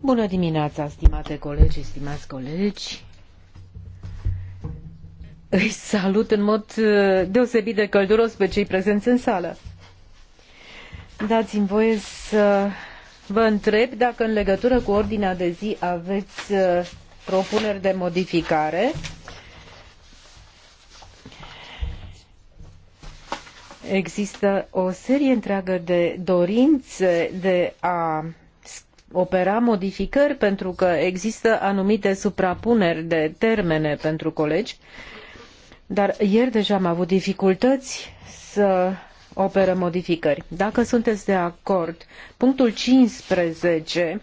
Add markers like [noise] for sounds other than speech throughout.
Bună dimineața, stimate colegi, stimați colegi. Îi salut în mod uh, deosebit de călduros pe cei prezenți în sală. Dați-mi voie să vă întreb dacă în legătură cu ordinea de zi aveți uh, propuneri de modificare. Există o serie întreagă de dorințe de a opera modificări pentru că există anumite suprapuneri de termene pentru colegi, dar ieri deja am avut dificultăți să operăm modificări. Dacă sunteți de acord, punctul 15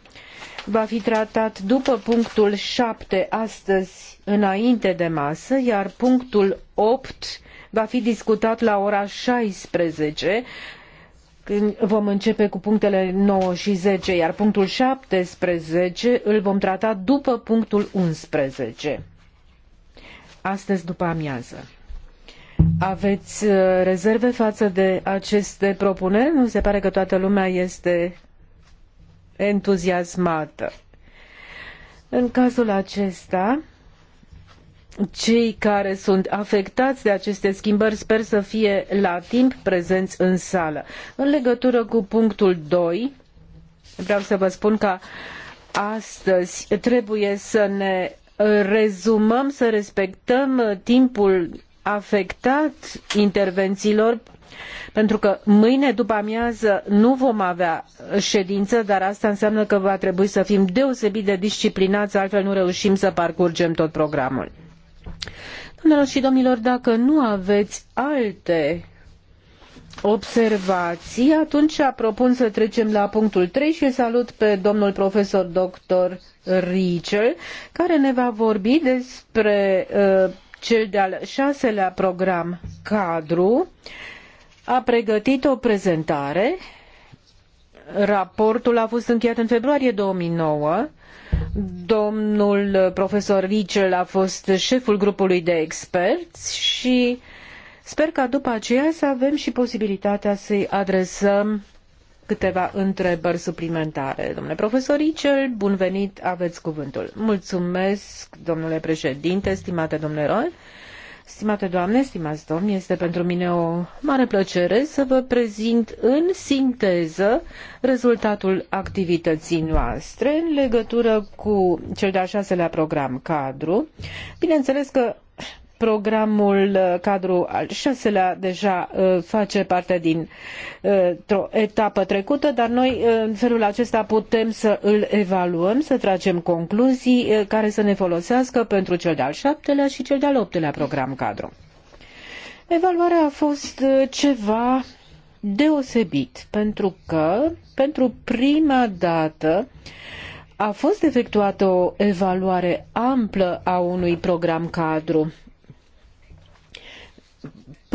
va fi tratat după punctul 7 astăzi înainte de masă, iar punctul 8 va fi discutat la ora 16 când vom începe cu punctele 9 și 10, iar punctul 17 îl vom trata după punctul 11. Astăzi după amiază. Aveți uh, rezerve față de aceste propuneri? Nu se pare că toată lumea este entuziasmată. În cazul acesta, cei care sunt afectați de aceste schimbări sper să fie la timp prezenți în sală. În legătură cu punctul 2, vreau să vă spun că astăzi trebuie să ne rezumăm, să respectăm timpul afectat intervențiilor pentru că mâine după amiază nu vom avea ședință, dar asta înseamnă că va trebui să fim deosebit de disciplinați, altfel nu reușim să parcurgem tot programul. Doamnelor și domnilor, dacă nu aveți alte observații, atunci propun să trecem la punctul 3 și salut pe domnul profesor doctor Richel, care ne va vorbi despre uh, cel de-al șaselea program cadru. A pregătit o prezentare. Raportul a fost încheiat în februarie 2009 Domnul profesor Richel a fost șeful grupului de experți și sper ca după aceea să avem și posibilitatea să-i adresăm câteva întrebări suplimentare. Domnule profesor Richel, bun venit, aveți cuvântul. Mulțumesc, domnule președinte, stimate domnule Roy. Stimate doamne, stimați domni, este pentru mine o mare plăcere să vă prezint în sinteză rezultatul activității noastre în legătură cu cel de-al șaselea program cadru. Bineînțeles că programul uh, cadru al șaselea deja uh, face parte dintr-o uh, etapă trecută, dar noi în felul acesta putem să îl evaluăm, să tragem concluzii care să ne folosească pentru cel de-al șaptelea și cel de-al optelea program cadru. Evaluarea a fost ceva deosebit, pentru că pentru prima dată a fost efectuată o evaluare amplă a unui program cadru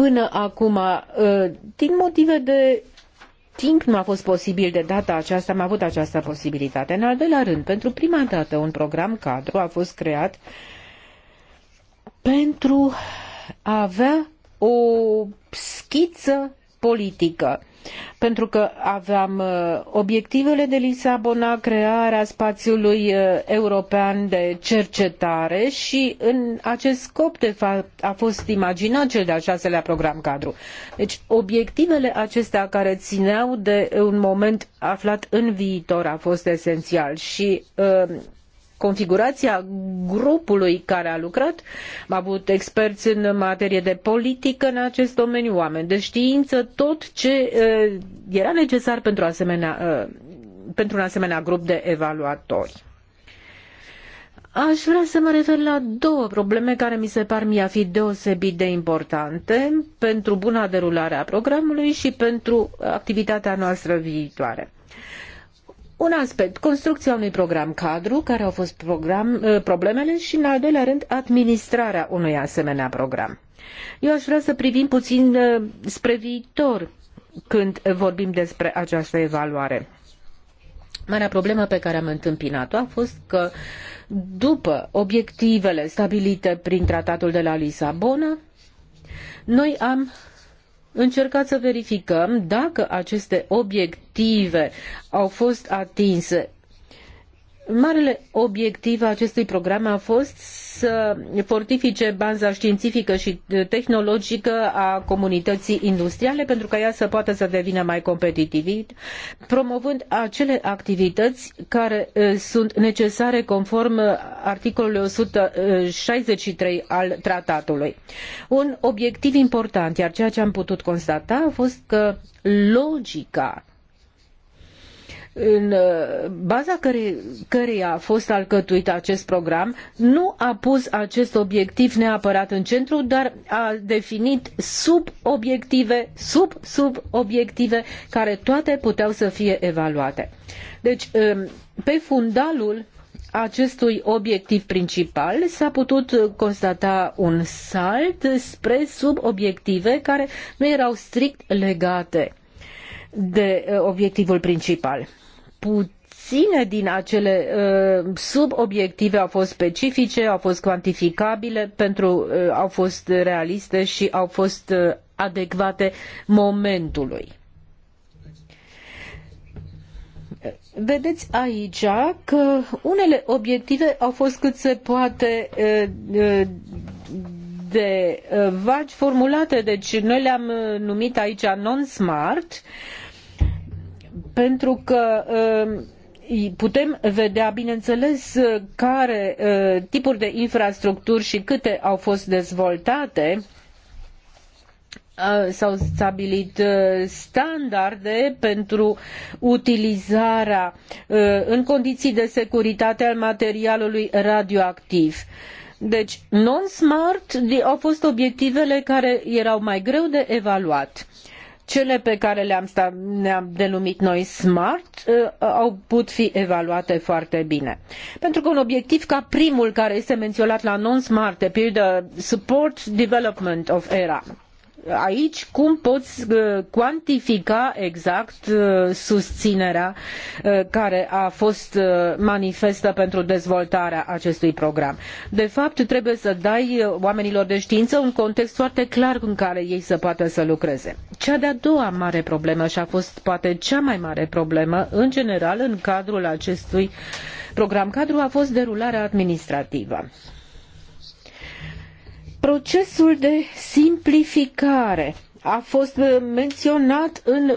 până acum, uh, din motive de timp nu a fost posibil de data aceasta, am avut această posibilitate. În al doilea rând, pentru prima dată un program cadru a fost creat pentru a avea o schiță politică pentru că aveam uh, obiectivele de Lisabona, crearea spațiului uh, european de cercetare și în acest scop de fapt a fost imaginat cel de-al șaselea program cadru. Deci obiectivele acestea care țineau de un moment aflat în viitor a fost esențial și uh, configurația grupului care a lucrat. Am avut experți în materie de politică în acest domeniu, oameni de știință, tot ce eh, era necesar pentru, asemenea, eh, pentru un asemenea grup de evaluatori. Aș vrea să mă refer la două probleme care mi se par mie a fi deosebit de importante pentru buna derulare a programului și pentru activitatea noastră viitoare un aspect, construcția unui program cadru, care au fost program, eh, problemele și, în al doilea rând, administrarea unui asemenea program. Eu aș vrea să privim puțin eh, spre viitor când vorbim despre această evaluare. Marea problemă pe care am întâmpinat-o a fost că după obiectivele stabilite prin tratatul de la Lisabona, noi am încercat să verificăm dacă aceste obiective au fost atinse Marele obiectiv a acestui program a fost să fortifice baza științifică și uh, tehnologică a comunității industriale pentru ca ea să poată să devină mai competitivă, promovând acele activități care uh, sunt necesare conform uh, articolului 163 al tratatului. Un obiectiv important, iar ceea ce am putut constata a fost că logica în uh, baza care, căreia a fost alcătuit acest program, nu a pus acest obiectiv neapărat în centru, dar a definit sub-obiective, sub-sub-obiective, care toate puteau să fie evaluate. Deci, um, pe fundalul acestui obiectiv principal s-a putut uh, constata un salt spre subobiective care nu erau strict legate de uh, obiectivul principal puține din acele uh, subobiective au fost specifice, au fost cuantificabile, pentru, uh, au fost realiste și au fost uh, adecvate momentului. Vedeți aici că unele obiective au fost cât se poate uh, uh, de uh, vagi formulate, deci noi le-am numit aici non-smart, pentru că um, putem vedea, bineînțeles, care uh, tipuri de infrastructuri și câte au fost dezvoltate. Uh, s-au stabilit uh, standarde pentru utilizarea în condiții de securitate al materialului radioactiv. Deci, non-smart au fost obiectivele care erau mai greu de evaluat. Uh, cele pe care le-am, denumit noi smart ă, au putut fi evaluate foarte bine. Pentru că un obiectiv ca primul care este menționat la non-smart, de pildă Support Development of Era, aici cum poți uh, cuantifica exact uh, susținerea uh, care a fost manifestă pentru dezvoltarea acestui program. De fapt, trebuie să dai oamenilor de știință un context foarte clar în care ei să poată să lucreze. Cea de-a doua mare problemă și a fost poate cea mai mare problemă în general în cadrul acestui program cadru a fost derularea administrativă. Procesul de simplificare a fost uh, menționat în,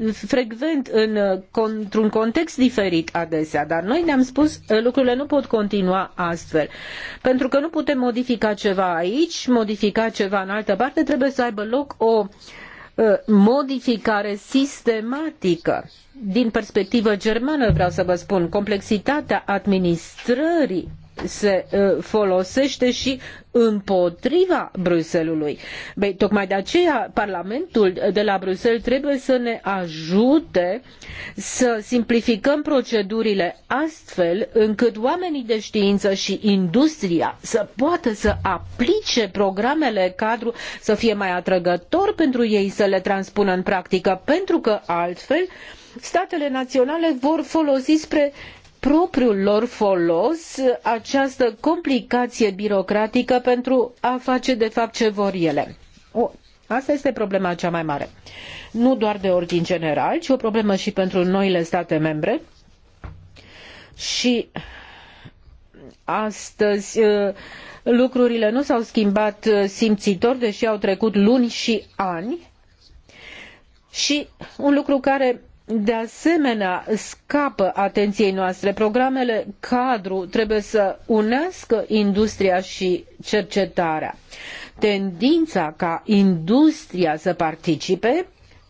uh, frecvent în, uh, într-un context diferit adesea, dar noi ne-am spus lucrurile nu pot continua astfel. Pentru că nu putem modifica ceva aici, modifica ceva în altă parte, trebuie să aibă loc o modificare sistematică. Din perspectivă germană vreau să vă spun, complexitatea administrării se folosește și împotriva Bruselului. Băi, tocmai de aceea Parlamentul de la Bruxelles trebuie să ne ajute să simplificăm procedurile astfel încât oamenii de știință și industria să poată să aplice programele cadru să fie mai atrăgător pentru ei să le transpună în practică, pentru că altfel statele naționale vor folosi spre propriul lor folos această complicație birocratică pentru a face de fapt ce vor ele. O, asta este problema cea mai mare. Nu doar de ordin general, ci o problemă și pentru noile state membre. Și astăzi uh, lucrurile nu s-au schimbat uh, simțitor, deși au trecut luni și ani. Și un lucru care de asemenea scapă atenției noastre. Programele cadru trebuie să unească industria și cercetarea. Tendința ca industria să participe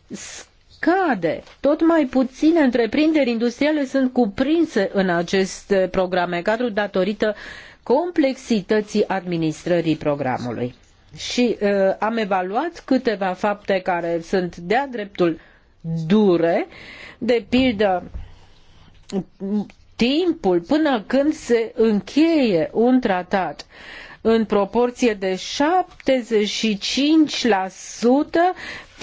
scade. Tot mai puține întreprinderi industriale sunt cuprinse în aceste programe cadru datorită complexității administrării programului. Și uh, am evaluat câteva fapte care sunt de-a dreptul dure, de pildă timpul până când se încheie un tratat în proporție de 75%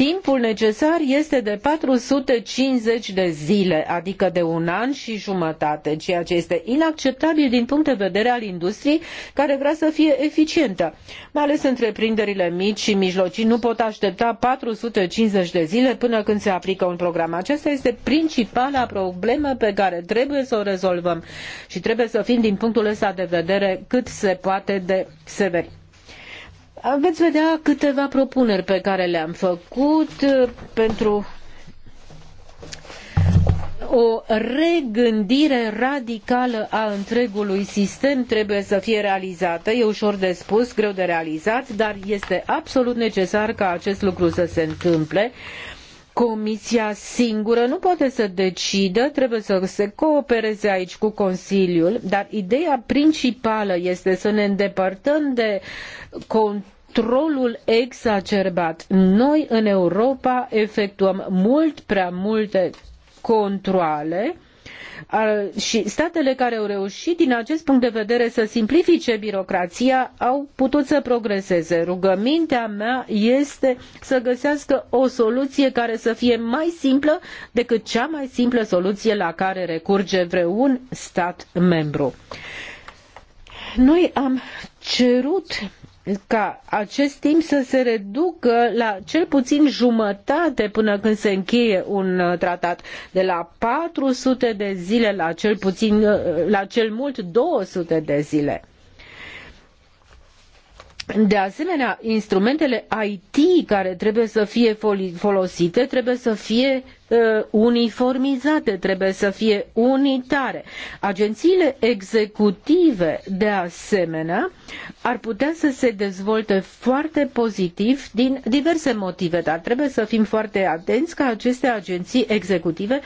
Timpul necesar este de 450 de zile, adică de un an și jumătate, ceea ce este inacceptabil din punct de vedere al industriei care vrea să fie eficientă. Mai ales întreprinderile mici și mijlocii nu pot aștepta 450 de zile până când se aplică un program. Aceasta este principala problemă pe care trebuie să o rezolvăm și trebuie să fim din punctul ăsta de vedere cât se poate de severi. Veți vedea câteva propuneri pe care le-am făcut uh, pentru o regândire radicală a întregului sistem trebuie să fie realizată. E ușor de spus, greu de realizat, dar este absolut necesar ca acest lucru să se întâmple Comisia singură nu poate să decidă, trebuie să se coopereze aici cu Consiliul, dar ideea principală este să ne îndepărtăm de controlul exacerbat. Noi în Europa efectuăm mult prea multe controle și statele care au reușit din acest punct de vedere să simplifice birocrația au putut să progreseze. Rugămintea mea este să găsească o soluție care să fie mai simplă decât cea mai simplă soluție la care recurge vreun stat membru. Noi am cerut ca acest timp să se reducă la cel puțin jumătate până când se încheie un uh, tratat, de la 400 de zile la cel puțin uh, la cel mult 200 de zile. De asemenea, instrumentele IT care trebuie să fie folosite trebuie să fie uh, uniformizate, trebuie să fie unitare. Agențiile executive, de asemenea, ar putea să se dezvolte foarte pozitiv din diverse motive, dar trebuie să fim foarte atenți ca aceste agenții executive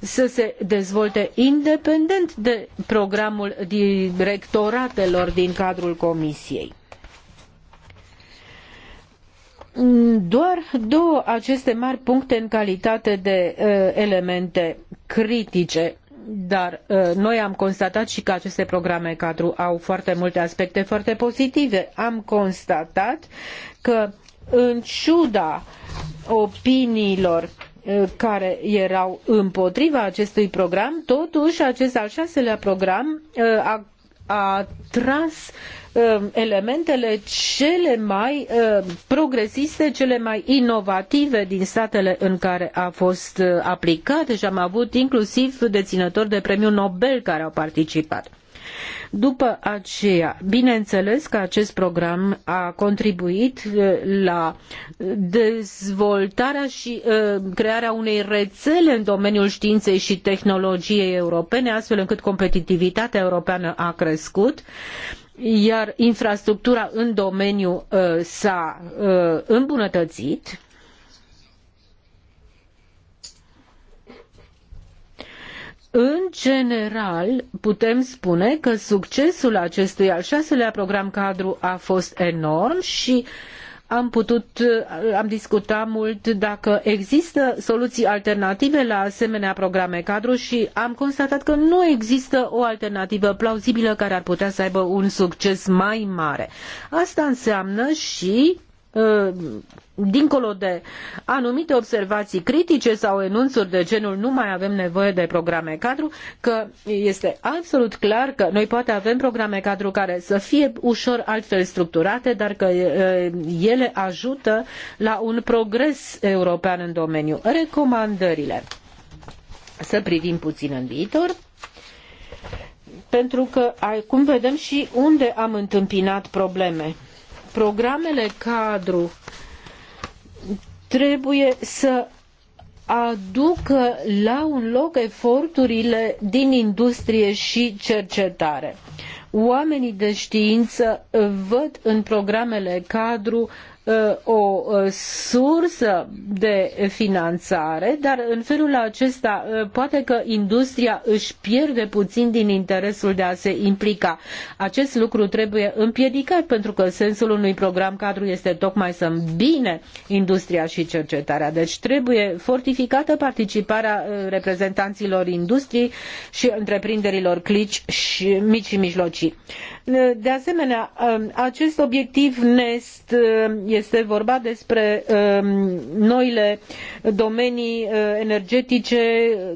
să se dezvolte independent de programul directoratelor din cadrul Comisiei doar două aceste mari puncte în calitate de uh, elemente critice dar uh, noi am constatat și că aceste programe cadru au foarte multe aspecte foarte pozitive. Am constatat că în ciuda opiniilor uh, care erau împotriva acestui program, totuși acest al șaselea program a a tras uh, elementele cele mai uh, progresiste, cele mai inovative din statele în care a fost uh, aplicate și deci am avut inclusiv deținători de premiu Nobel care au participat. După aceea, bineînțeles că acest program a contribuit uh, la dezvoltarea și uh, crearea unei rețele în domeniul științei și tehnologiei europene, astfel încât competitivitatea europeană a crescut iar infrastructura în domeniu uh, s-a îmbunătățit În general, putem spune că succesul acestui al șaselea program cadru a fost enorm și am putut, am discutat mult dacă există soluții alternative la asemenea programe cadru și am constatat că nu există o alternativă plauzibilă care ar putea să aibă un succes mai mare. Asta înseamnă și Uh, dincolo de anumite observații critice sau enunțuri de genul nu mai avem nevoie de programe cadru, că este absolut clar că noi poate avem programe cadru care să fie ușor altfel structurate, dar că uh, ele ajută la un progres european în domeniu. Recomandările. Să privim puțin în viitor pentru că acum vedem și unde am întâmpinat probleme programele cadru trebuie să aducă la un loc eforturile din industrie și cercetare. Oamenii de știință văd în programele cadru o sursă de finanțare, dar în felul acesta poate că industria își pierde puțin din interesul de a se implica. Acest lucru trebuie împiedicat pentru că sensul unui program cadru este tocmai să îmbine industria și cercetarea. Deci trebuie fortificată participarea reprezentanților industriei și întreprinderilor clici și mici și mijlocii. De asemenea, acest obiectiv NEST este este vorba despre um, noile domenii uh, energetice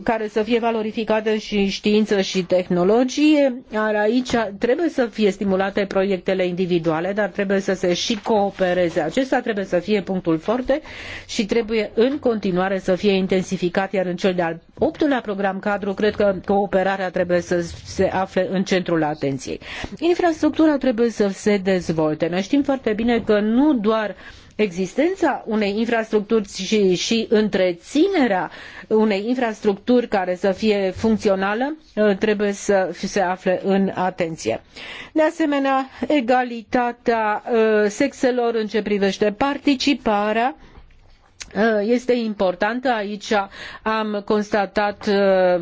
care să fie valorificate și știință și tehnologie, iar aici trebuie să fie stimulate proiectele individuale, dar trebuie să se și coopereze. Acesta trebuie să fie punctul forte și trebuie în continuare să fie intensificat, iar în cel de-al optulea program cadru, cred că cooperarea trebuie să se afle în centrul atenției. Infrastructura trebuie să se dezvolte. Noi știm foarte bine că nu doar doar existența unei infrastructuri, ci și întreținerea unei infrastructuri care să fie funcțională uh, trebuie să se afle în atenție. De asemenea, egalitatea uh, sexelor în ce privește participarea Eh, este importantă. Aici am constatat eh,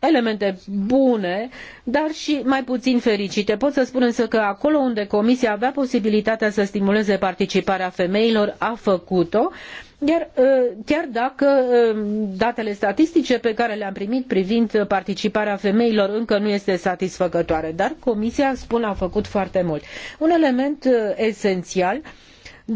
elemente bune, dar și mai puțin fericite. Pot să spun însă că acolo unde Comisia avea posibilitatea să stimuleze participarea femeilor, a făcut-o. Iar eh, chiar dacă datele statistice pe care le-am primit privind participarea femeilor încă nu este satisfăcătoare, dar Comisia, spun, a făcut foarte mult. Un element esențial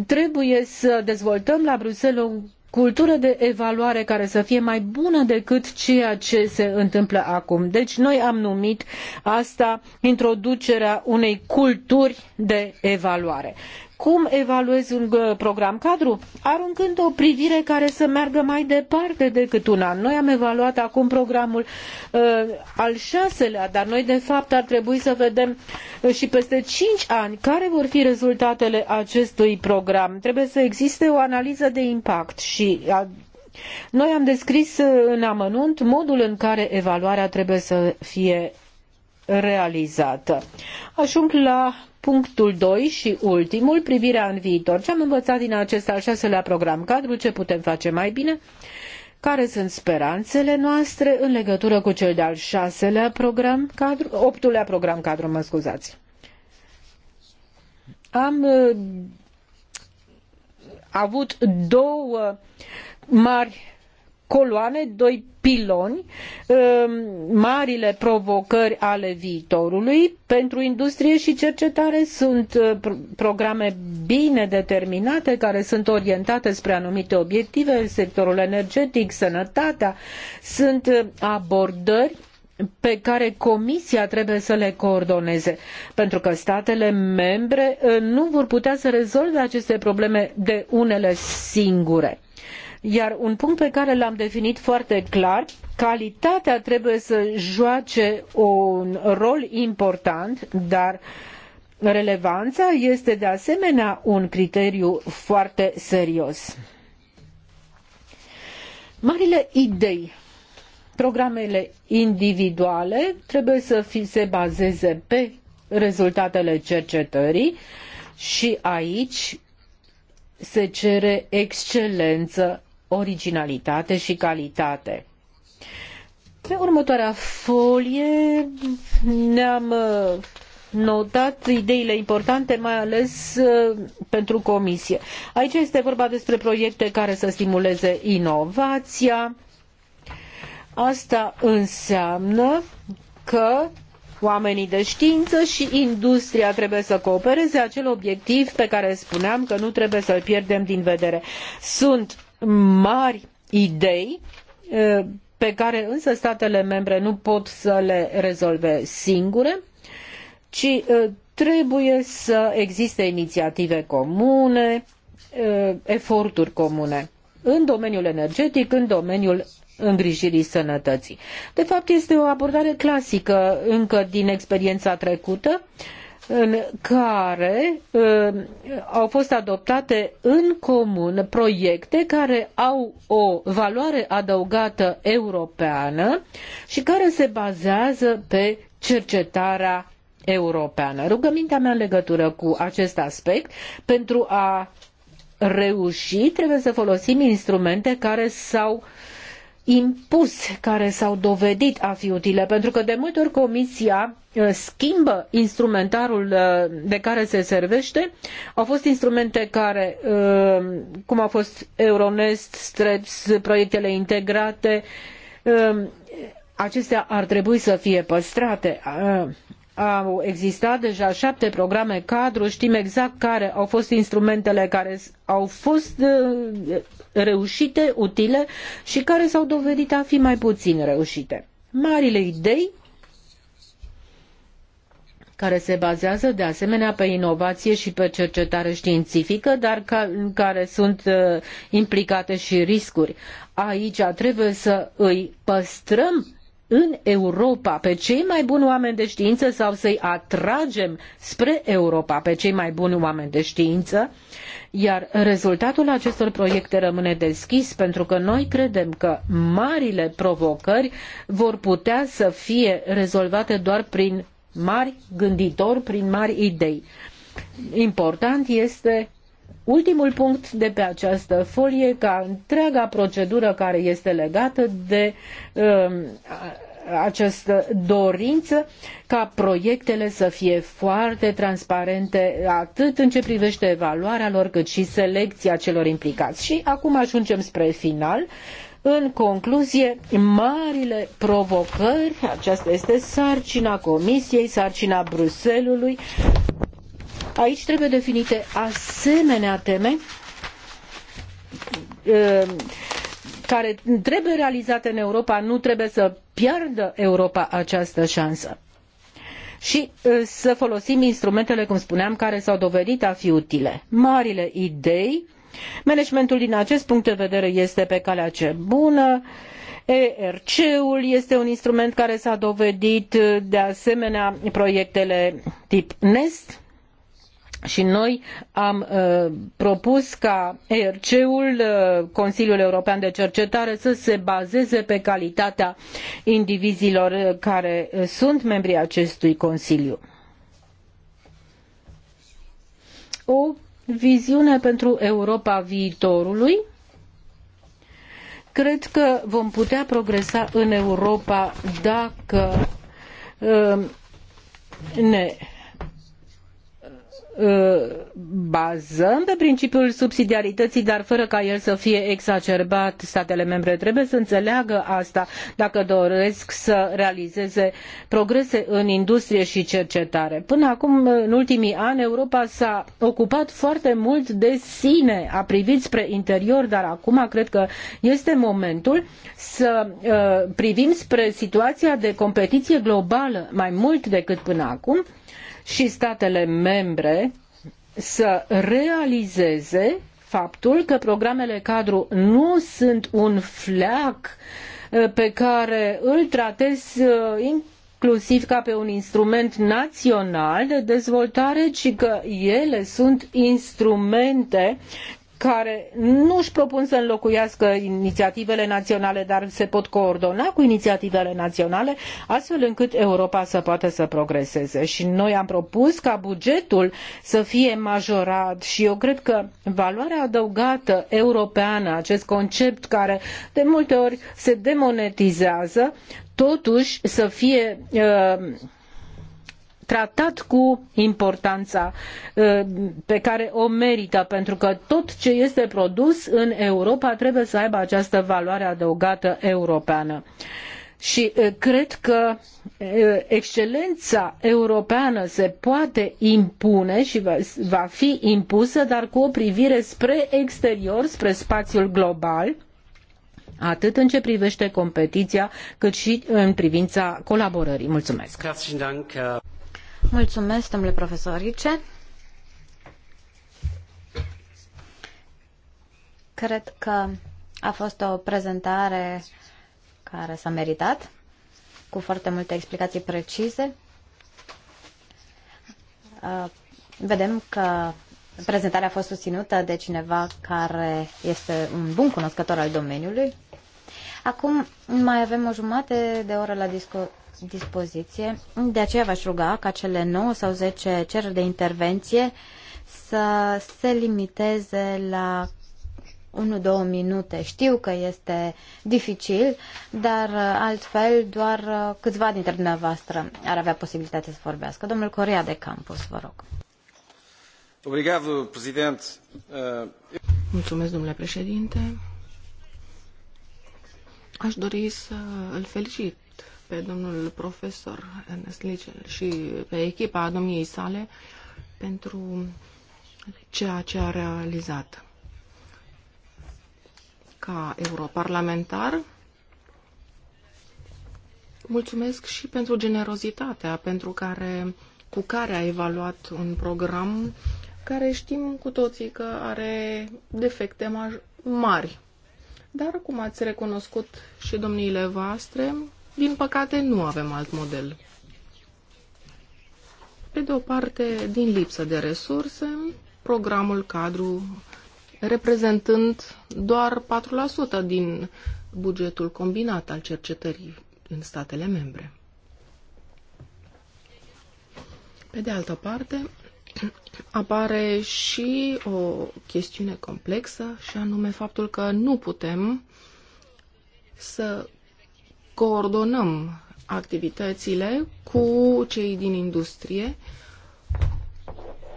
Trebuie să dezvoltăm la Bruxelles o cultură de evaluare care să fie mai bună decât ceea ce se întâmplă acum. Deci noi am numit asta introducerea unei culturi de evaluare. Cum evaluezi un uh, program cadru? Aruncând o privire care să meargă mai departe decât un an. Noi am evaluat acum programul uh, al șaselea, dar noi de fapt ar trebui să vedem uh, și peste cinci ani care vor fi rezultatele acestui program. Trebuie să existe o analiză de impact și uh, noi am descris în amănunt modul în care evaluarea trebuie să fie realizată. Ajung la Punctul 2 și ultimul, privirea în viitor. Ce am învățat din acest al șaselea program cadru, ce putem face mai bine? Care sunt speranțele noastre în legătură cu cel de-al șaselea program cadru, optulea program cadru, mă scuzați. Am uh, avut două mari coloane, doi piloni, um, marile provocări ale viitorului pentru industrie și cercetare sunt uh, programe bine determinate care sunt orientate spre anumite obiective, sectorul energetic, sănătatea, sunt uh, abordări pe care Comisia trebuie să le coordoneze, pentru că statele membre uh, nu vor putea să rezolve aceste probleme de unele singure. Iar un punct pe care l-am definit foarte clar, calitatea trebuie să joace un rol important, dar relevanța este de asemenea un criteriu foarte serios. Marile idei programele individuale trebuie să fi, se bazeze pe rezultatele cercetării și aici se cere excelență originalitate și calitate. Pe următoarea folie ne-am uh, notat ideile importante, mai ales uh, pentru comisie. Aici este vorba despre proiecte care să stimuleze inovația. Asta înseamnă că oamenii de știință și industria trebuie să coopereze acel obiectiv pe care spuneam că nu trebuie să-l pierdem din vedere. Sunt mari idei eh, pe care însă statele membre nu pot să le rezolve singure, ci eh, trebuie să existe inițiative comune, eh, eforturi comune în domeniul energetic, în domeniul îngrijirii sănătății. De fapt, este o abordare clasică încă din experiența trecută uh, în care uh, au fost adoptate în comun proiecte care au o valoare adăugată europeană și care se bazează pe cercetarea europeană. Rugămintea mea în legătură cu acest aspect pentru a reuși trebuie să folosim instrumente care s-au uh, impus, care s-au dovedit a fi utile, pentru că de multe ori Comisia uh, schimbă instrumentarul uh, de care se servește. Au fost instrumente care, uh, cum au fost Euronest, Streps, proiectele integrate, acestea ar trebui să fie păstrate. Au existat deja șapte programe cadru, știm exact care au fost instrumentele care au fost reușite, utile și care s-au dovedit a fi mai puțin reușite. Marile idei care se bazează de asemenea pe inovație și pe cercetare științifică, dar ca, în care sunt uh, implicate și riscuri. Aici trebuie să îi păstrăm în Europa pe cei mai buni oameni de știință sau să-i atragem spre Europa pe cei mai buni oameni de știință, iar rezultatul acestor proiecte rămâne deschis pentru că noi credem că marile provocări vor putea să fie rezolvate doar prin mari gânditori, prin mari idei. Important este ultimul punct de pe această folie ca întreaga procedură care este legată de uh, această dorință ca proiectele să fie foarte transparente atât în ce privește evaluarea lor cât și selecția celor implicați. Și acum ajungem spre final. În concluzie, marile provocări, aceasta este sarcina Comisiei, sarcina Bruselului, Aici trebuie definite asemenea teme care trebuie realizate în Europa, nu trebuie să piardă Europa această șansă. Și să folosim instrumentele, cum spuneam, care s-au dovedit a fi utile. Marile idei, managementul din acest punct de vedere este pe calea ce bună, ERC-ul este un instrument care s-a dovedit, de asemenea, proiectele tip NEST, și noi am uh, propus ca ERC-ul, uh, Consiliul European de Cercetare, să se bazeze pe calitatea indivizilor uh, care uh, sunt membrii acestui Consiliu. O viziune pentru Europa viitorului. Cred că vom putea progresa în Europa dacă uh, ne Ă, bazăm pe principiul subsidiarității, dar fără ca el să fie exacerbat. Statele membre trebuie să înțeleagă asta dacă doresc să realizeze progrese în industrie și cercetare. Până acum, în ultimii ani, Europa s-a ocupat foarte mult de sine, a privit spre interior, dar acum cred că este momentul să ă, privim spre situația de competiție globală mai mult decât până acum și statele membre să realizeze faptul că programele cadru nu sunt un fleac uh, pe care îl tratezi uh, inclusiv ca pe un instrument național de dezvoltare, ci că ele sunt instrumente care nu își propun să înlocuiască inițiativele naționale, dar se pot coordona cu inițiativele naționale, astfel încât Europa să poată să progreseze. Și noi am propus ca bugetul să fie majorat și eu cred că valoarea adăugată europeană, acest concept care de multe ori se demonetizează, totuși să fie uh, tratat cu importanța uh, pe care o merită, pentru că tot ce este produs în Europa trebuie să aibă această valoare adăugată europeană. Și uh, cred că uh, excelența europeană se poate impune și va fi impusă, dar cu o privire spre exterior, spre spațiul global, atât în ce privește competiția, cât și în privința colaborării. Mulțumesc! Mulțumesc, Cred că a fost o prezentare care s-a meritat, cu foarte multe explicații precise. Uh, vedem că prezentarea a fost susținută de cineva care este un bun cunoscător al domeniului. Acum mai avem o jumătate de oră la discuție dispoziție. De aceea v-aș ruga ca cele 9 sau 10 cereri de intervenție să se limiteze la 1-2 minute. Știu că este dificil, dar uh, altfel doar uh, câțiva dintre dumneavoastră ar avea posibilitatea să vorbească. Domnul Corea de Campus, vă rog. Uh, Mulțumesc, domnule președinte. Aș dori să îl felicit pe domnul profesor Ernest Lichel și pe echipa domniei sale pentru ceea ce a realizat. Ca europarlamentar, mulțumesc și pentru generozitatea pentru care, cu care a evaluat un program care știm cu toții că are defecte mari. Dar, cum ați recunoscut și domniile voastre, din păcate, nu avem alt model. Pe de o parte, din lipsă de resurse, programul cadru reprezentând doar 4% din bugetul combinat al cercetării în statele membre. Pe de altă parte, [clears throat] apare și o chestiune complexă și anume faptul că nu putem să coordonăm activitățile cu cei din industrie,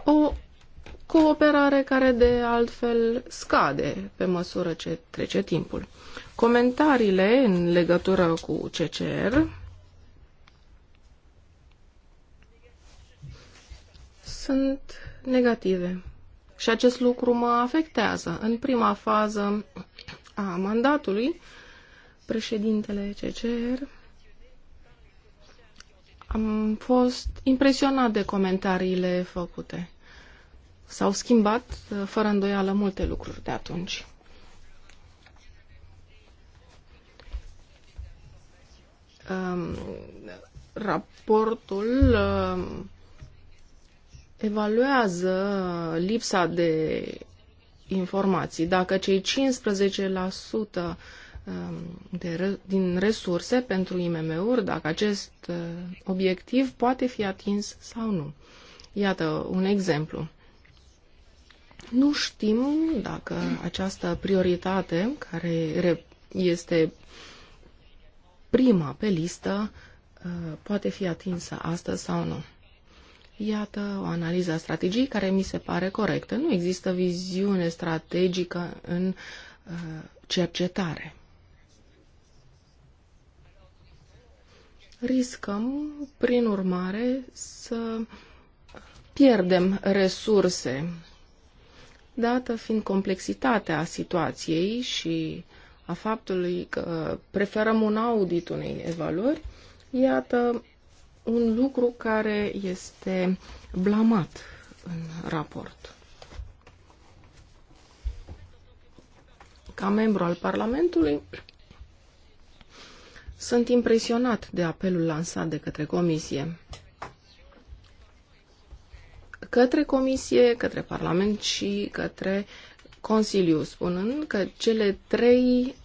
o cooperare care de altfel scade pe măsură ce trece timpul. Comentariile în legătură cu CCR sunt negative. Și acest lucru mă afectează. În prima fază a mandatului, președintele CCR, am fost impresionat de comentariile făcute. S-au schimbat, uh, fără îndoială, multe lucruri de atunci. Um, raportul um, evaluează lipsa de informații. Dacă cei 15% Um, de, din resurse pentru IMM-uri, dacă acest uh, obiectiv poate fi atins sau nu. Iată un exemplu. Nu știm dacă această prioritate, care este prima pe listă, uh, poate fi atinsă astăzi sau nu. Iată o analiză a strategiei care mi se pare corectă. Nu există viziune strategică în uh, cercetare. riscăm, prin urmare, să pierdem resurse, dată fiind complexitatea situației și a faptului că preferăm un audit unei evaluări, iată un lucru care este blamat în raport. Ca membru al Parlamentului, sunt impresionat de apelul lansat de către Comisie. Către Comisie, către Parlament și către Consiliu, spunând că cele trei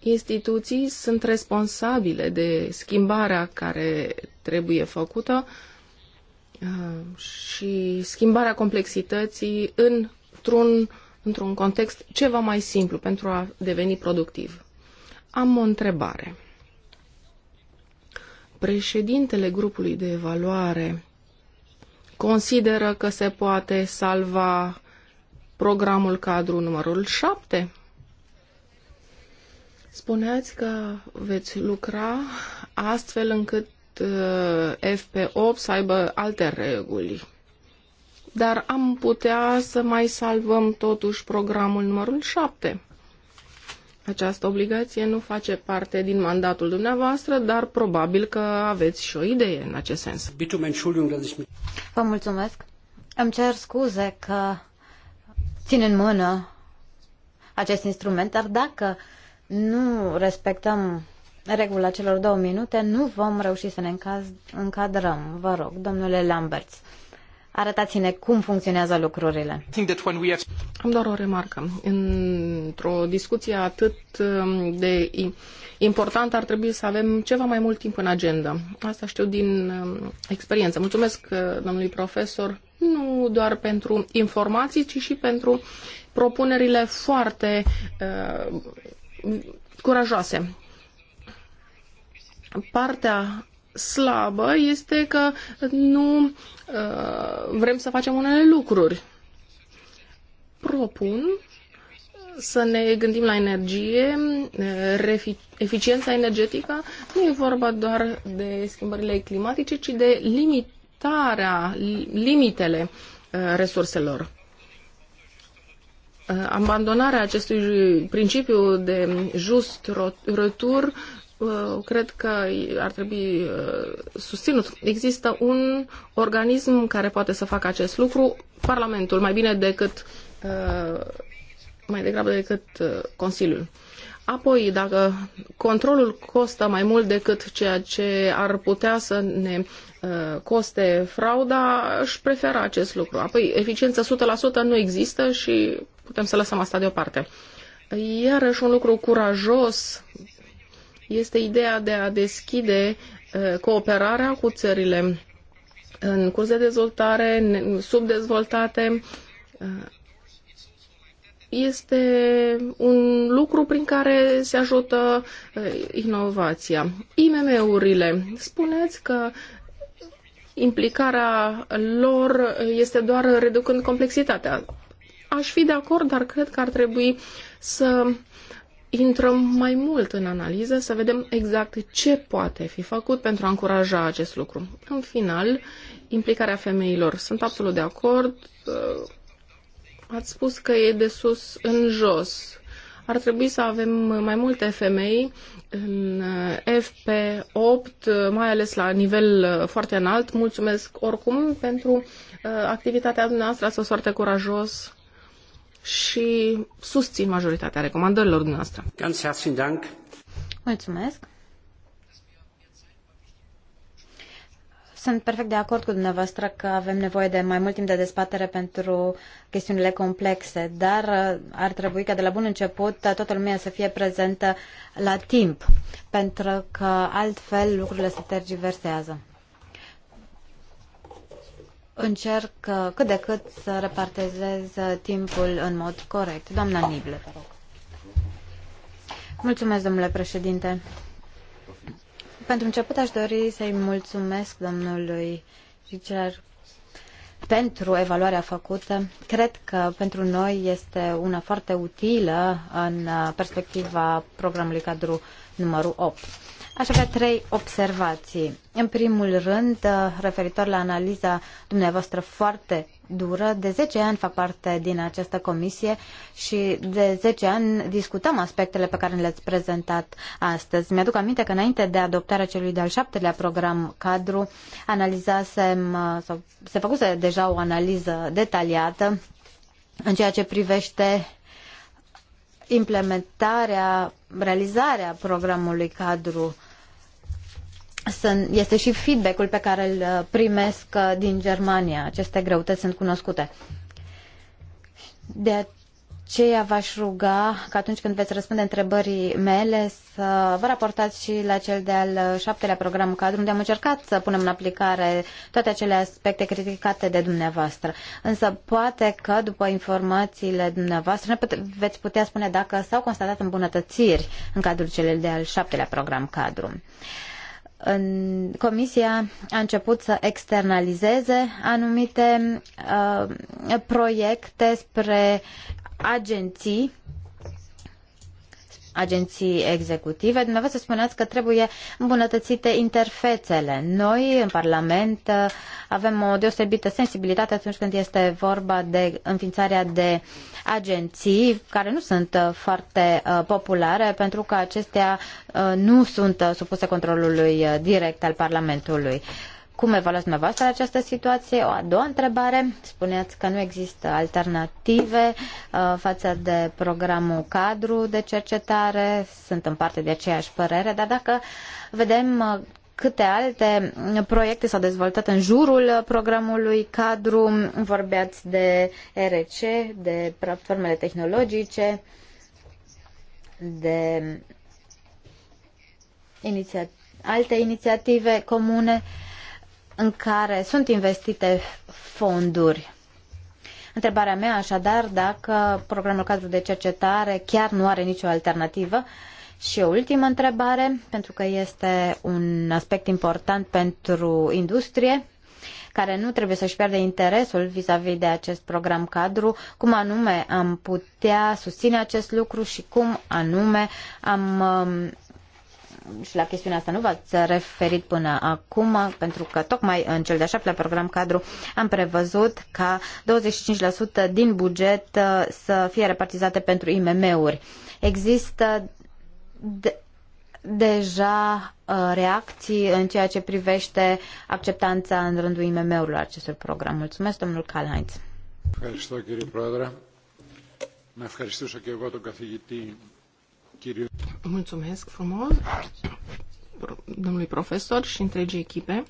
instituții sunt responsabile de schimbarea care trebuie făcută uh, și schimbarea complexității într-un, într context ceva mai simplu pentru a deveni productiv. Am o întrebare președintele grupului de evaluare consideră că se poate salva programul cadru numărul 7? Spuneați că veți lucra astfel încât uh, FP8 să aibă alte reguli. Dar am putea să mai salvăm totuși programul numărul 7. Această obligație nu face parte din mandatul dumneavoastră, dar probabil că aveți și o idee în acest sens. Vă mulțumesc. Îmi cer scuze că țin în mână acest instrument, dar dacă nu respectăm regula celor două minute, nu vom reuși să ne încadrăm. Vă rog, domnule Lamberts. Arătați-ne cum funcționează lucrurile. Am doar o remarcă. Într-o discuție atât um, de importantă ar trebui să avem ceva mai mult timp în agenda. Asta știu din um, experiență. Mulțumesc uh, domnului profesor nu doar pentru informații, ci și pentru propunerile foarte uh, curajoase. Partea slabă este că nu uh, vrem să facem unele lucruri. Propun să ne gândim la energie, uh, eficiența energetică. Nu e vorba doar de schimbările climatice, ci de limitarea, limitele uh, resurselor. Abandonarea acestui principiu de just rot- Uh, cred că ar trebui uh, susținut. Există un organism care poate să facă acest lucru, Parlamentul, mai bine decât uh, mai degrabă decât Consiliul. Apoi, dacă controlul costă mai mult decât ceea ce ar putea să ne coste frauda, aș prefera acest lucru. Apoi, eficiență 100% nu există și putem să lăsăm asta deoparte. Iarăși un lucru curajos este ideea de a deschide uh, cooperarea cu țările în curs de dezvoltare, subdezvoltate. Uh, este un lucru prin care se ajută uh, inovația. IMM-urile. Spuneți că implicarea lor este doar reducând complexitatea. Aș fi de acord, dar cred că ar trebui să intrăm mai mult în analiză să vedem exact ce poate fi făcut pentru a încuraja acest lucru. În final, implicarea femeilor. Sunt absolut de acord. Uh, ați spus că e de sus în jos. Ar trebui să avem mai multe femei în uh, FP8, uh, mai ales la nivel foarte înalt. Mulțumesc oricum pentru activitatea dumneavoastră. Ați fost foarte curajos și susțin majoritatea recomandărilor dumneavoastră. Ganz herzlichen Dank. Mulțumesc. Sunt perfect de acord cu dumneavoastră că avem nevoie de mai mult timp de dezbatere pentru chestiunile complexe, dar uh, ar trebui ca de la bun început uh, toată lumea să fie prezentă la timp, pentru că altfel lucrurile se tergiversează încerc uh, cât de cât să repartizez uh, timpul în mod corect. Doamna Nible, vă rog. Mulțumesc, domnule președinte. Pentru început aș dori să-i mulțumesc domnului Richard pentru evaluarea făcută. Cred că pentru noi este una foarte utilă în uh, perspectiva programului cadru numărul 8. Aș avea trei observații. În primul rând, uh, referitor la analiza dumneavoastră foarte dură, de 10 ani fac parte din această comisie și de 10 ani discutăm aspectele pe care le-ați prezentat astăzi. Mi-aduc aminte că înainte de adoptarea celui de-al șaptelea program cadru, analizasem, uh, sau se făcuse deja o analiză detaliată în ceea ce privește implementarea, realizarea programului cadru este și feedback-ul pe care îl uh, primesc uh, din Germania. Aceste greutăți sunt cunoscute. De aceea v-aș ruga că atunci când veți răspunde întrebării mele să vă raportați și la cel de-al uh, șaptelea program cadru, unde am încercat să punem în aplicare toate acele aspecte criticate de dumneavoastră. Însă poate că după informațiile dumneavoastră ne pute- veți putea spune dacă s-au constatat îmbunătățiri în cadrul celui de-al șaptelea program cadru în, Comisia a început să externalizeze anumite uh, proiecte spre agenții agenții executive. Dumneavoastră spuneați că trebuie îmbunătățite interfețele. Noi, în Parlament, avem o deosebită sensibilitate atunci când este vorba de înființarea de agenții care nu sunt uh, foarte uh, populare pentru că acestea uh, nu sunt supuse controlului direct al Parlamentului. Cum evaluați dumneavoastră această situație? O a doua întrebare. Spuneați că nu există alternative uh, față de programul cadru de cercetare. Sunt în parte de aceeași părere, dar dacă vedem uh, câte alte proiecte s-au dezvoltat în jurul programului cadru, vorbeați de RC, de platformele tehnologice, de inițiat- alte inițiative comune. Uh, în care sunt investite fonduri. Întrebarea mea așadar dacă programul cadru de cercetare chiar nu are nicio alternativă și o ultimă întrebare, pentru că este un aspect important pentru industrie care nu trebuie să-și pierde interesul vis-a-vis -vis de acest program cadru, cum anume am putea susține acest lucru și cum anume am um, și la chestiunea asta nu v-ați referit până acum, pentru că tocmai în cel de-a șaptelea program cadru am prevăzut ca 25% din buget uh, să fie repartizate pentru IMM-uri. Există de- deja uh, reacții în ceea ce privește acceptanța în rândul IMM-urilor acestui program. Mulțumesc, domnul Calhainț. Mulțumesc, domnule președinte. Mulțumesc frumos domnului profesor și întregii echipe.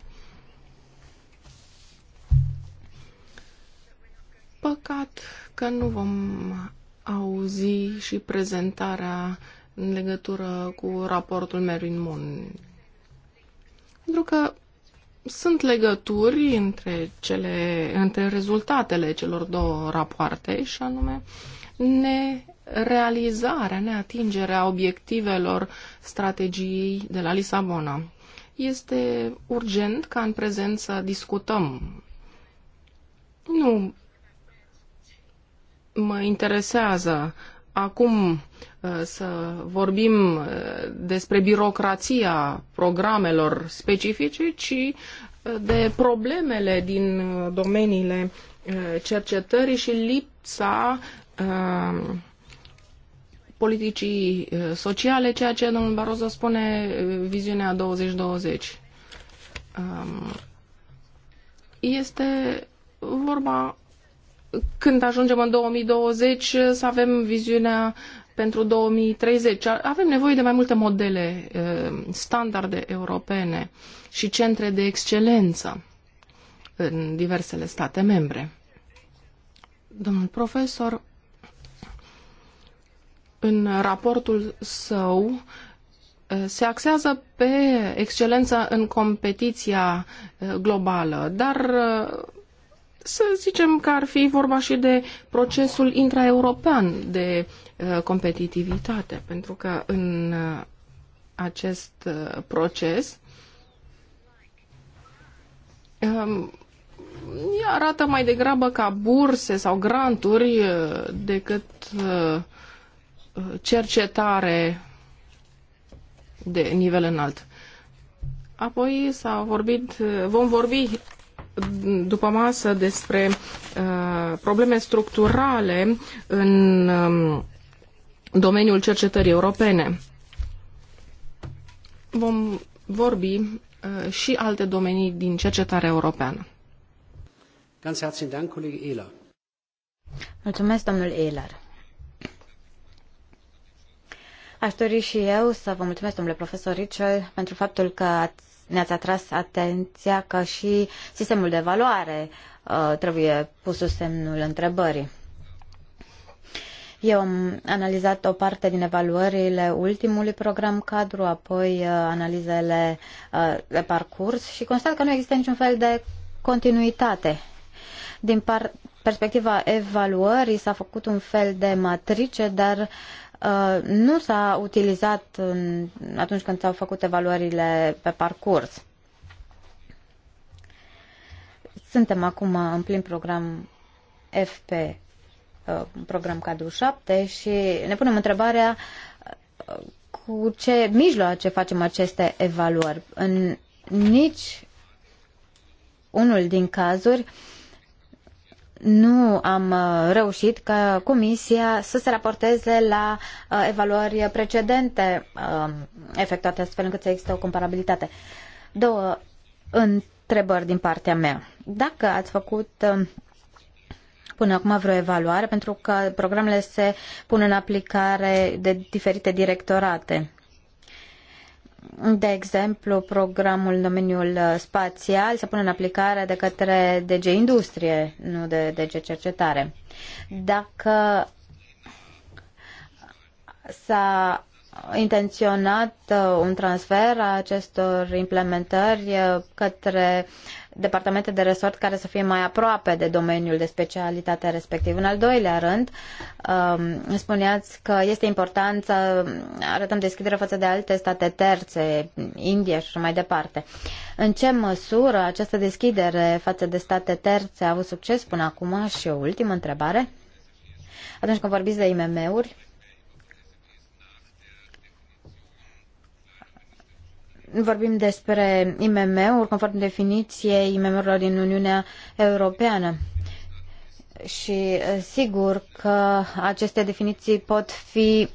Păcat că nu vom auzi și prezentarea în legătură cu raportul Marin Moon. Pentru că sunt legături între, cele, între rezultatele celor două rapoarte și anume ne realizarea, neatingerea obiectivelor strategiei de la Lisabona. Este urgent ca în prezent să discutăm. Nu mă interesează acum uh, să vorbim uh, despre birocrația programelor specifice, ci uh, de problemele din domeniile cercetării și lipsa politicii uh, sociale, ceea ce domnul Barroso spune uh, viziunea 2020. Um, este vorba când ajungem în 2020 să avem viziunea pentru 2030. Avem nevoie de mai multe modele, uh, standarde europene și centre de excelență în diversele state membre. Domnul profesor în raportul său eh, se axează pe excelența în competiția eh, globală, dar eh, să zicem că ar fi vorba și de procesul intraeuropean de competitivitate, pentru că în acest proces ehm, arată mai degrabă ca burse sau granturi decât cercetare de nivel înalt. Apoi s-a vorbit, vom vorbi după masă despre uh, probleme structurale în um, domeniul cercetării europene. Vom vorbi uh, și alte domenii din cercetarea europeană. Mulțumesc, domnul Ehler. Aș dori și eu să vă mulțumesc, domnule profesor Richel, pentru faptul că ați, ne-ați atras atenția că și sistemul de valoare uh, trebuie pus sub semnul întrebării. Eu am analizat o parte din evaluările ultimului program cadru, apoi uh, analizele uh, de parcurs și constat că nu există niciun fel de continuitate. Din par- perspectiva evaluării s-a făcut un fel de matrice, dar uh, Uh, nu s-a utilizat în, atunci când s-au făcut evaluările pe parcurs. Suntem acum în plin program FP, uh, program cadru 7 și ne punem întrebarea uh, cu ce mijloace facem aceste evaluări. În nici unul din cazuri uh, nu am uh, reușit ca Comisia să se raporteze la uh, evaluări precedente um, efectuate astfel încât să existe o comparabilitate. Două întrebări din partea mea. Dacă ați făcut um, până acum vreo evaluare, pentru că programele se pun în aplicare de diferite directorate de exemplu, programul în domeniul uh, spațial se pune în aplicare de către DG Industrie, nu de DG Cercetare. Dacă s-a intenționat uh, un transfer a acestor implementări uh, către departamente de resort care să fie mai aproape de domeniul de specialitate respectiv. În al doilea rând, um, spuneați că este important să arătăm deschidere față de alte state terțe, India și mai departe. În ce măsură această deschidere față de state terțe a avut succes până acum? Și o ultimă întrebare. Atunci când vorbiți de IMM-uri, vorbim despre IMM-uri, conform definiției IMM-urilor din Uniunea Europeană. Și sigur că aceste definiții pot fi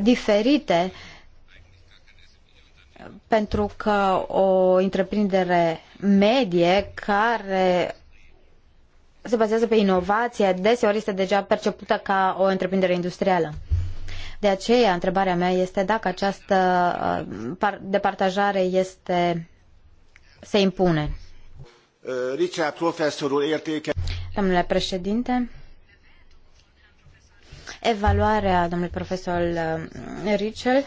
diferite pentru că o întreprindere medie care se bazează pe inovație deseori este deja percepută ca o întreprindere industrială. De aceea, întrebarea mea este dacă această uh, departajare este, se impune. Richard, profesorul, Domnule președinte, evaluarea domnului profesor uh, Richel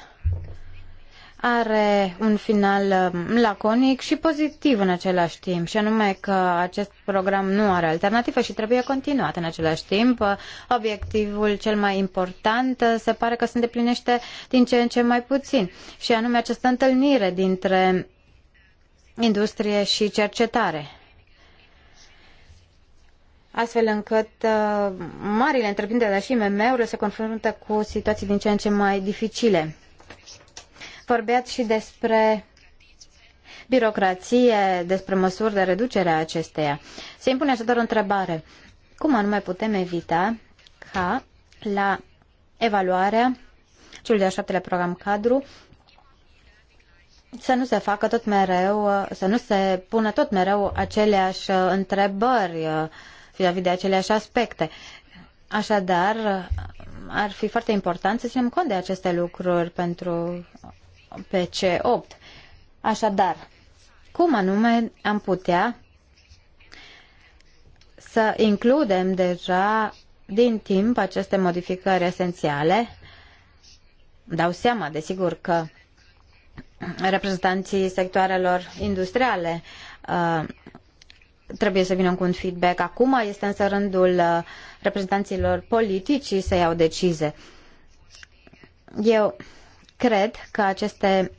are un final um, laconic și pozitiv în același timp, și anume că acest program nu are alternativă și trebuie continuat în același timp. Obiectivul cel mai important uh, se pare că se îndeplinește din ce în ce mai puțin, și anume această întâlnire dintre industrie și cercetare astfel încât uh, marile întreprinderi, dar și IMM-urile se confruntă cu situații din ce în ce mai dificile. Vorbeați și despre birocrație, despre măsuri de reducere a acesteia. Se impune așadar o întrebare. Cum anume putem evita ca la evaluarea celui de al șaptele program cadru să nu se facă tot mereu, să nu se pună tot mereu aceleași întrebări uh, vis-a-vis de aceleași aspecte. Așadar, ar fi foarte important să ținem cont de aceste lucruri pentru pe C8. Așadar, cum anume am putea să includem deja din timp aceste modificări esențiale. Dau seama, desigur, că reprezentanții sectoarelor industriale uh, trebuie să vină cu un feedback. Acum este însă rândul uh, reprezentanților politicii să iau decizie. Eu cred că aceste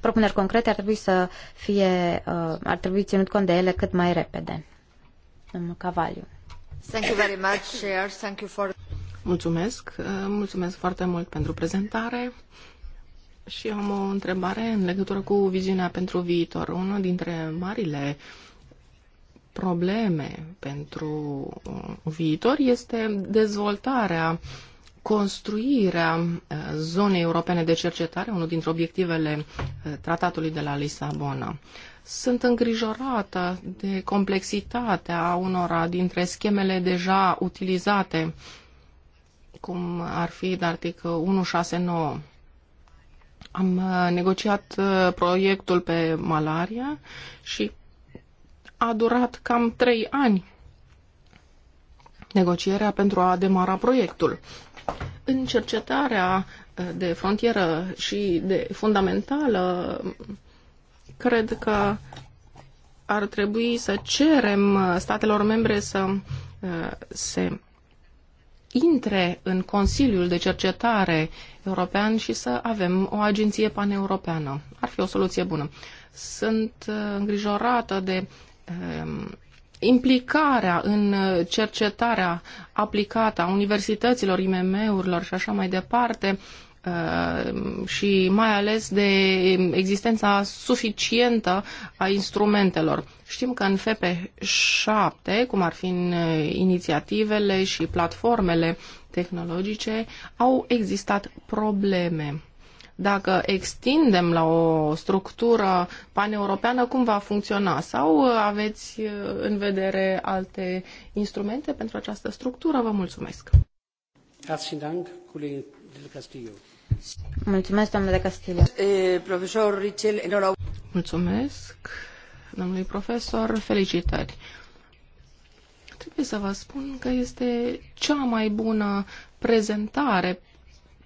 propuneri concrete ar trebui să fie, uh, ar trebui ținut cont de ele cât mai repede. Domnul Cavaliu. Thank you very much, Chair. Thank you for... Mulțumesc. Uh, mulțumesc foarte mult pentru prezentare. Și am o întrebare în legătură cu viziunea pentru viitor. Una dintre marile probleme pentru uh, viitor este dezvoltarea construirea uh, zonei europene de cercetare, unul dintre obiectivele uh, tratatului de la Lisabona. Sunt îngrijorată de complexitatea unora dintre schemele deja utilizate, cum ar fi de articol 169. Am uh, negociat proiectul pe malaria și a durat cam trei ani negocierea pentru a demara proiectul. În cercetarea uh, de frontieră și de fundamentală, cred că ar trebui să cerem uh, statelor membre să uh, se intre în Consiliul de Cercetare European și să avem o agenție paneuropeană. Ar fi o soluție bună. Sunt îngrijorată de um, implicarea în uh, cercetarea aplicată a universităților, IMM-urilor și așa mai departe uh, și mai ales de existența suficientă a instrumentelor. Știm că în FP7, cum ar fi în uh, inițiativele și platformele tehnologice, au existat probleme dacă extindem la o structură paneuropeană, cum va funcționa? Sau uh, aveți uh, în vedere alte instrumente pentru această structură? Vă mulțumesc! Mulțumesc, domnule Castillo. Eh, profesor Richel, Mulțumesc, domnului profesor, felicitări. Trebuie să vă spun că este cea mai bună prezentare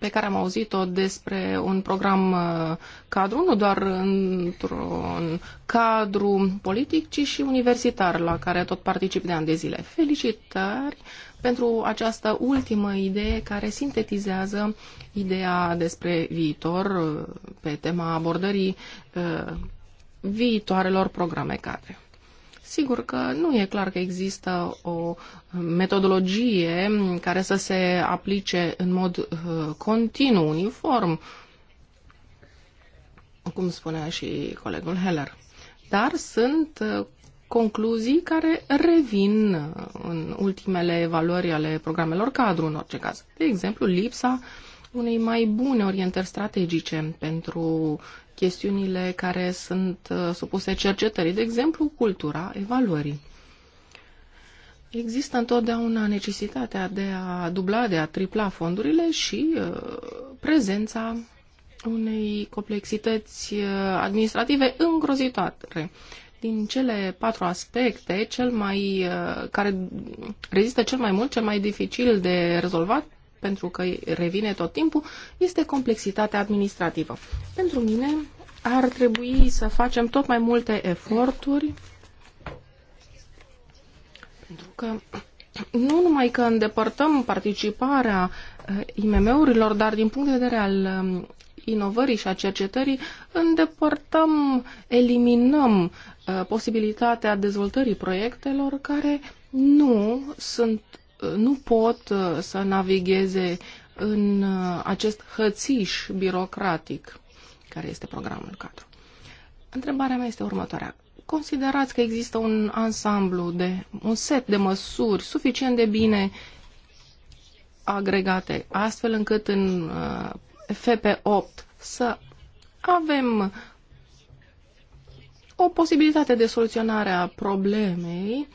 pe care am auzit-o despre un program uh, cadru, nu doar într-un cadru politic, ci și universitar, la care tot particip de ani de zile. Felicitări pentru această ultimă idee care sintetizează ideea despre viitor uh, pe tema abordării uh, viitoarelor programe cadre. Sigur că nu e clar că există o um, metodologie care să se aplice în mod uh, continuu, uniform, cum spunea și colegul Heller. Dar sunt uh, concluzii care revin uh, în ultimele evaluări ale programelor cadru, în orice caz. De exemplu, lipsa unei mai bune orientări strategice pentru chestiunile care sunt uh, supuse cercetării, de exemplu, cultura evaluării. Există întotdeauna necesitatea de a dubla, de a tripla fondurile și uh, prezența unei complexități uh, administrative îngrozitoare. Din cele patru aspecte, cel mai, care rezistă cel mai mult, cel mai dificil de rezolvat, pentru că revine tot timpul, este complexitatea administrativă. Pentru mine ar trebui să facem tot mai multe eforturi pentru că nu numai că îndepărtăm participarea eh, IMM-urilor, dar din punct de vedere al eh, inovării și a cercetării, îndepărtăm, eliminăm eh, posibilitatea dezvoltării proiectelor care nu sunt nu pot uh, să navigheze în uh, acest hățiș birocratic care este programul cadru. Întrebarea mea este următoarea. Considerați că există un ansamblu, de, un set de măsuri suficient de bine agregate, astfel încât în uh, FP8 să avem o posibilitate de soluționare a problemei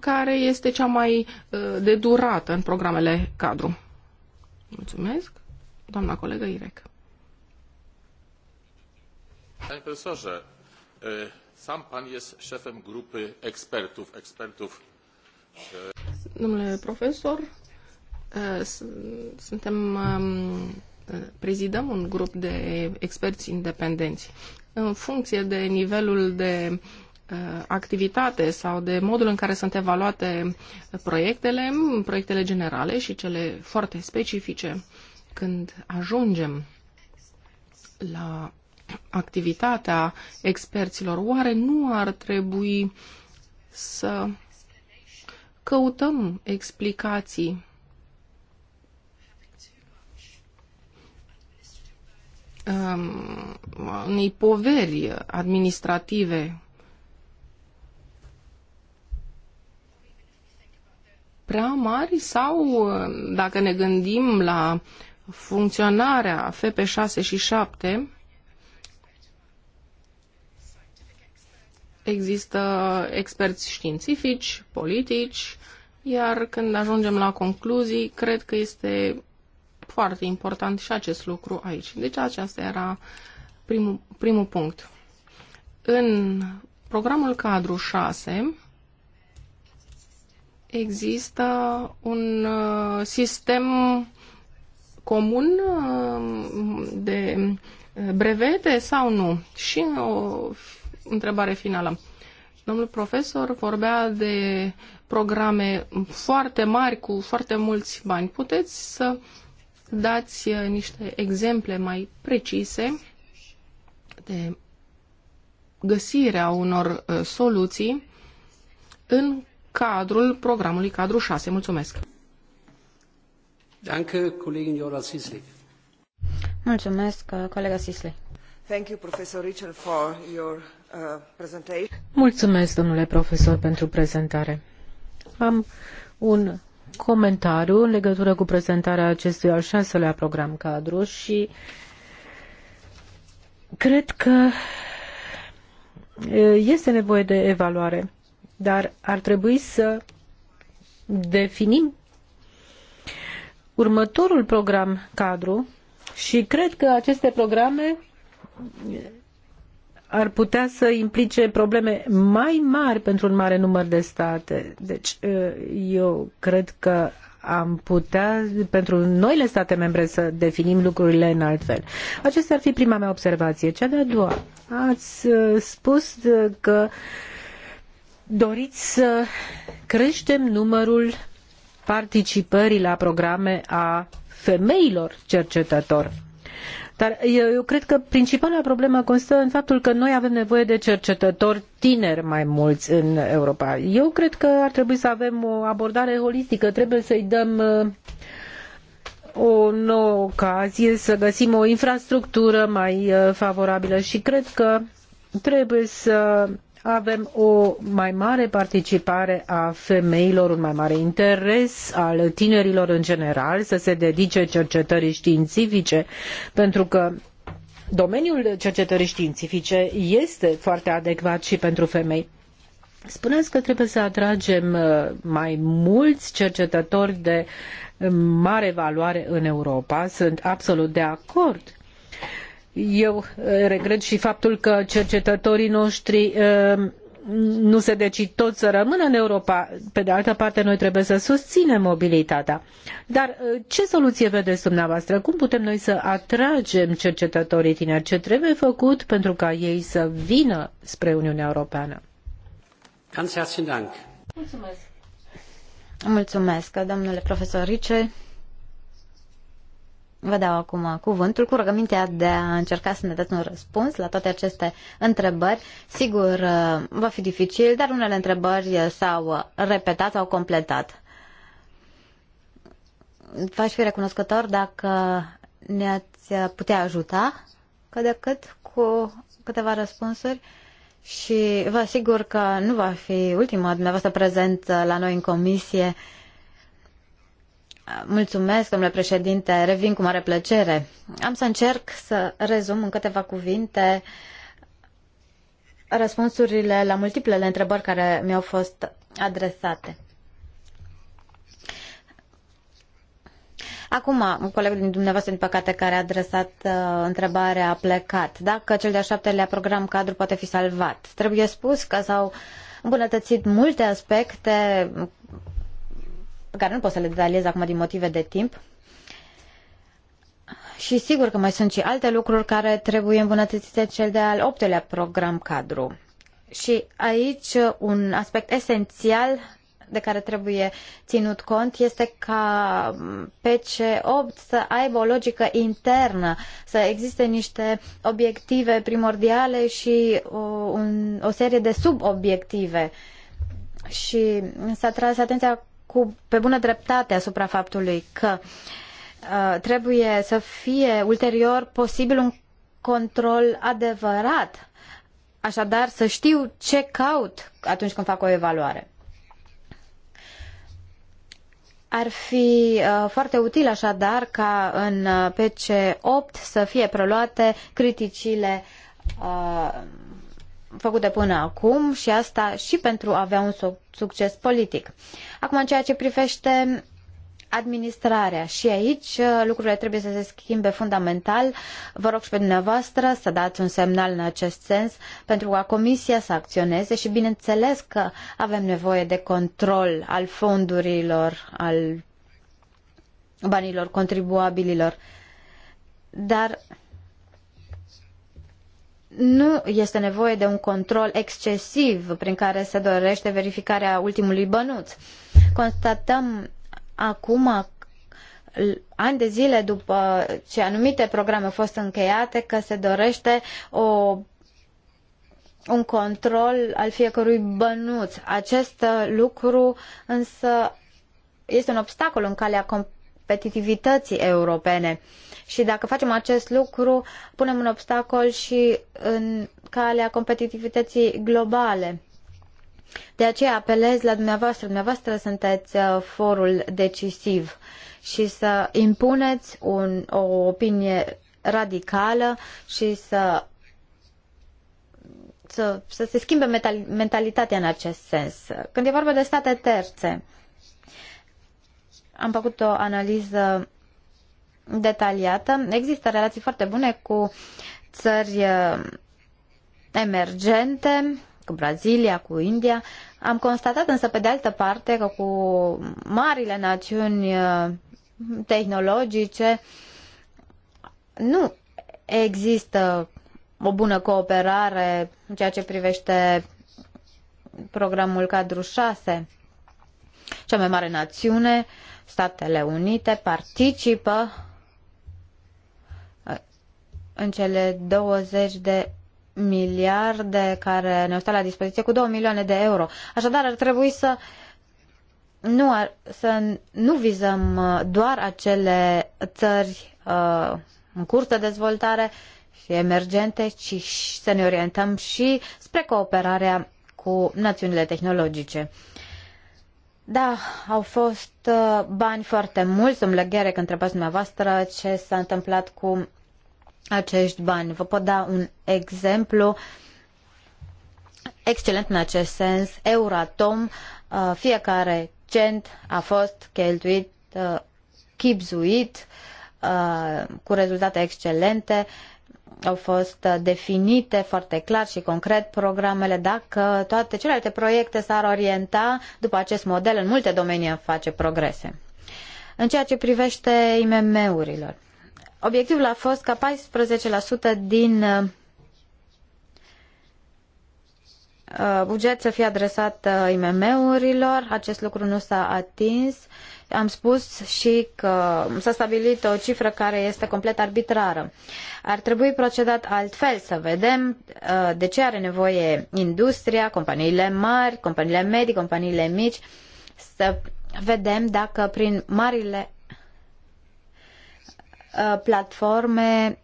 care este cea mai uh, de durată în programele cadru? Mulțumesc. Doamna colegă Irec. Panie profesorze, sam pan jest szefem grupy ekspertów, ekspertów... Domnule profesor, suntem um, prezidăm un grup de experți independenți. În funcție de nivelul de Uh, activitate sau de modul în care sunt evaluate proiectele, proiectele generale și cele foarte specifice. Când ajungem la activitatea experților, oare nu ar trebui să căutăm explicații um, unei poveri administrative prea mari sau, dacă ne gândim la funcționarea FP6 și 7, există experți științifici, politici, iar când ajungem la concluzii, cred că este foarte important și acest lucru aici. Deci aceasta era primul, primul punct. În programul cadru 6 există un uh, sistem comun uh, de uh, brevete sau nu? Și o întrebare finală. Domnul profesor vorbea de programe foarte mari cu foarte mulți bani. Puteți să dați niște exemple mai precise de găsirea unor soluții în cadrul programului cadru 6. Mulțumesc! Danke, colegin Iora Sisley. Mulțumesc, colega Sisley. Thank you, Professor Richard, for your, uh, presentation. Mulțumesc, domnule profesor, pentru prezentare. Am un comentariu în legătură cu prezentarea acestui al șaselea program cadru și cred că este nevoie de evaluare dar ar trebui să definim următorul program cadru și cred că aceste programe ar putea să implice probleme mai mari pentru un mare număr de state. Deci ă, eu cred că am putea, pentru noile state membre, să definim lucrurile în alt fel. Acesta ar fi prima mea observație. Cea de-a doua. Ați ă, spus ă, că uh, doriți să creștem numărul participării la programe a femeilor cercetători. Dar eu, eu cred că principala problemă constă în faptul că noi avem nevoie de cercetători tineri mai mulți în Europa. Eu cred că ar trebui să avem o abordare holistică, trebuie să-i dăm uh, o nouă ocazie, să găsim o infrastructură mai uh, favorabilă și cred că trebuie să avem o mai mare participare a femeilor, un mai mare interes al tinerilor în general să se dedice cercetării științifice, pentru că domeniul cercetării științifice este foarte adecvat și pentru femei. Spuneți că trebuie să atragem uh, mai mulți cercetători de mare valoare în Europa. Sunt absolut de acord. Eu uh, regret și faptul că cercetătorii noștri uh, nu se decid tot să rămână în Europa. Pe de altă parte, noi trebuie să susținem mobilitatea. Dar uh, ce soluție vedeți dumneavoastră? Cum putem noi să atragem cercetătorii tineri? Ce trebuie făcut pentru ca ei să vină spre Uniunea Europeană? Mulțumesc. Mulțumesc, domnule profesor Rice. Vă dau acum cuvântul cu rugămintea de a încerca să ne dați un răspuns la toate aceste întrebări. Sigur, uh, va fi dificil, dar unele întrebări uh, s-au uh, repetat, s-au completat. V-aș fi recunoscător dacă ne-ați putea ajuta cât de cât cu câteva răspunsuri și vă asigur că nu va fi ultima dumneavoastră prezent la noi în comisie Mulțumesc, domnule președinte. Revin cu mare plăcere. Am să încerc să rezum în câteva cuvinte răspunsurile la multiplele întrebări care mi-au fost adresate. Acum, colegul din dumneavoastră, din păcate, care a adresat uh, întrebarea, a plecat. Dacă cel de-a șaptelea program cadru poate fi salvat? Trebuie spus că s-au îmbunătățit multe aspecte pe care nu pot să le detaliez acum din motive de timp. Și sigur că mai sunt și alte lucruri care trebuie îmbunătățite cel de-al optelea program cadru. Și aici uh, un aspect esențial de care trebuie ținut cont este ca mm, PC8 să aibă o logică internă, să existe niște obiective primordiale și o, uh, un, o serie de subobiective. Și s-a tras atenția cu, pe bună dreptate asupra faptului că uh, trebuie să fie ulterior posibil un control adevărat. Așadar, să știu ce caut atunci când fac o evaluare. Ar fi uh, foarte util așadar ca în PC8 să fie preluate criticile uh, făcute până acum și asta și pentru a avea un succes politic. Acum, în ceea ce privește administrarea și aici uh, lucrurile trebuie să se schimbe fundamental. Vă rog și pe dumneavoastră să dați un semnal în acest sens pentru ca Comisia să acționeze și bineînțeles că avem nevoie de control al fondurilor, al banilor contribuabililor. Dar nu este nevoie de un control excesiv prin care se dorește verificarea ultimului bănuț. Constatăm acum, ani de zile după ce anumite programe au fost încheiate, că se dorește o un control al fiecărui bănuț. Acest lucru însă este un obstacol în calea competitivității europene. Și dacă facem acest lucru, punem un obstacol și în calea competitivității globale. De aceea apelez la dumneavoastră. Dumneavoastră sunteți uh, forul decisiv și să impuneți un, o opinie radicală și să, să, să se schimbe mentalitatea în acest sens. Când e vorba de state terțe, am făcut o analiză detaliată. Există relații foarte bune cu țări uh, emergente, cu Brazilia, cu India. Am constatat însă, pe de altă parte, că cu marile națiuni uh, tehnologice nu există o bună cooperare în ceea ce privește programul cadru 6. Cea mai mare națiune Statele Unite participă uh, în cele 20 de miliarde care ne-au stat la dispoziție cu 2 milioane de euro. Așadar, ar trebui să nu, ar, să nu vizăm uh, doar acele țări uh, în curs de dezvoltare și emergente, ci să ne orientăm și spre cooperarea cu națiunile tehnologice. Da, au fost uh, bani foarte mulți. Îmi leghere că întrebați dumneavoastră ce s-a întâmplat cu acești bani. Vă pot da un exemplu excelent în acest sens. Euratom, uh, fiecare cent a fost cheltuit, uh, chipzuit, cu rezultate excelente au fost definite foarte clar și concret programele, dacă toate celelalte proiecte s-ar orienta după acest model, în multe domenii face progrese. În ceea ce privește IMM-urilor, obiectivul a fost ca 14% din Uh, buget să fie adresat uh, IMM-urilor. Acest lucru nu s-a atins. Am spus și că s-a stabilit o cifră care este complet arbitrară. Ar trebui procedat altfel să vedem uh, de ce are nevoie industria, companiile mari, companiile medii, companiile mici, să vedem dacă prin marile platforme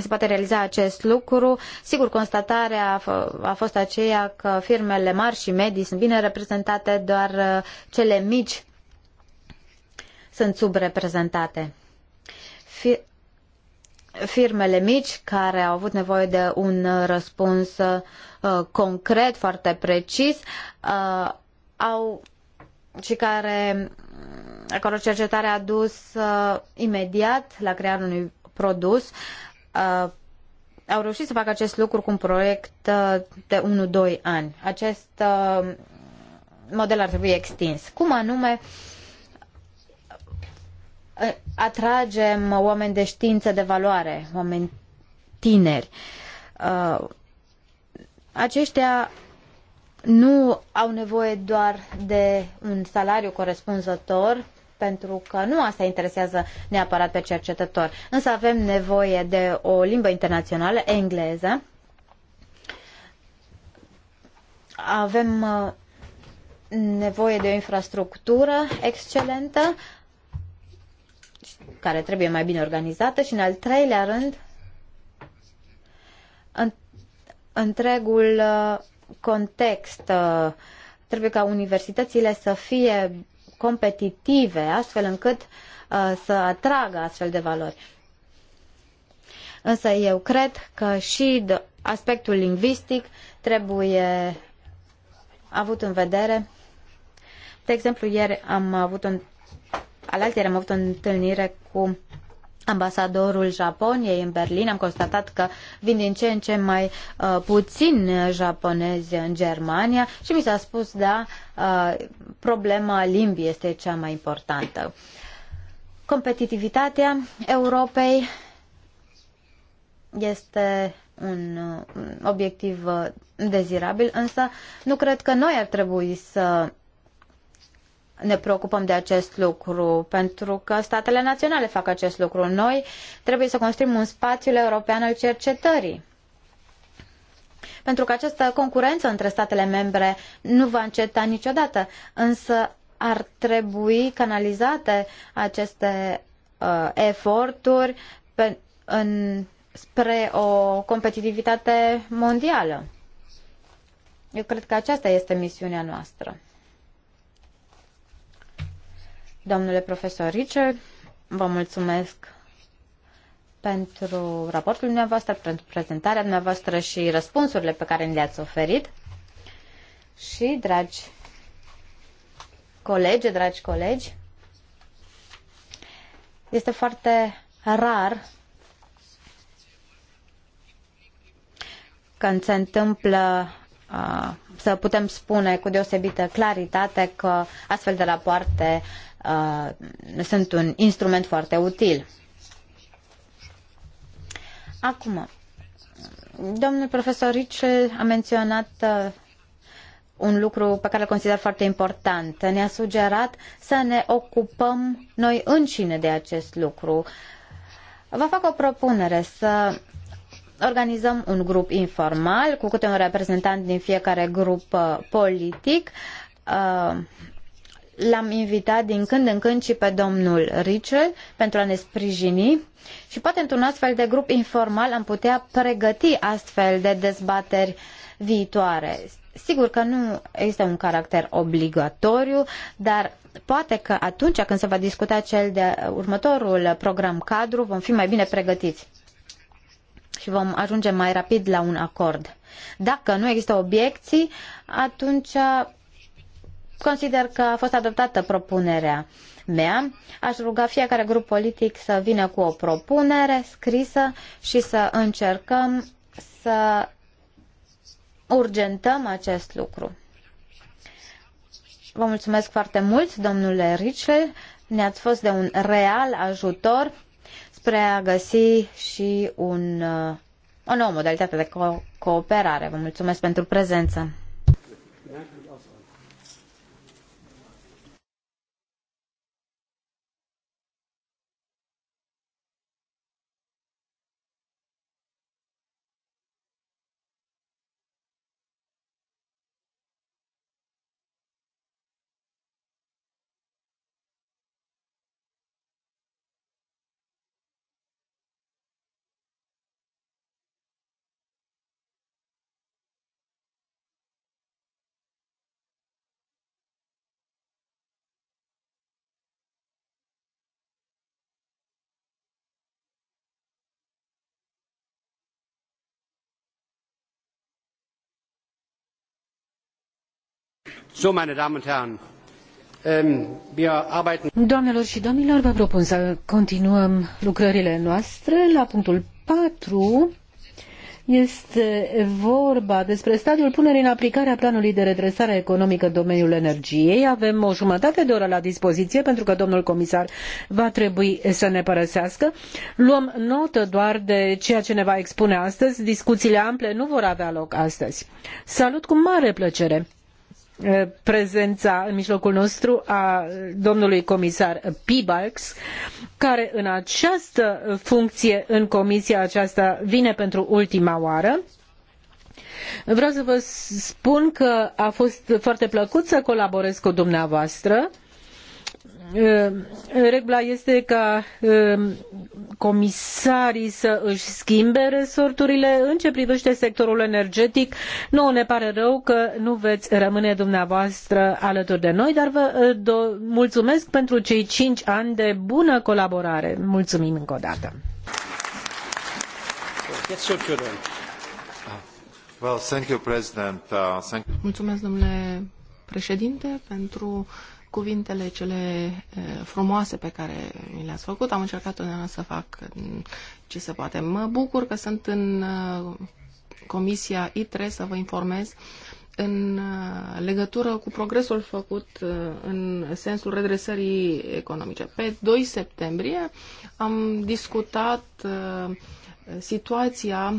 se poate realiza acest lucru. Sigur, constatarea a fost aceea că firmele mari și medii sunt bine reprezentate, doar uh, cele mici sunt subreprezentate. Firmele mici care au avut nevoie de un uh, răspuns uh, concret, foarte precis, au și care acolo cercetarea a dus imediat la crearea unui produs uh, au reușit să facă acest lucru cu un proiect uh, de 1-2 ani. Acest uh, model ar trebui extins. Cum anume uh, atragem oameni de știință de valoare, oameni tineri. Uh, aceștia nu au nevoie doar de un salariu corespunzător pentru că nu asta interesează neapărat pe cercetător. Însă avem nevoie de o limbă internațională, engleză. Avem uh, nevoie de o infrastructură excelentă, care trebuie mai bine organizată și, în al treilea rând, în, întregul uh, context. Uh, trebuie ca universitățile să fie competitive, astfel încât uh, să atragă astfel de valori. Însă eu cred că și aspectul lingvistic trebuie avut în vedere. De exemplu, ieri am avut un, alaltieri am avut o întâlnire cu ambasadorul Japoniei în Berlin, am constatat că vin din ce în ce mai uh, puțin japonezi în Germania și mi s-a spus, da, uh, problema limbii este cea mai importantă. Competitivitatea Europei este un obiectiv uh, dezirabil, însă nu cred că noi ar trebui să ne preocupăm de acest lucru, pentru că statele naționale fac acest lucru. Noi trebuie să construim un spațiu european al cercetării. Pentru că această concurență între statele membre nu va înceta niciodată, însă ar trebui canalizate aceste uh, eforturi pe, în, spre o competitivitate mondială. Eu cred că aceasta este misiunea noastră. Domnule profesor Richard, vă mulțumesc pentru raportul dumneavoastră, pentru prezentarea dumneavoastră și răspunsurile pe care ni le-ați oferit. Și, dragi colegi, dragi colegi, este foarte rar când se întâmplă Ah, să putem spune cu deosebită claritate că astfel de rapoarte ah, sunt un instrument foarte util. Acum, domnul profesor Richel a menționat ah, un lucru pe care îl consider foarte important. Ne-a sugerat să ne ocupăm noi înșine de acest lucru. Vă fac o propunere să organizăm un grup informal cu câte un reprezentant din fiecare grup uh, politic. Uh, L-am invitat din când în când și pe domnul Richel pentru a ne sprijini și poate într-un astfel de grup informal am putea pregăti astfel de dezbateri viitoare. Sigur că nu este un caracter obligatoriu, dar poate că atunci când se va discuta cel de următorul program cadru, vom fi mai bine pregătiți și vom ajunge mai rapid la un acord. Dacă nu există obiecții, atunci uh, consider că a fost adoptată propunerea mea. Aș ruga fiecare grup politic să vină cu o propunere scrisă și să încercăm să urgentăm acest lucru. Vă mulțumesc foarte mult, domnule Richel. Ne-ați fost de un real ajutor spre a găsi și un, uh, o nouă modalitate de co- cooperare. Vă mulțumesc pentru prezență. Ähm, Doamnelor și domnilor, vă propun să continuăm lucrările noastre. La punctul 4 este vorba despre stadiul punerii în aplicare a planului de redresare economică în domeniul energiei. Avem o jumătate de oră la dispoziție pentru că domnul comisar va trebui să ne părăsească. Luăm notă doar de ceea ce ne va expune astăzi. Discuțiile ample nu vor avea loc astăzi. Salut cu mare plăcere! Eh, prezența în mijlocul nostru a domnului comisar Piebalgs, care în această funcție în comisia aceasta vine pentru ultima oară. Vreau să vă spun că a fost foarte plăcut să colaborez cu dumneavoastră Ehm, regula este ca ehm, comisarii să își schimbe resorturile. În ce privește sectorul energetic, nouă ne pare rău că nu veți rămâne dumneavoastră alături de noi, dar vă eh, mulțumesc pentru cei cinci ani de bună colaborare. Mulțumim încă o dată. Ah. Uh, mulțumesc, domnule președinte, pentru cuvintele cele frumoase pe care mi le-ați făcut. Am încercat totdeauna să fac mm, ce se poate. Mă bucur că sunt în Comisia ITRE să vă informez în legătură cu progresul făcut în sensul redresării economice. Pe 2 septembrie am discutat situația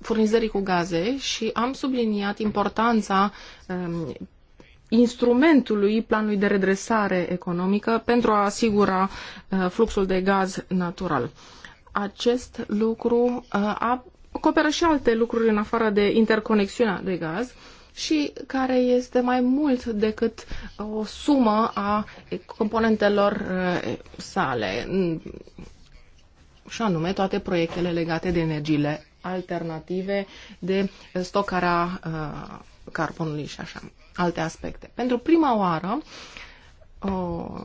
furnizării cu gaze și am subliniat importanța instrumentului planului de redresare economică pentru a asigura uh, fluxul de gaz natural. Acest lucru uh, acoperă și alte lucruri în afară de interconexiunea de gaz și care este mai mult decât o sumă a componentelor uh, sale, mm, și anume toate proiectele legate de energiile alternative, de stocarea carbonului și așa, alte aspecte. Pentru prima oară, uh,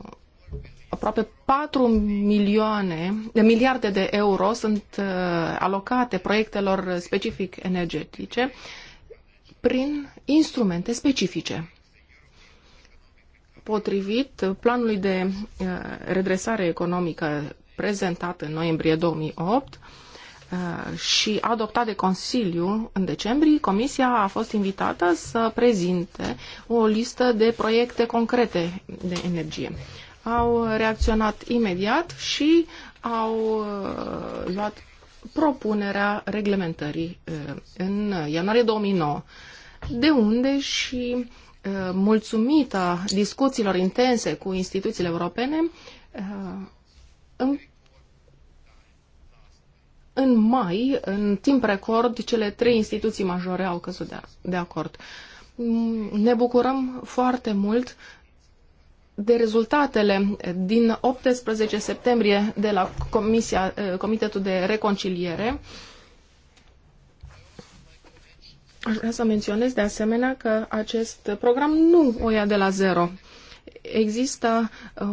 aproape 4 milioane de miliarde de euro sunt uh, alocate proiectelor specific energetice prin instrumente specifice. Potrivit planului de uh, redresare economică prezentat în noiembrie 2008, Uh, și adoptat de Consiliu în decembrie, Comisia a fost invitată să prezinte o listă de proiecte concrete de energie. Au reacționat imediat și au uh, luat propunerea reglementării uh, în ianuarie 2009, de unde și mulțumită discuțiilor intense cu instituțiile europene, în în mai, în timp record, cele trei instituții majore au căzut de, de acord. Mm, ne bucurăm foarte mult de rezultatele din 18 septembrie de la Comisia, eh, Comitetul de Reconciliere. Aș vrea să menționez de asemenea că acest program nu o ia de la zero există uh,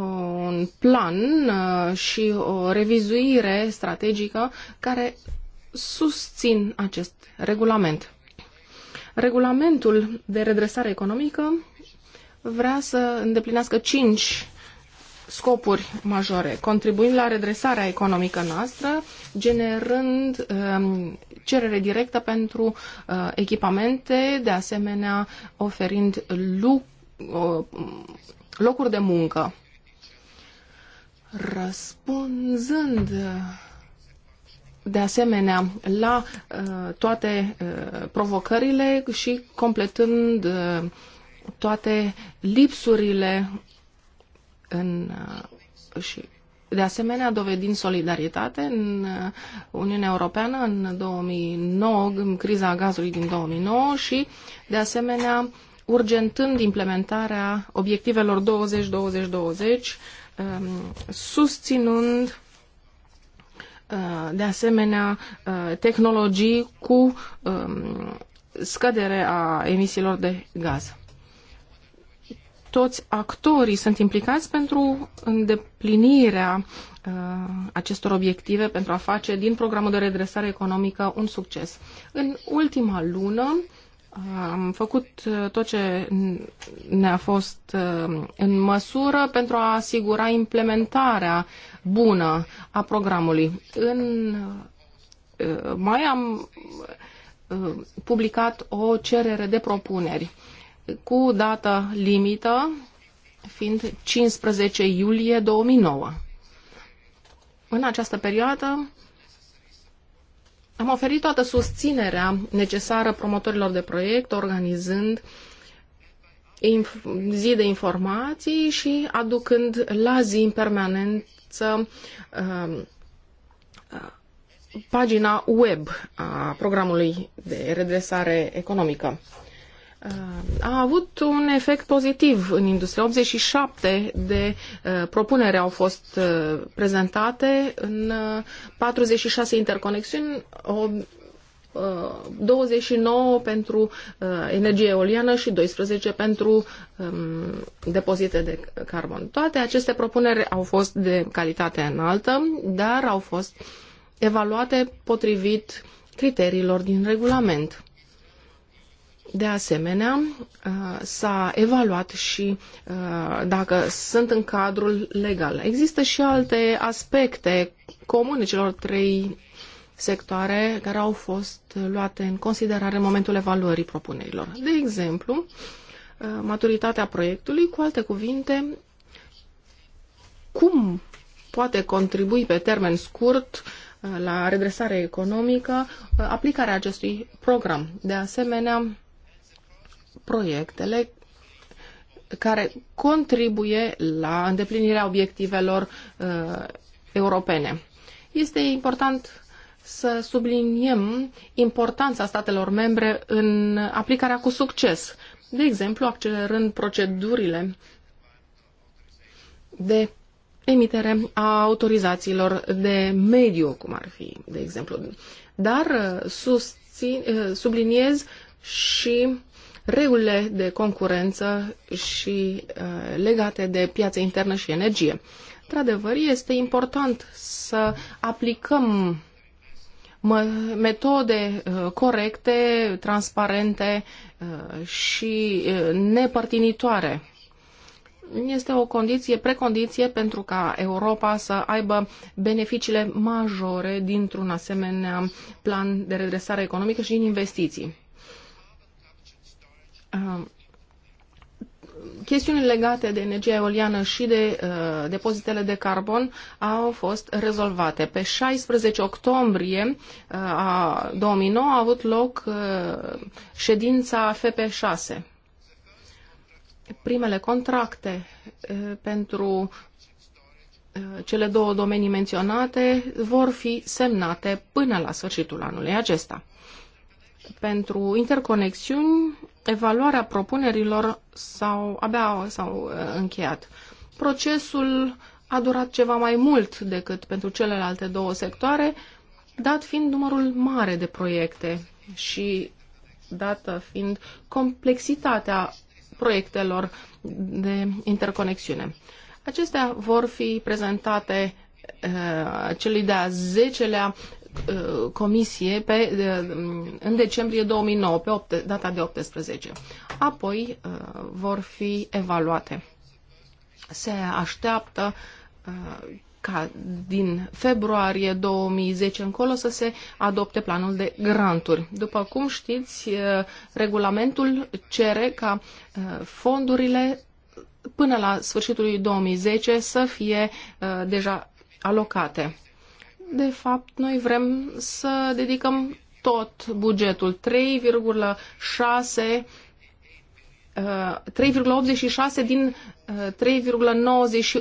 un plan uh, și o revizuire strategică care susțin acest regulament. Regulamentul de redresare economică vrea să îndeplinească cinci scopuri majore, contribuind la redresarea economică noastră, generând uh, cerere directă pentru uh, echipamente, de asemenea oferind lu- locuri de muncă. Răspunzând de asemenea la uh, toate uh, provocările și completând uh, toate lipsurile în, uh, și de asemenea, dovedind solidaritate în uh, Uniunea Europeană în 2009, în criza gazului din 2009 și, de asemenea, urgentând implementarea obiectivelor 20-20-20, um, susținând uh, de asemenea uh, tehnologii cu um, scădere a emisiilor de gaz. Toți actorii sunt implicați pentru îndeplinirea uh, acestor obiective pentru a face din programul de redresare economică un succes. În ultima lună am făcut uh, tot ce ne-a fost uh, în măsură pentru a asigura implementarea bună a programului. În uh, mai am publicat o cerere de propuneri cu dată limită fiind 15 iulie 2009. În această perioadă am oferit toată susținerea necesară promotorilor de proiect, organizând zi de informații și aducând la zi în permanență uh, pagina web a programului de redresare economică a avut un efect pozitiv în industrie. 87 de propunere uh, propuneri au fost uh, prezentate în 46 uh, interconexiuni, 29 pentru energie eoliană și 12 pentru um, depozite de carbon. Toate aceste propuneri au fost de calitate înaltă, dar au fost evaluate potrivit criteriilor din regulament. De asemenea, uh, s-a evaluat și uh, dacă sunt în cadrul legal. Există și alte aspecte comune celor trei sectoare care au fost luate în considerare în momentul evaluării propunerilor. De exemplu, uh, maturitatea proiectului, cu alte cuvinte, cum poate contribui pe termen scurt la redresare economică aplicarea acestui program. De asemenea, proiectele care contribuie la îndeplinirea obiectivelor uh, europene. Este important să subliniem importanța statelor membre în aplicarea cu succes, de exemplu, accelerând procedurile de emitere a autorizațiilor de mediu, cum ar fi, de exemplu. Dar uh, susțin, uh, subliniez și regulile de concurență și uh, legate de piața internă și energie. Într-adevăr, este important să aplicăm metode uh, corecte, transparente uh, și uh, nepărtinitoare. Este o condiție, precondiție pentru ca Europa să aibă beneficiile majore dintr-un asemenea plan de redresare economică și în investiții. Um, chestiuni legate de energia eoliană și de uh, depozitele de carbon au fost rezolvate. Pe 16 octombrie uh, a 2009 a avut loc uh, ședința FP6. Primele contracte uh, pentru uh, cele două domenii menționate vor fi semnate până la sfârșitul anului acesta pentru interconexiuni, evaluarea propunerilor sau abia s-au uh, încheiat. Procesul a durat ceva mai mult decât pentru celelalte două sectoare, dat fiind numărul mare de proiecte și dată fiind complexitatea proiectelor de interconexiune. Acestea vor fi prezentate uh, celui de-a zecelea Uh, comisie pe, uh, în decembrie 2009, pe 8, data de 18. Apoi uh, vor fi evaluate. Se așteaptă ca din februarie 2010 încolo să se adopte planul de granturi. După cum știți, regulamentul cere ca fondurile până la sfârșitul lui 2010 să fie deja alocate de fapt, noi vrem să dedicăm tot bugetul, 3,6 3,86 uh, din 3,98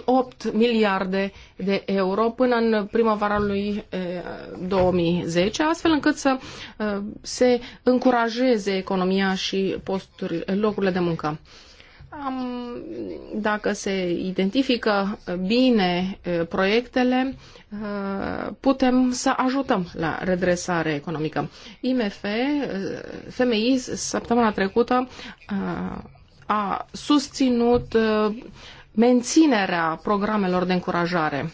uh, miliarde de euro până în primăvara lui 2010, uh, astfel încât să se încurajeze economia și posturile, locurile de muncă. Am, dacă se identifică bine proiectele, putem să ajutăm la redresare economică. IMF, FMI, săptămâna trecută a susținut menținerea programelor de încurajare.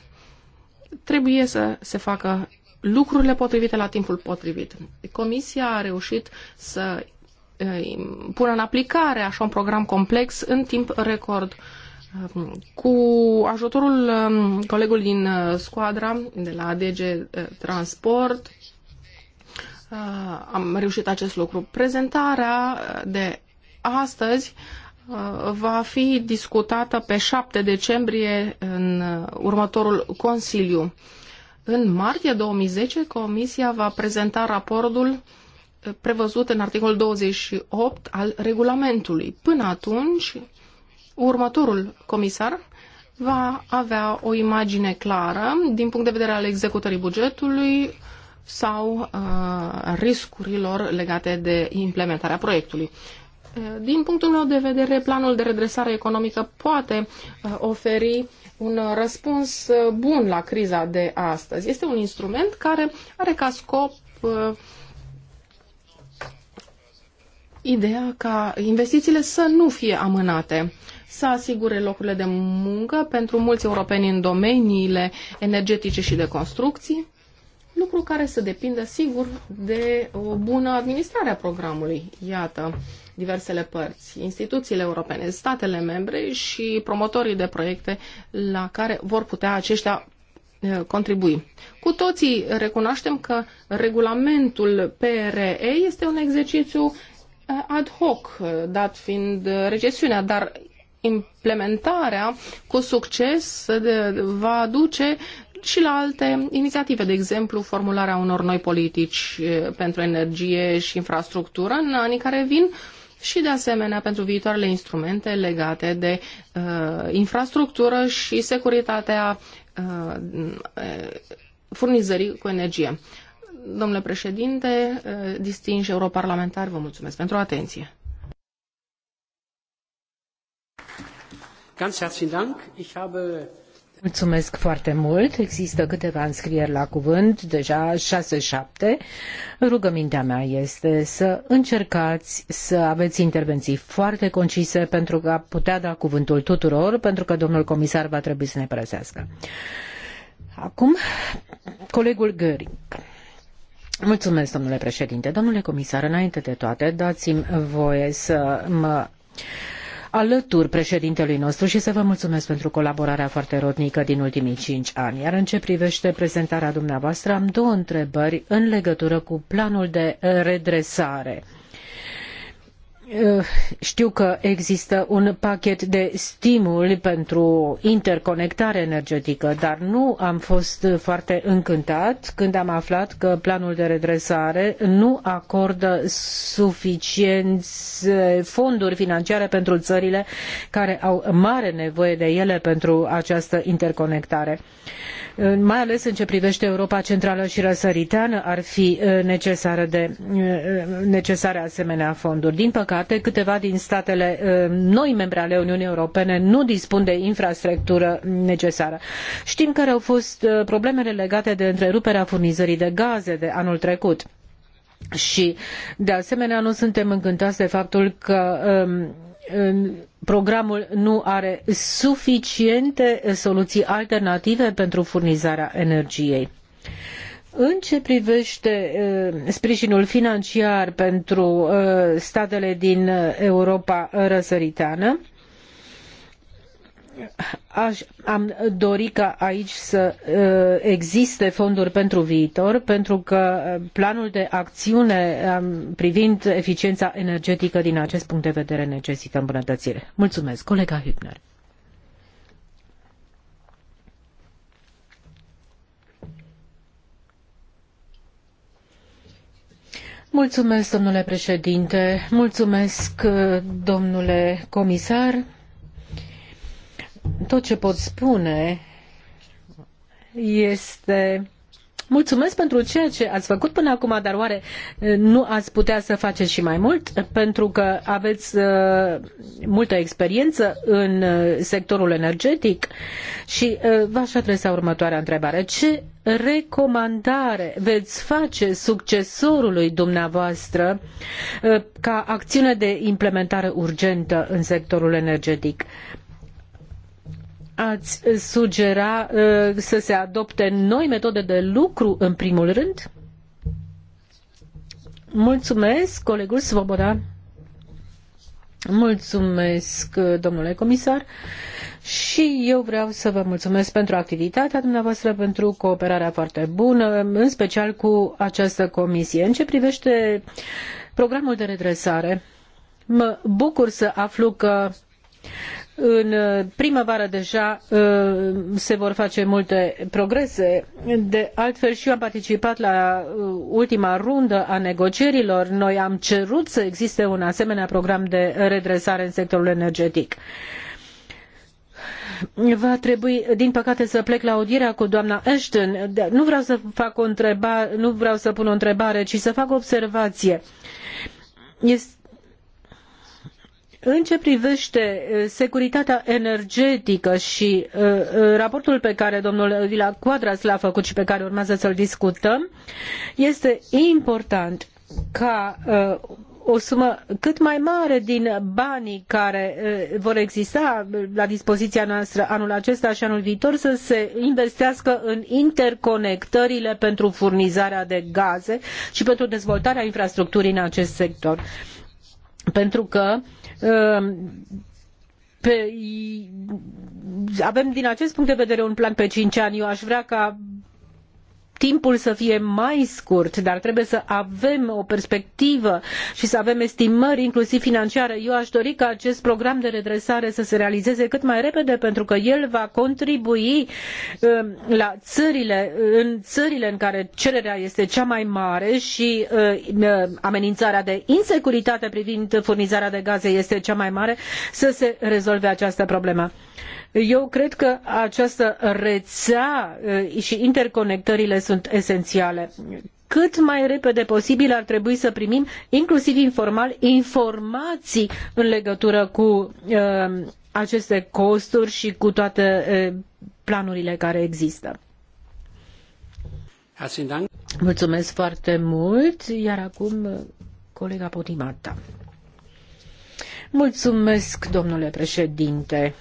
Trebuie să se facă lucrurile potrivite la timpul potrivit. Comisia a reușit să Uh, pună în aplicare așa un program complex în timp record. Um, cu ajutorul um, colegului din uh, squadra de la DG uh, Transport am reușit acest lucru. Prezentarea de astăzi va fi discutată pe 7 decembrie în următorul Consiliu. În martie 2010, Comisia va prezenta raportul prevăzut în articolul 28 al regulamentului. Până atunci, următorul comisar va avea o imagine clară din punct de vedere al executării bugetului sau uh, riscurilor legate de implementarea proiectului. Uh, din punctul meu de vedere, planul de redresare economică poate uh, oferi un răspuns uh, bun la criza de astăzi. Este un instrument care are ca scop ideea ca investițiile să nu fie amânate, să asigure locurile de muncă pentru mulți europeni în domeniile energetice și de construcții, lucru care să depindă, sigur, de o bună administrare a programului. Iată, diversele părți, instituțiile europene, statele membre și promotorii de proiecte la care vor putea aceștia contribui. Cu toții recunoaștem că regulamentul PRE este un exercițiu ad hoc, dat fiind recesiunea, dar implementarea cu succes va duce și la alte inițiative, de exemplu formularea unor noi politici eh, pentru energie și infrastructură în anii care vin și de asemenea pentru viitoarele instrumente legate de uh, infrastructură și securitatea uh, furnizării cu energie. Domnule președinte, eh, distinși europarlamentari, vă mulțumesc pentru atenție. Mulțumesc foarte mult. Există câteva înscrieri la cuvânt, deja 6-7. Rugămintea mea este să încercați să aveți intervenții foarte concise pentru a putea da cuvântul tuturor, pentru că domnul comisar va trebui să ne părăsească. Acum, colegul Göring. Mulțumesc, domnule președinte. Domnule comisar, înainte de toate, dați-mi voie să mă alături președintelui nostru și să vă mulțumesc pentru colaborarea foarte rodnică din ultimii cinci ani. Iar în ce privește prezentarea dumneavoastră, am două întrebări în legătură cu planul de redresare. Eh, știu că există un pachet de stimuli pentru interconectare energetică, dar nu am fost foarte încântat când am aflat că planul de redresare nu acordă suficienți eh, fonduri financiare pentru țările care au mare nevoie de ele pentru această interconectare. Eh, mai ales în ce privește Europa Centrală și Răsăriteană ar fi necesară de, necesare asemenea fonduri. Din păcate, păcate, câteva din statele uh, noi membre ale Uniunii Europene nu dispun de infrastructură necesară. Știm care au fost uh, problemele legate de întreruperea furnizării de gaze de anul trecut. Și, de asemenea, nu suntem încântați de faptul că um, programul nu are suficiente soluții alternative pentru furnizarea energiei. În ce privește sprijinul financiar pentru statele din Europa răsăritană, Aș, am dori ca aici să existe fonduri pentru viitor, pentru că planul de acțiune privind eficiența energetică din acest punct de vedere necesită îmbunătățire. Mulțumesc, colega Hübner. Mulțumesc, domnule președinte, mulțumesc, domnule comisar. Tot ce pot spune este Mulțumesc pentru ceea ce ați făcut până acum, dar oare nu ați putea să faceți și mai mult? Pentru că aveți multă experiență în sectorul energetic și v-aș adresa următoarea întrebare. Ce recomandare veți face succesorului dumneavoastră ca acțiune de implementare urgentă în sectorul energetic? ați sugera uh, să se adopte noi metode de lucru în primul rând? Mulțumesc, colegul Svoboda. Mulțumesc, uh, domnule comisar. Și eu vreau să vă mulțumesc pentru activitatea dumneavoastră, pentru cooperarea foarte bună, în special cu această comisie. În ce privește programul de redresare, mă bucur să aflu că în uh, primăvară deja uh, se vor face multe progrese. De altfel și eu am participat la uh, ultima rundă a negocierilor. Noi am cerut să existe un asemenea program de redresare în sectorul energetic. Va trebui, din păcate, să plec la audierea cu doamna Ashton. Nu vreau să fac o întrebare, nu vreau să pun o întrebare, ci să fac o observație. Este în ce privește uh, securitatea energetică și uh, uh, raportul pe care domnul Vila Quadras l-a făcut și pe care urmează să-l discutăm, este important ca o sumă cât mai mare din banii care vor exista la dispoziția noastră anul acesta și anul viitor să se investească în interconectările pentru furnizarea de gaze și pentru dezvoltarea infrastructurii în acest sector. Pentru că uh, Ehm, pe, avem din acest punct de vedere un plan pe cinci ani. Eu aș vrea ca timpul să fie mai scurt, dar trebuie să avem o perspectivă și să avem estimări inclusiv financiare. Eu aș dori ca acest program de redresare să se realizeze cât mai repede pentru că el va contribui um, la țările, în țările în care cererea este cea mai mare și um, uh, amenințarea de insecuritate privind furnizarea de gaze este cea mai mare să se rezolve această problemă. Eu cred că această rețea eh, și interconectările sunt esențiale cât mai repede posibil ar trebui să primim, inclusiv informal, informații în legătură cu uh, aceste costuri și cu toate uh, planurile care există. Mulțumesc foarte mult, iar acum colega Potimata. Mulțumesc, domnule președinte.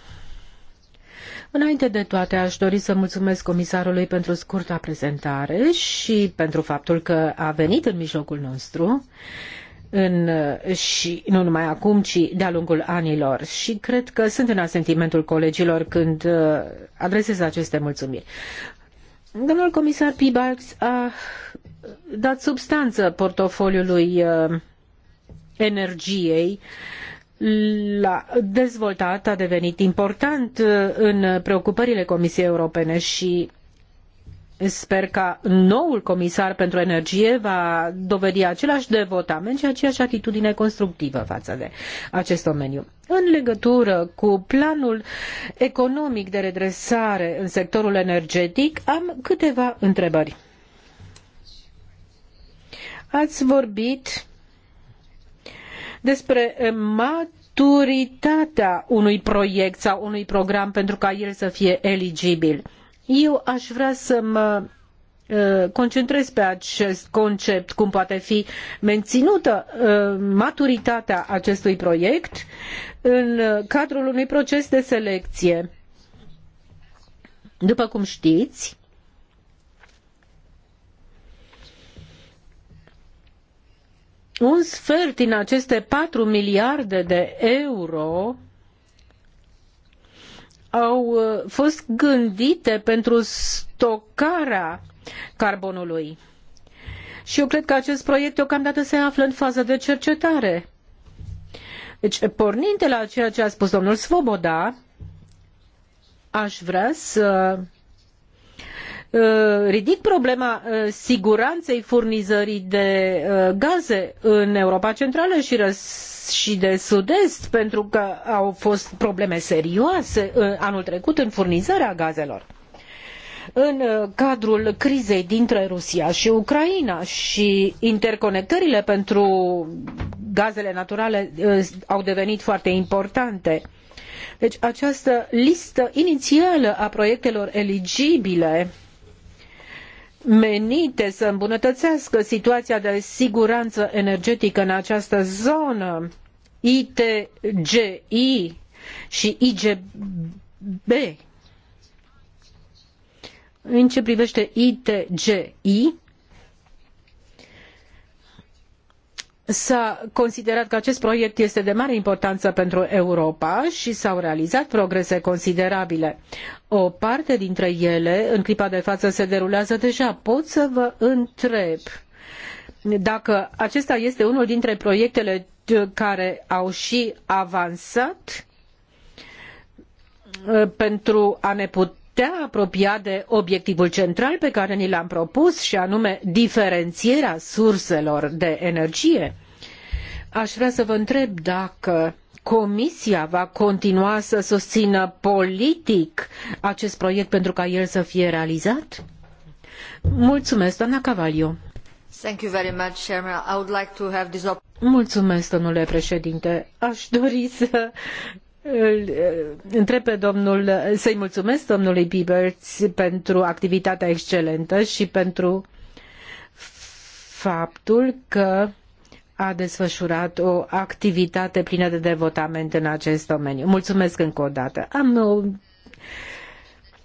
Înainte de toate, aș dori să mulțumesc comisarului pentru scurta prezentare și pentru faptul că a venit în mijlocul nostru în, și nu numai acum, ci de-a lungul anilor. Și cred că sunt în asentimentul colegilor când uh, adresez aceste mulțumiri. Domnul comisar Pibalx a dat substanță portofoliului uh, energiei uh, l-a dezvoltat a devenit important uh, în preocupările Comisiei Europene și sper că noul comisar pentru energie va dovedi același devotament și aceeași atitudine constructivă față de acest domeniu. În legătură cu planul economic de redresare în sectorul energetic, am câteva întrebări. Ați vorbit despre maturitatea unui proiect sau unui program pentru ca el să fie eligibil. Eu aș vrea să mă uh, concentrez pe acest concept, cum poate fi menținută uh, maturitatea acestui proiect în cadrul unui proces de selecție. După cum știți, un sfert din aceste 4 miliarde de euro au uh, fost gândite pentru stocarea carbonului. Și eu cred că acest proiect deocamdată se află în fază de cercetare. Deci, pornind de la ceea ce a spus domnul Svoboda, aș vrea să Uh, ridic problema uh, siguranței furnizării de uh, gaze în Europa Centrală și, și de Sud-Est, pentru că au fost probleme serioase anul trecut în furnizarea gazelor în cadrul crizei dintre Rusia și Ucraina și interconectările pentru gazele naturale au devenit foarte importante. Deci această listă inițială a proiectelor eligibile uh, menite să îmbunătățească situația de siguranță energetică în această zonă. ITGI și IGB. În ce privește ITGI, s-a considerat că acest proiect este de mare importanță pentru Europa și s-au realizat progrese considerabile. O parte dintre ele, în clipa de față, se derulează deja. Pot să vă întreb dacă acesta este unul dintre proiectele care au și avansat uh, pentru a ne putea a apropia de obiectivul central pe care ni l-am propus și anume diferențierea surselor de energie? Aș vrea să vă întreb dacă Comisia va continua să susțină politic acest proiect pentru ca el să fie realizat? Mulțumesc, doamna Cavalio. Mulțumesc, domnule președinte. Aș dori să îl eh, întreb pe domnul, să-i mulțumesc domnului Piberts pentru activitatea excelentă și pentru faptul că a desfășurat o activitate plină de devotament în acest domeniu. Mulțumesc încă o dată. Am o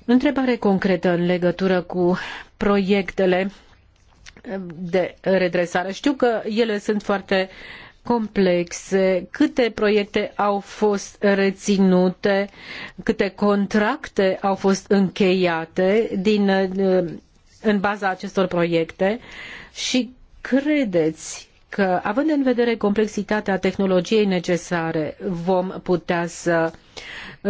întrebare concretă în legătură cu proiectele de redresare. Știu că ele sunt foarte uh, complexe, câte proiecte au fost reținute, câte contracte au fost încheiate din, eh, în baza acestor proiecte și credeți că, având în vedere complexitatea tehnologiei necesare, vom putea să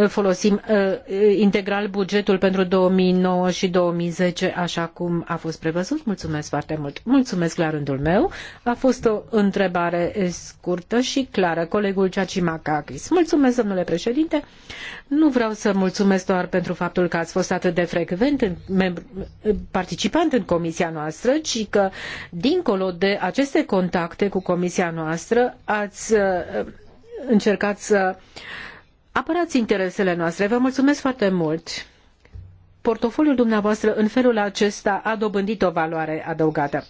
folosim uh, uh, integral bugetul pentru 2009 și 2010 așa cum a fost prevăzut. Mulțumesc foarte mult. Mulțumesc la rândul meu. A fost o întrebare scurtă și clară. Colegul Ciacimacakis. Mulțumesc, domnule președinte. Nu vreau să mulțumesc doar pentru faptul că ați fost atât de frecvent în, participant în comisia noastră, ci că dincolo de aceste contacte cu comisia noastră ați uh, încercat să uh, apărați interesele noastre. Vă mulțumesc foarte mult! portofoliul dumneavoastră în felul acesta a dobândit o valoare adăugată.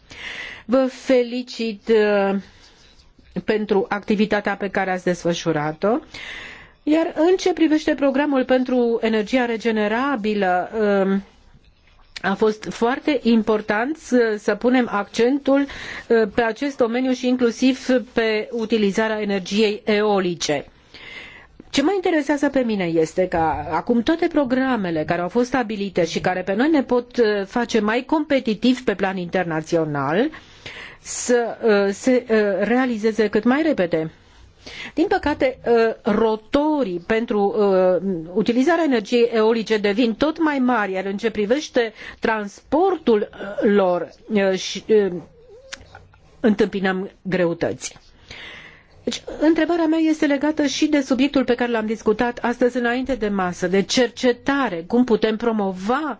Vă felicit uh, pentru activitatea pe care ați desfășurat-o. Iar în ce privește programul pentru energia regenerabilă, uh, a fost foarte important să punem accentul uh, pe acest domeniu și inclusiv pe utilizarea energiei eolice ce mă interesează pe mine este că acum toate programele care au fost stabilite și care pe noi ne pot uh, face mai competitivi pe plan internațional să uh, se uh, realizeze cât mai repede. Din păcate, rotorii pentru utilizarea energiei eolice devin tot mai mari, iar în ce privește transportul lor, întâmpinăm greutăți. Deci, întrebarea mea este legată și de subiectul pe care l-am discutat astăzi înainte de masă, de cercetare, cum putem promova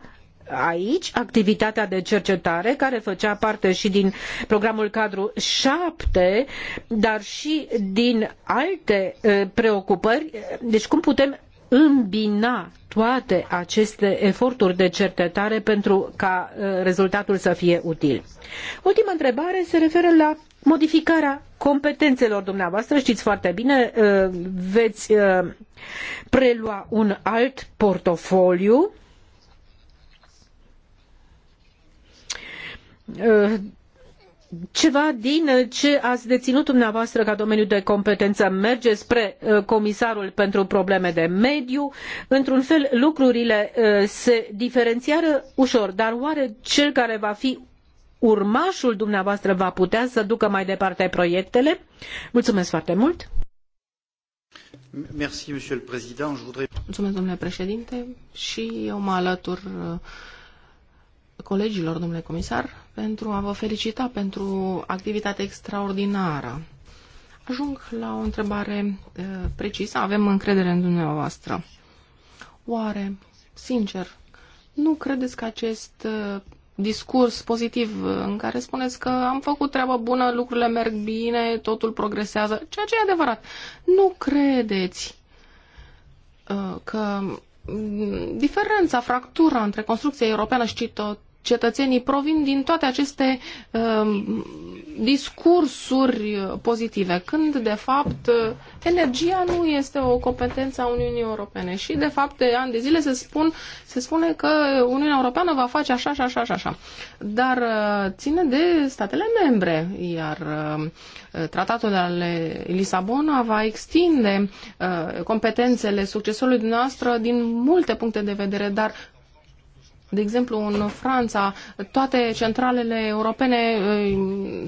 aici activitatea de cercetare care făcea parte și din programul cadru 7, dar și din alte eh, preocupări. Deci cum putem îmbina toate aceste eforturi de cercetare pentru ca uh, rezultatul să fie util. Ultima întrebare se referă la modificarea competențelor dumneavoastră. Știți foarte bine, uh, veți uh, prelua un alt portofoliu ceva din uh, ce ați deținut dumneavoastră ca domeniu de competență merge spre uh, comisarul pentru probleme de mediu. Într-un fel, lucrurile uh, se diferențiară ușor, dar oare cel care va fi urmașul dumneavoastră va putea să ducă mai departe proiectele? Mulțumesc foarte mult! Mulțumesc, domnule președinte, și eu mă alătur colegilor, domnule comisar, pentru a vă felicita pentru activitatea extraordinară. Ajung la o întrebare uh, precisă. Avem încredere în dumneavoastră. Oare, sincer, nu credeți că acest uh, discurs pozitiv eh, în care spuneți că am făcut treabă bună, lucrurile merg bine, totul progresează, ceea ce e adevărat, nu credeți uh, că mm, diferența, fractura între construcția europeană și, tot, cetățenii provin din toate aceste uh, discursuri pozitive, când de fapt energia nu este o competență a Uniunii Europene și de fapt de ani de zile se, spun, se spune că Uniunea Europeană va face așa și așa și așa. Dar uh, ține de statele membre, iar uh, tratatul de Lisabona va extinde uh, competențele succesorului dumneavoastră din multe puncte de vedere, dar de exemplu, în Franța, toate centralele europene eh,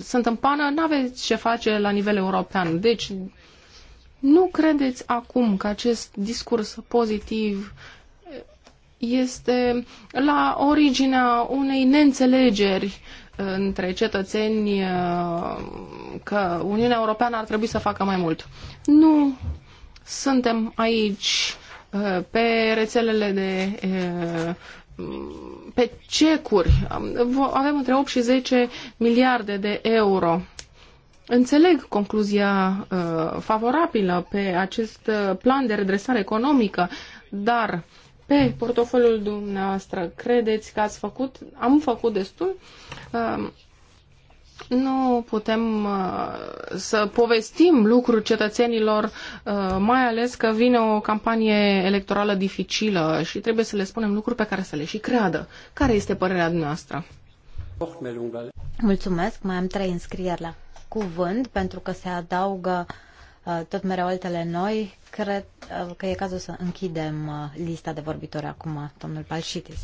sunt în pană, nu aveți ce face la nivel european. Deci, nu credeți acum că acest discurs pozitiv este la originea unei neînțelegeri eh, între cetățeni eh, că Uniunea Europeană ar trebui să facă mai mult. Nu suntem aici pe rețelele de pe cecuri. Avem între 8 și 10 miliarde de euro. Înțeleg concluzia uh, favorabilă pe acest uh, plan de redresare economică, dar pe portofoliul dumneavoastră credeți că ați făcut, am făcut destul? Uh, nu putem uh, să povestim lucruri cetățenilor, uh, mai ales că vine o campanie electorală dificilă și trebuie să le spunem lucruri pe care să le și creadă. Care este părerea dumneavoastră? Mulțumesc, mai am trei înscrieri la cuvânt pentru că se adaugă uh, tot mereu altele noi. Cred uh, că e cazul să închidem uh, lista de vorbitori acum, domnul Palșitis.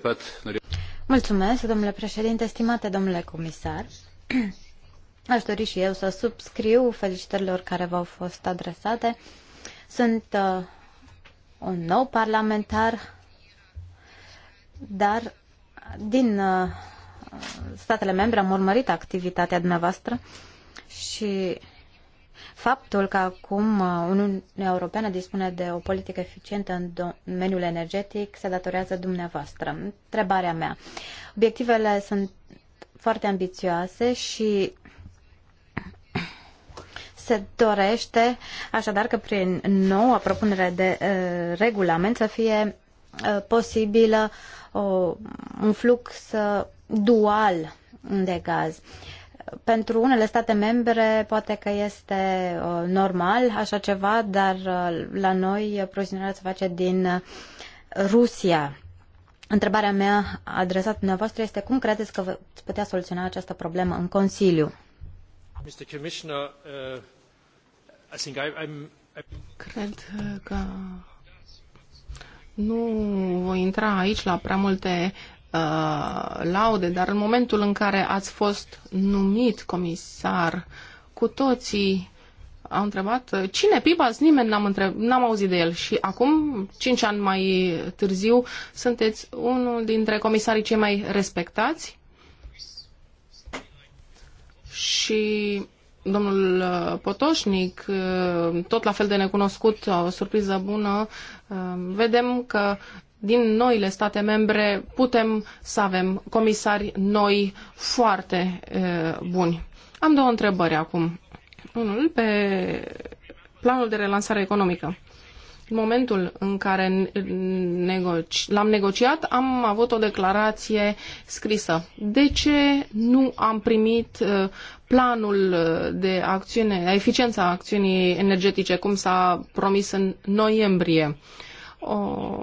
pat Mulțumesc, domnule președinte, domnule comisar. [clears throat] Aș dori și eu să subscriu felicitărilor care v-au fost adresate. Sunt uh, un nou parlamentar, dar din uh, statele membre am urmărit activitatea dumneavoastră și Faptul că acum uh, Uniunea Europeană dispune de o politică eficientă în domeniul energetic se datorează dumneavoastră. Întrebarea mea. Obiectivele sunt foarte ambițioase și [clears throat] se dorește așadar că prin noua propunere de uh, regulament să fie uh, posibilă uh, un flux uh, dual de gaz. Pentru unele state membre poate că este uh, normal așa ceva, dar uh, la noi uh, prozionerea se face din uh, Rusia. Întrebarea mea adresată dumneavoastră este cum credeți că veți putea soluționa această problemă în Consiliu? Mr. Commissioner, uh, I think I, I'm, Cred uh, că nu voi intra aici la prea multe uh, laude, dar în momentul în care ați fost numit comisar, cu toții au întrebat uh, cine Pibas, nimeni n-am, întreb, n-am auzit de el și acum, cinci ani mai târziu, sunteți unul dintre comisarii cei mai respectați și domnul uh, Potoșnic, uh, tot la fel de necunoscut, o surpriză bună, vedem că din noile state membre putem să avem comisari noi foarte buni. Am două întrebări acum. Unul pe planul de relansare economică. În momentul în care negoci, l-am negociat, am avut o declarație scrisă. De ce nu am primit planul de acțiune, eficiența acțiunii energetice, cum s-a promis în noiembrie? o,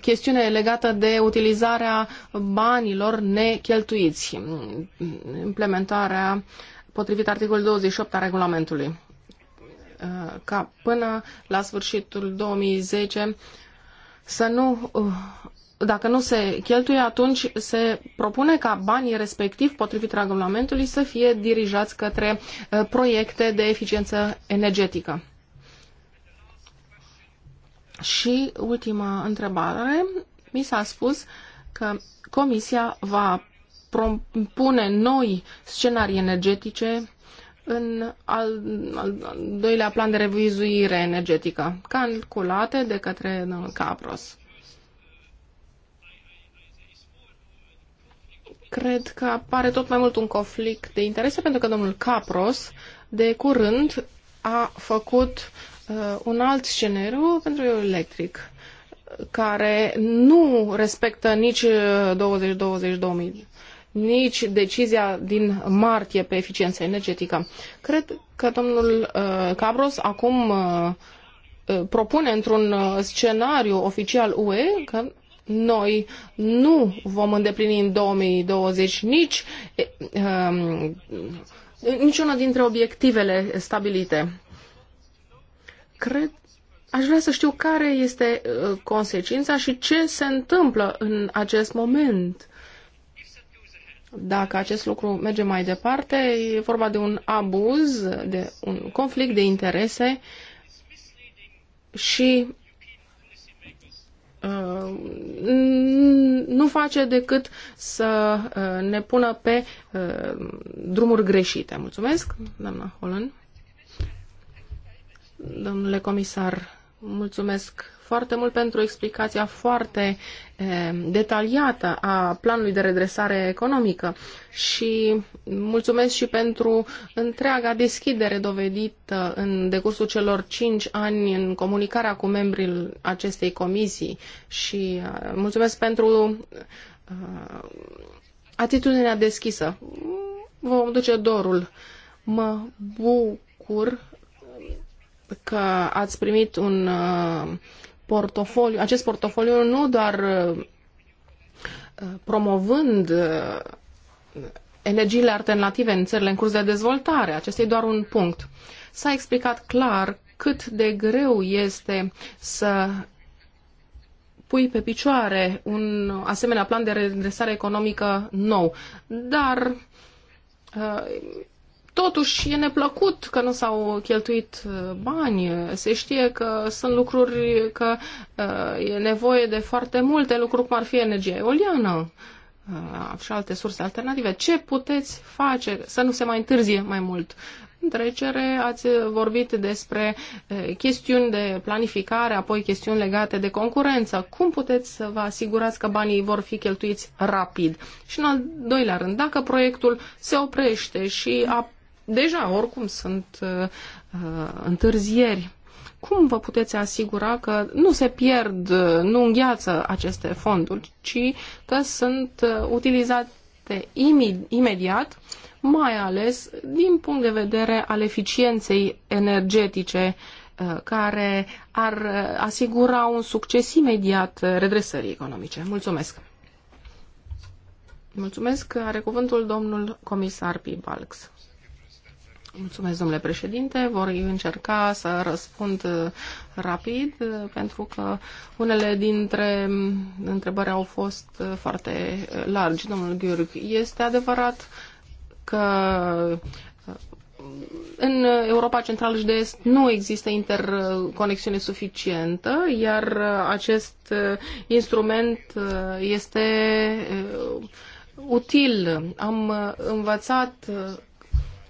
chestiune legată de utilizarea banilor necheltuiți, implementarea potrivit articolului 28 a regulamentului, ca până la sfârșitul 2010 să nu dacă nu se cheltuie, atunci se propune ca banii respectiv, potrivit regulamentului, să fie dirijați către proiecte de eficiență energetică. Și ultima întrebare, mi s-a spus că Comisia va propune noi scenarii energetice în al, al, al doilea plan de revizuire energetică, calculate de către domnul Capros. Cred că apare tot mai mult un conflict de interese pentru că domnul Capros de curând a făcut Uh, un alt scenariu pentru electric care nu respectă nici 2020, uh, 2000 nici decizia din martie pe eficiență energetică. Cred că domnul uh, Cabros acum uh, uh propune într-un scenariu oficial UE că noi nu vom îndeplini în 2020 nici uh, niciuna dintre obiectivele stabilite Cred, aș vrea să știu care este uh, consecința și ce se întâmplă în acest moment. Dacă acest lucru merge mai departe, e vorba de un abuz, de un conflict de interese și Uh, nu face decât să uh, ne pună pe uh, drumuri greșite. Mulțumesc, doamna Holland. Domnule comisar, mulțumesc foarte mult pentru explicația foarte eh, detaliată a planului de redresare economică și mulțumesc și pentru întreaga deschidere dovedită în decursul celor cinci ani în comunicarea cu membrii acestei comisii și eh, mulțumesc pentru eh, atitudinea deschisă. Vom duce dorul. Mă bucur că ați primit un uh, portofoliu, acest portofoliu nu doar uh, promovând uh, energiile alternative în țările în curs de dezvoltare. Acesta e doar un punct. S-a explicat clar cât de greu este să pui pe picioare un asemenea plan de redresare economică nou. Dar totuși e neplăcut că nu s-au cheltuit uh, bani. Se știe că sunt lucruri, că uh, e nevoie de foarte multe lucruri, cum ar fi energia eoliană uh, și alte surse alternative. Ce puteți face să nu se mai întârzie mai mult? În trecere ați vorbit despre chestiuni de planificare, apoi chestiuni legate de concurență. Cum puteți să vă asigurați că banii vor fi cheltuiți rapid? Și în al doilea rând, dacă proiectul se oprește și a deja oricum sunt uh, uh, întârzieri. Cum vă puteți asigura că nu se pierd, uh, nu îngheață aceste fonduri, ci că sunt uh, utilizate imediat, mai ales din punct de vedere al eficienței energetice care ar asigura un succes imediat redresării economice. Mulțumesc! Mulțumesc! Are cuvântul domnul comisar Pibalx. Mulțumesc, domnule președinte. Vor încerca să răspund uh, rapid, uh, pentru că unele dintre mm, întrebări au fost uh, foarte largi, domnul Gheorghe, Este adevărat că în Europa Centrală și de Est nu există interconexiune suficientă, iar acest instrument este util. Am învățat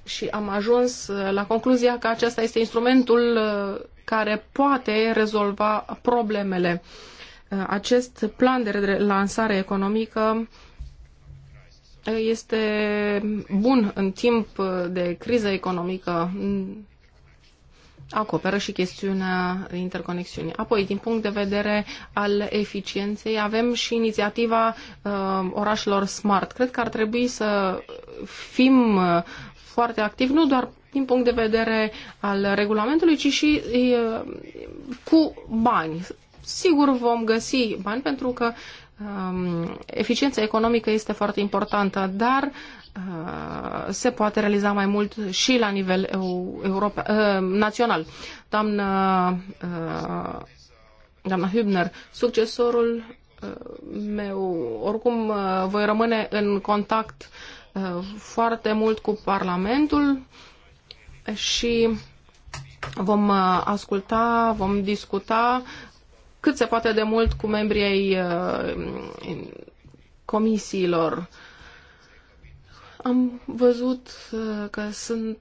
și am ajuns uh, la concluzia că acesta este instrumentul uh, care poate rezolva problemele. Uh, acest plan de relansare economică este bun în timp de criză economică. Mm, acoperă și chestiunea interconexiunii. Apoi, din punct de vedere al eficienței, avem și inițiativa uh, orașelor smart. Cred că ar trebui să fim uh, foarte activ, nu doar din punct de vedere al regulamentului, ci și cu bani. Sigur vom găsi bani pentru că um, eficiența economică este foarte importantă, dar uh, se poate realiza mai mult și la nivel eu, europe, uh, național. Doamna, uh, doamna Hübner, succesorul uh, meu, oricum uh, voi rămâne în contact Uh, foarte mult cu Parlamentul și vom uh, asculta, vom discuta cât se poate de mult cu membrii ai uh, comisiilor. Am văzut că sunt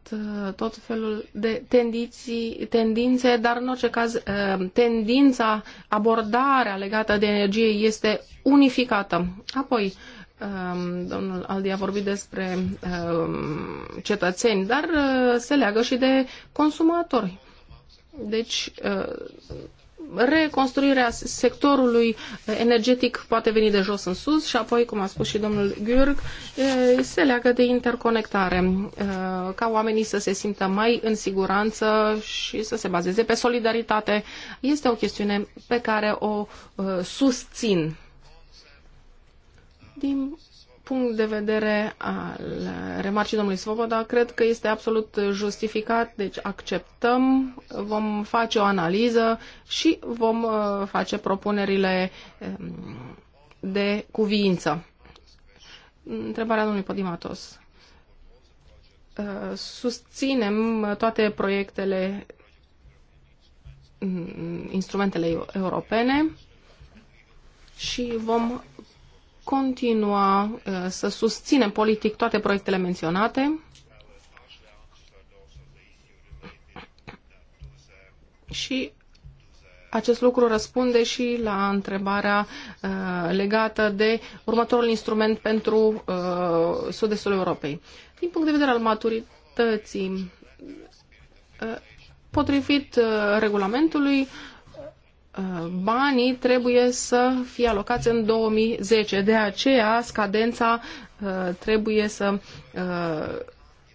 tot felul de tendiții, tendințe, dar în orice caz tendința, abordarea legată de energie este unificată. Apoi, Um, domnul Aldi a vorbit despre um, cetățeni, dar uh, se leagă și de consumatori. Deci, uh, reconstruirea sectorului energetic poate veni de jos în sus și apoi, cum a spus și domnul Gürg, uh, se leagă de interconectare, ca oamenii să se simtă mai în siguranță și să se bazeze pe solidaritate. Este o chestiune pe care o susțin. Din punct de vedere al remarcii domnului Svoboda, cred că este absolut justificat, deci acceptăm, vom face o analiză și vom uh, face propunerile um, de cuviință. Întrebarea domnului Podimatos. Uh, susținem toate proiectele, mm, instrumentele europene și vom continua uh, să susținem politic toate proiectele menționate și acest lucru răspunde și la întrebarea uh, legată de următorul instrument pentru uh, sud-estul Europei. Din punct de vedere al maturității, uh, potrivit uh, regulamentului, Uh, banii trebuie să fie alocați în 2010. De aceea, scadența uh, trebuie să uh,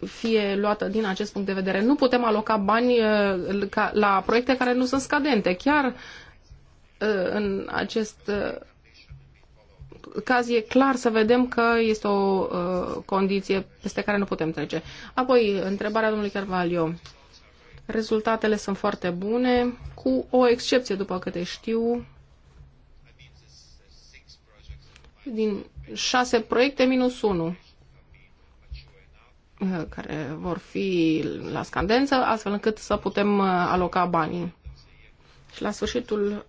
fie luată din acest punct de vedere. Nu putem aloca bani la proiecte care nu sunt scadente. Chiar în acest caz e clar să vedem că este o condiție peste care nu putem trece. Apoi, întrebarea domnului Carvalho. Rezultatele sunt foarte bune, cu o excepție, după câte știu, din șase proiecte minus unu eh, care vor fi la scandență, astfel încât să putem eh, aloca banii. Și la sfârșitul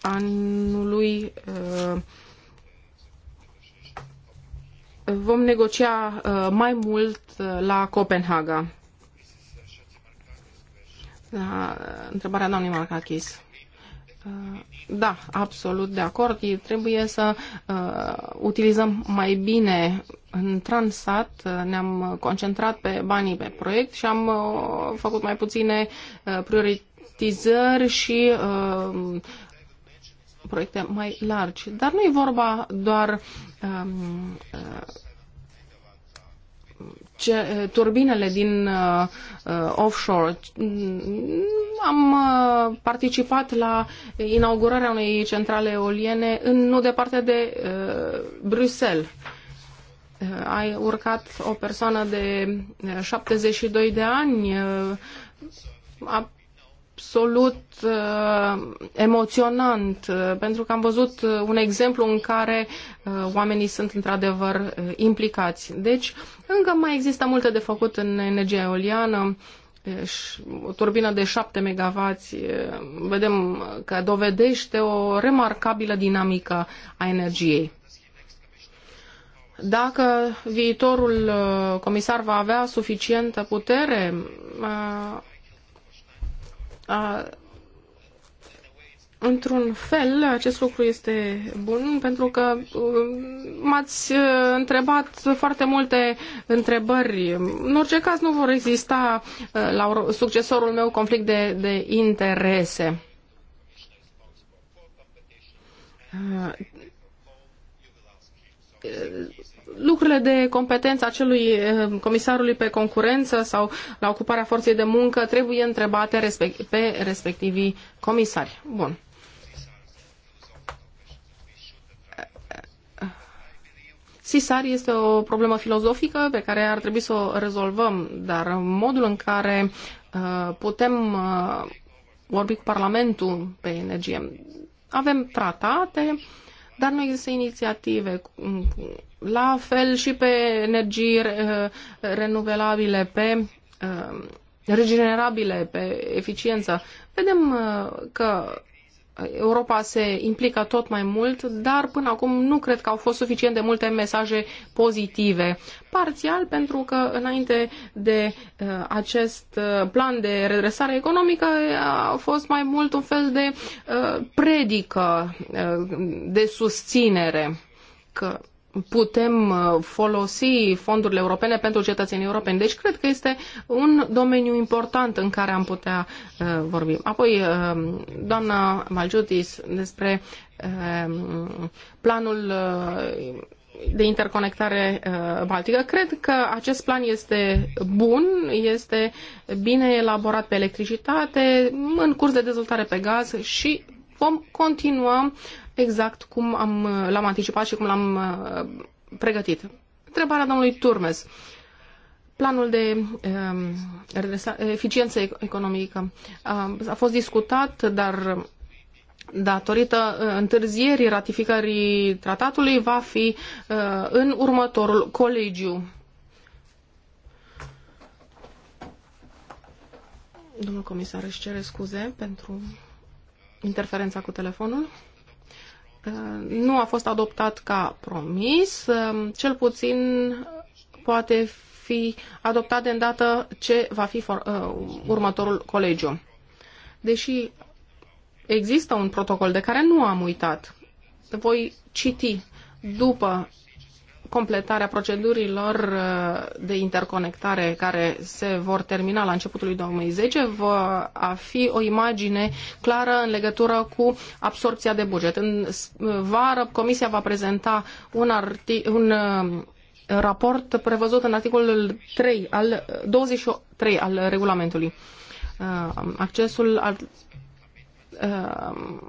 anului eh, vom negocia mai mult la Copenhaga. La întrebarea doamnei Marcachis. Uh, da, absolut de acord. Trebuie să uh, utilizăm mai bine în Transat. Uh, ne-am concentrat pe banii pe proiect și am uh, făcut mai puține uh, prioritizări și uh, proiecte mai largi. Dar nu e vorba doar um, uh, ce, turbinele din uh, offshore. Am uh, participat la inaugurarea unei centrale eoliene în, nu departe de uh, Bruxelles. Uh, ai urcat o persoană de 72 uh, de ani, uh, a absolut uh, emoționant, uh, pentru că am văzut uh, un exemplu în care uh, oamenii sunt într-adevăr uh, implicați. Deci, încă mai există multe de făcut în energia eoliană, uh, o turbină de 7 MW, uh, vedem că dovedește o remarcabilă dinamică a energiei. Dacă viitorul uh, comisar va avea suficientă putere, într-un fel, acest lucru este bun pentru că um, m-ați uh, întrebat foarte multe întrebări. În orice caz nu vor exista uh, la succesorul meu conflict de, de interese. Uh, lucrurile de competență acelui eh, comisarului pe concurență sau la ocuparea forței de muncă trebuie întrebate pe respectivii comisari. Bun. SISAR este o problemă filozofică pe care ar trebui să o rezolvăm, dar modul în care eh, putem eh, vorbi cu Parlamentul pe energie. Avem tratate, dar nu există inițiative la fel și pe energii uh, renovabile, pe uh, regenerabile, pe eficiență. Vedem uh, că Europa se implică tot mai mult, dar până acum nu cred că au fost suficient de multe mesaje pozitive. Parțial pentru că înainte de uh, acest uh, plan de redresare economică a fost mai mult un fel de uh, predică, de susținere că putem uh, folosi fondurile europene pentru cetățenii europeni. Deci cred că este un domeniu important în care am putea uh, vorbi. Apoi, uh, doamna Maljutis, despre uh, planul uh, de interconectare uh, baltică. Cred că acest plan este bun, este bine elaborat pe electricitate, în curs de dezvoltare pe gaz și vom continua exact cum am, l-am anticipat și cum l-am uh, pregătit. Întrebarea domnului Turmes. Planul de uh, eficiență economică uh, a fost discutat, dar datorită uh, întârzierii ratificării tratatului va fi uh, în următorul colegiu. Domnul comisar își cere scuze pentru interferența cu telefonul. Uh, nu a fost adoptat ca promis, um, cel puțin poate fi adoptat de îndată ce va fi for, uh, următorul colegiu. Deși există un protocol de care nu am uitat, voi citi după completarea procedurilor uh, de interconectare care se vor termina la începutul lui 2010 va fi o imagine clară în legătură cu absorpția de buget. În vară Comisia va prezenta un, arti- un uh, raport prevăzut în articolul 3 al 23 al regulamentului. Uh, accesul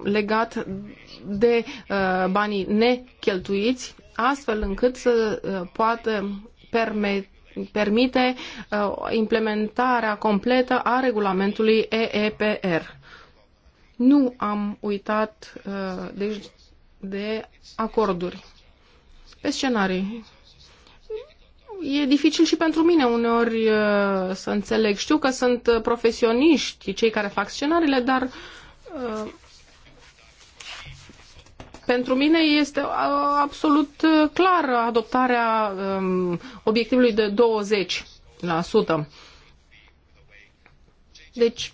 legat de banii necheltuiți astfel încât să uh, poată permite permite uh, implementarea completă a regulamentului EEPR. Nu am uitat uh, deci, de acorduri pe scenarii. E dificil și pentru mine uneori să înțeleg. Știu că sunt profesioniști cei care fac scenariile, dar pentru mine este absolut uh, clar adoptarea um, obiectivului de 20%. Deci,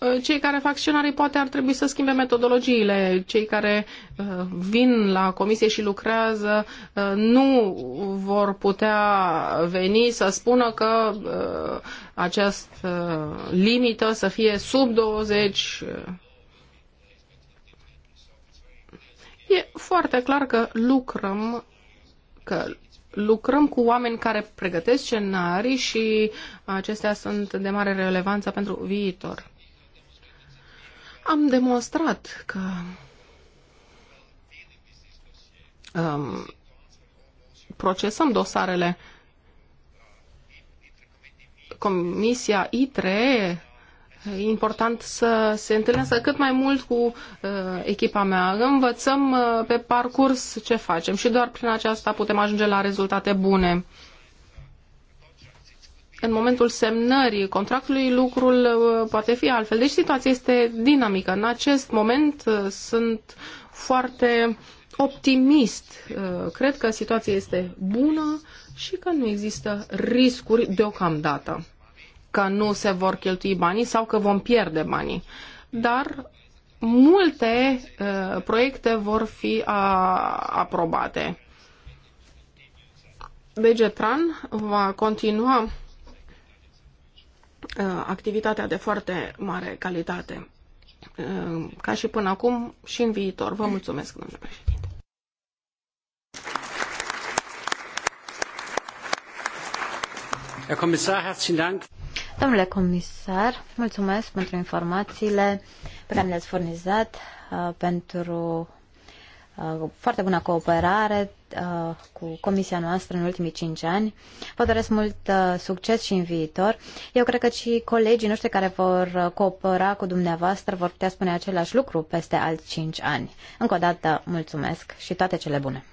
uh, cei care fac scenarii poate ar trebui să schimbe metodologiile. Cei care uh, vin la comisie și lucrează nu vor putea veni să spună că această limită să fie sub 20 E foarte clar că lucrăm, că lucrăm cu oameni care pregătesc scenarii și acestea sunt de mare relevanță pentru viitor. Am demonstrat că um, procesăm dosarele Comisia ITRE important să se întâlnească cât mai mult cu uh, echipa mea. Învățăm uh, pe parcurs ce facem și doar prin aceasta putem ajunge la rezultate bune. În momentul semnării contractului, lucrul uh, poate fi altfel. Deci situația este dinamică. În acest moment uh, sunt foarte optimist. Uh, cred că situația este bună și că nu există riscuri deocamdată că nu se vor cheltui banii sau că vom pierde banii. Dar multe uh, proiecte vor fi a, uh, aprobate. DGTRAN va continua uh, activitatea de foarte mare calitate, uh, ca și până acum și în viitor. Vă mulțumesc, domnule președinte. Herr Kommissar, herzlichen Dank. Domnule comisar, mulțumesc pentru informațiile pe care le-ați furnizat, uh, pentru uh, foarte bună cooperare uh, cu comisia noastră în ultimii cinci ani. Vă doresc mult succes și în viitor. Eu cred că și colegii noștri care vor coopera cu dumneavoastră vor putea spune același lucru peste alți cinci ani. Încă o dată, mulțumesc și toate cele bune!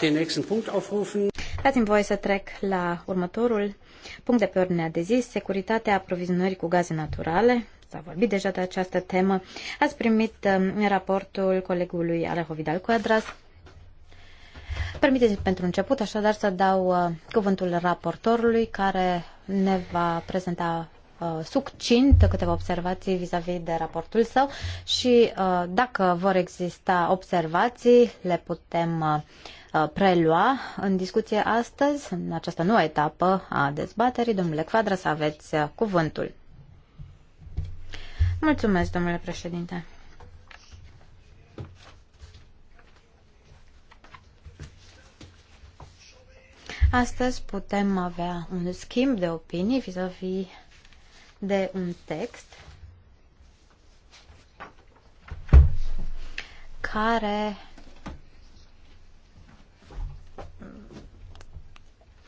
den nächsten Punkt aufrufen. Dați-mi voie să trec la următorul punct de pe ordinea de zi, securitatea aprovizionării cu gaze naturale. S-a vorbit deja de această temă. Ați primit um, raportul colegului Alejo Vidal Cuadras. Permiteți pentru început așadar să dau uh, cuvântul raportorului care ne va prezenta uh, succint câteva observații vis-a-vis -vis de raportul său și uh, dacă vor exista observații, le putem Uh, prelua în discuție astăzi, în această nouă etapă a dezbaterii. Domnule Quadra, să aveți uh, cuvântul. Mulțumesc, domnule președinte. Astăzi putem avea un schimb de opinii vis-a-vis -vis de un text care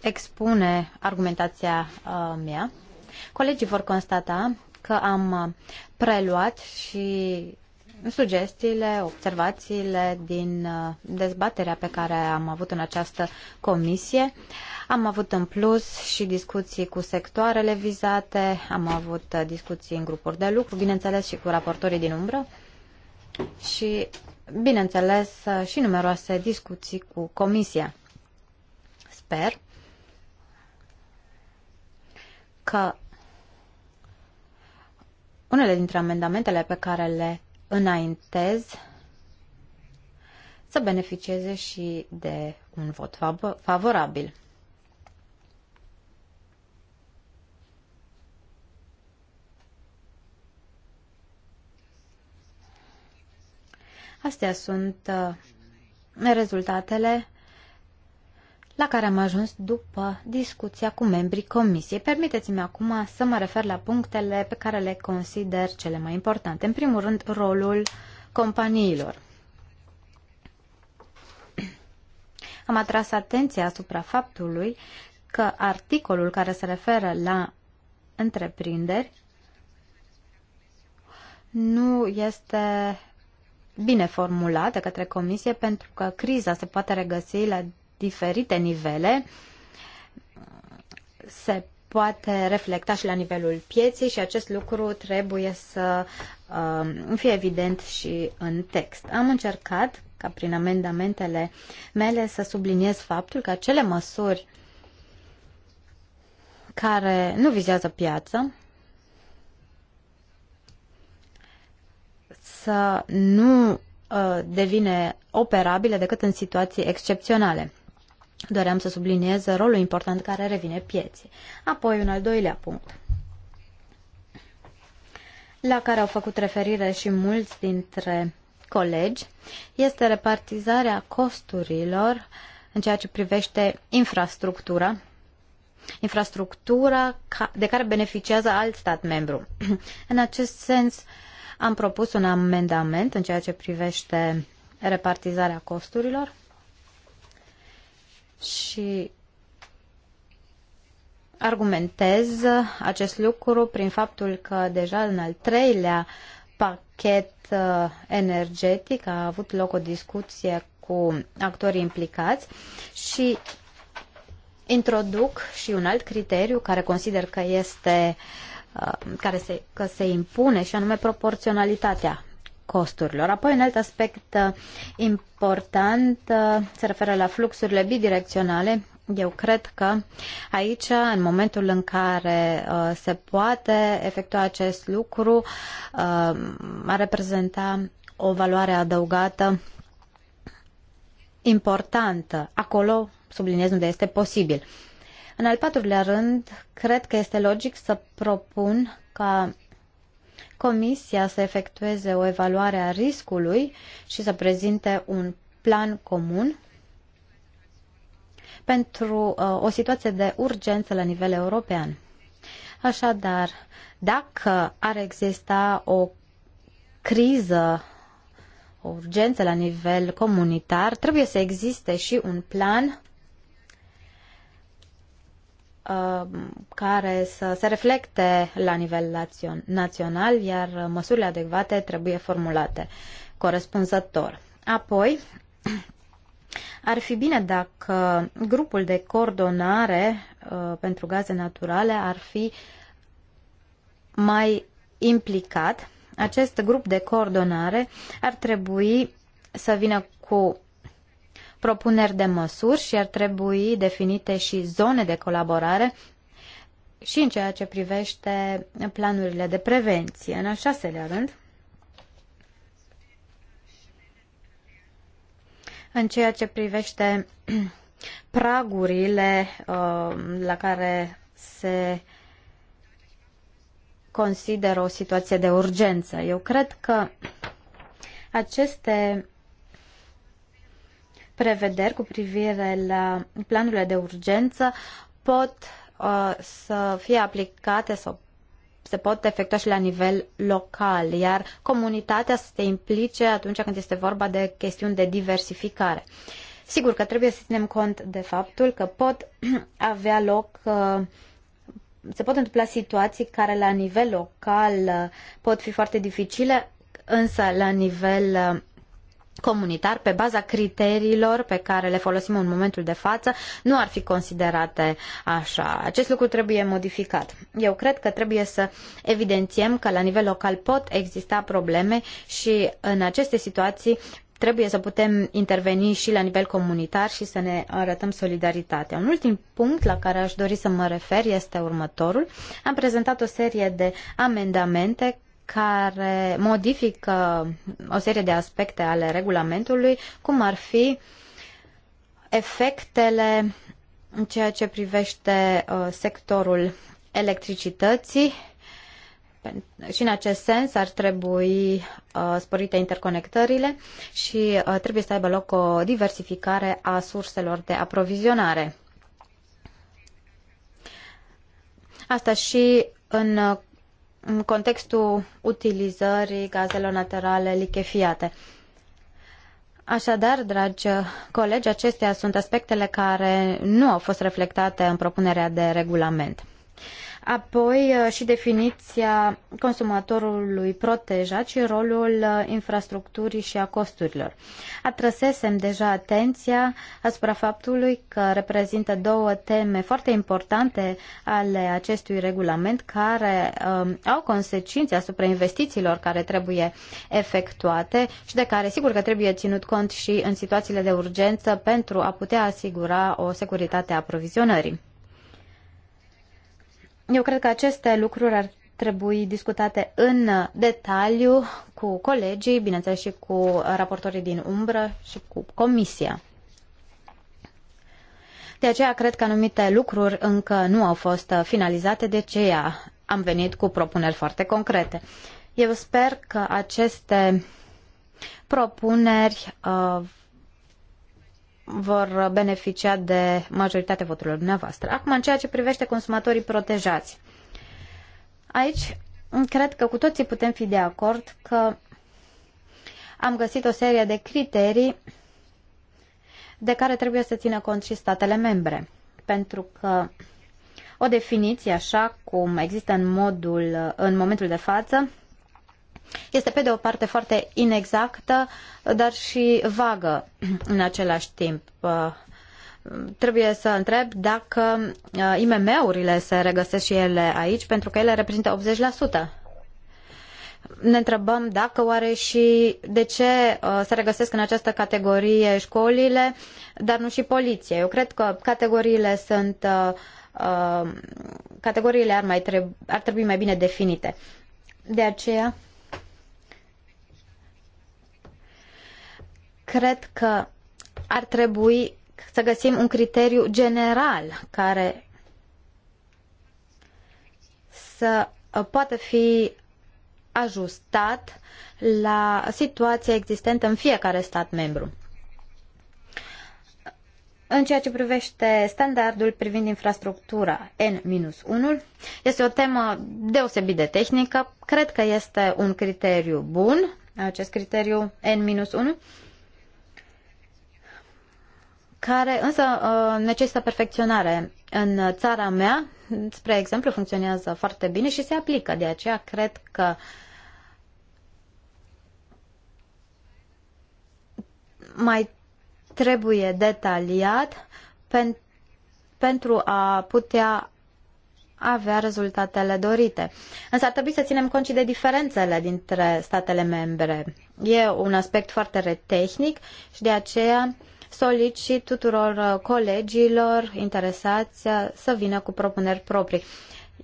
expune argumentația uh, mea, colegii vor constata că am uh, preluat și sugestiile, observațiile din uh, dezbaterea pe care am avut în această comisie. Am avut în plus și discuții cu sectoarele vizate, am avut discuții în grupuri de lucru, bineînțeles și cu raportorii din umbră și, bineînțeles, și numeroase discuții cu comisia. Sper că unele dintre amendamentele pe care le înaintez să beneficieze și de un vot favorabil. Astea sunt uh, rezultatele la care am ajuns după discuția cu membrii comisiei. Permiteți-mi acum să mă refer la punctele pe care le consider cele mai importante. În primul rând, rolul companiilor. Am atras atenția asupra faptului că articolul care se referă la întreprinderi nu este bine formulată către comisie pentru că criza se poate regăsi la diferite nivele se poate reflecta și la nivelul pieței și acest lucru trebuie să um, fie evident și în text. Am încercat, ca prin amendamentele mele, să subliniez faptul că acele măsuri care nu vizează piață să nu uh, devine operabile decât în situații excepționale. Doream să subliniez rolul important care revine pieții. Apoi, un al doilea punct, la care au făcut referire și mulți dintre colegi, este repartizarea costurilor în ceea ce privește infrastructura, infrastructura de care beneficiază alt stat membru. [clears throat] În acest sens, am propus un amendament în ceea ce privește repartizarea costurilor și argumentez acest lucru prin faptul că deja în al treilea pachet uh, energetic a avut loc o discuție cu actorii implicați și introduc și un alt criteriu care consider că este uh, care se, că se impune și anume proporționalitatea costurilor. Apoi, un alt aspect uh, important uh, se referă la fluxurile bidirecționale. Eu cred că aici, în momentul în care uh, se poate efectua acest lucru, uh, a reprezenta o valoare adăugată importantă. Acolo, subliniez unde este posibil. În al patrulea rând, cred că este logic să propun ca Comisia să efectueze o evaluare a riscului și să prezinte un plan comun pentru uh, o situație de urgență la nivel european. Așadar, dacă ar exista o criză, o urgență la nivel comunitar, trebuie să existe și un plan Um, care să se reflecte la nivel național, iar măsurile adecvate trebuie formulate corespunzător. Apoi, [clears throat] ar fi bine dacă grupul de coordonare uh, pentru gaze naturale ar fi mai implicat. Acest grup de coordonare ar trebui să vină cu propuneri de măsuri și ar trebui definite și zone de colaborare și în ceea ce privește planurile de prevenție. În al șaselea rând, în ceea ce privește [clears throat] pragurile uh, la care se consideră o situație de urgență. Eu cred că aceste prevederi cu privire la planurile de urgență pot uh, să fie aplicate sau se pot efectua și la nivel local, iar comunitatea să se implice atunci când este vorba de chestiuni de diversificare. Sigur că trebuie să ținem cont de faptul că pot [clears throat] avea loc uh, se pot întâmpla situații care la nivel local uh, pot fi foarte dificile, însă la nivel uh, comunitar pe baza criteriilor pe care le folosim în momentul de față nu ar fi considerate așa. Acest lucru trebuie modificat. Eu cred că trebuie să evidențiem că la nivel local pot exista probleme și în aceste situații trebuie să putem interveni și la nivel comunitar și să ne arătăm solidaritatea. Un ultim punct la care aș dori să mă refer este următorul. Am prezentat o serie de amendamente care modifică o serie de aspecte ale regulamentului, cum ar fi efectele în ceea ce privește uh, sectorul electricității. Și în acest sens ar trebui uh, sporite interconectările și uh, trebuie să aibă loc o diversificare a surselor de aprovizionare. Asta și în în contextul utilizării gazelor naturale lichefiate. Așadar, dragi colegi, acestea sunt aspectele care nu au fost reflectate în propunerea de regulament apoi uh, și definiția consumatorului protejat și rolul uh, infrastructurii și a costurilor. Atrăsesem deja atenția asupra faptului că reprezintă două teme foarte importante ale acestui regulament care um, au consecințe asupra investițiilor care trebuie efectuate și de care sigur că trebuie ținut cont și în situațiile de urgență pentru a putea asigura o securitate a aprovizionării. Eu cred că aceste lucruri ar trebui discutate în detaliu cu colegii, bineînțeles și cu raportorii din umbră și cu comisia. De aceea cred că anumite lucruri încă nu au fost finalizate, de aceea am venit cu propuneri foarte concrete. Eu sper că aceste propuneri uh, vor beneficia de majoritatea voturilor dumneavoastră. Acum, în ceea ce privește consumatorii protejați, aici cred că cu toții putem fi de acord că am găsit o serie de criterii de care trebuie să țină cont și statele membre. Pentru că o definiție așa cum există în, modul, în momentul de față este pe de o parte foarte inexactă, dar și vagă în același timp. Uh, trebuie să întreb dacă uh, IMM-urile se regăsesc și ele aici, pentru că ele reprezintă 80%. Ne întrebăm dacă oare și de ce uh, se regăsesc în această categorie școlile, dar nu și poliția. Eu cred că categoriile sunt categoriile ar, mai treb- ar trebui mai bine definite. De aceea cred că ar trebui să găsim un criteriu general care să poată fi ajustat la situația existentă în fiecare stat membru. În ceea ce privește standardul privind infrastructura N-1, este o temă deosebit de tehnică. Cred că este un criteriu bun, acest criteriu N-1, care însă uh, necesită perfecționare. În țara mea, spre exemplu, funcționează foarte bine și se aplică. De aceea cred că mai trebuie detaliat pen, pentru a putea avea rezultatele dorite. Însă ar trebui să ținem cont și de diferențele dintre statele membre. E un aspect foarte tehnic și de aceea uh, solicit tuturor uh, colegilor interesați uh, să vină cu propuneri proprii.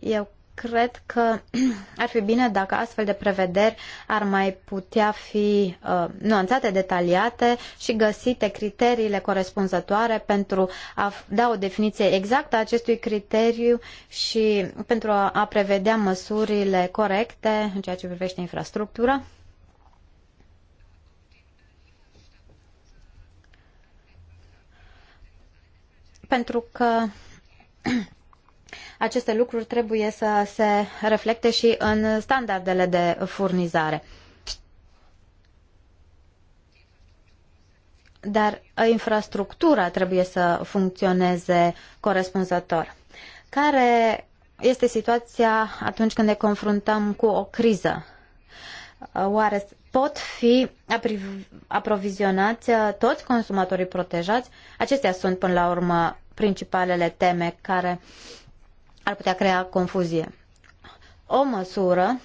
Eu cred că [clears throat] ar fi bine dacă astfel de prevederi ar mai putea fi uh, nuanțate, detaliate și găsite criteriile corespunzătoare pentru a da o definiție exactă a acestui criteriu și pentru a, a prevedea măsurile corecte în ceea ce privește infrastructura. pentru că [clears throat] aceste lucruri trebuie să se reflecte și în standardele de furnizare. Dar infrastructura trebuie să funcționeze corespunzător. Care este situația atunci când ne confruntăm cu o criză? Oare pot fi aprovizionați uh, toți consumatorii protejați? Acestea sunt, până la urmă, principalele teme care ar putea crea confuzie. O măsură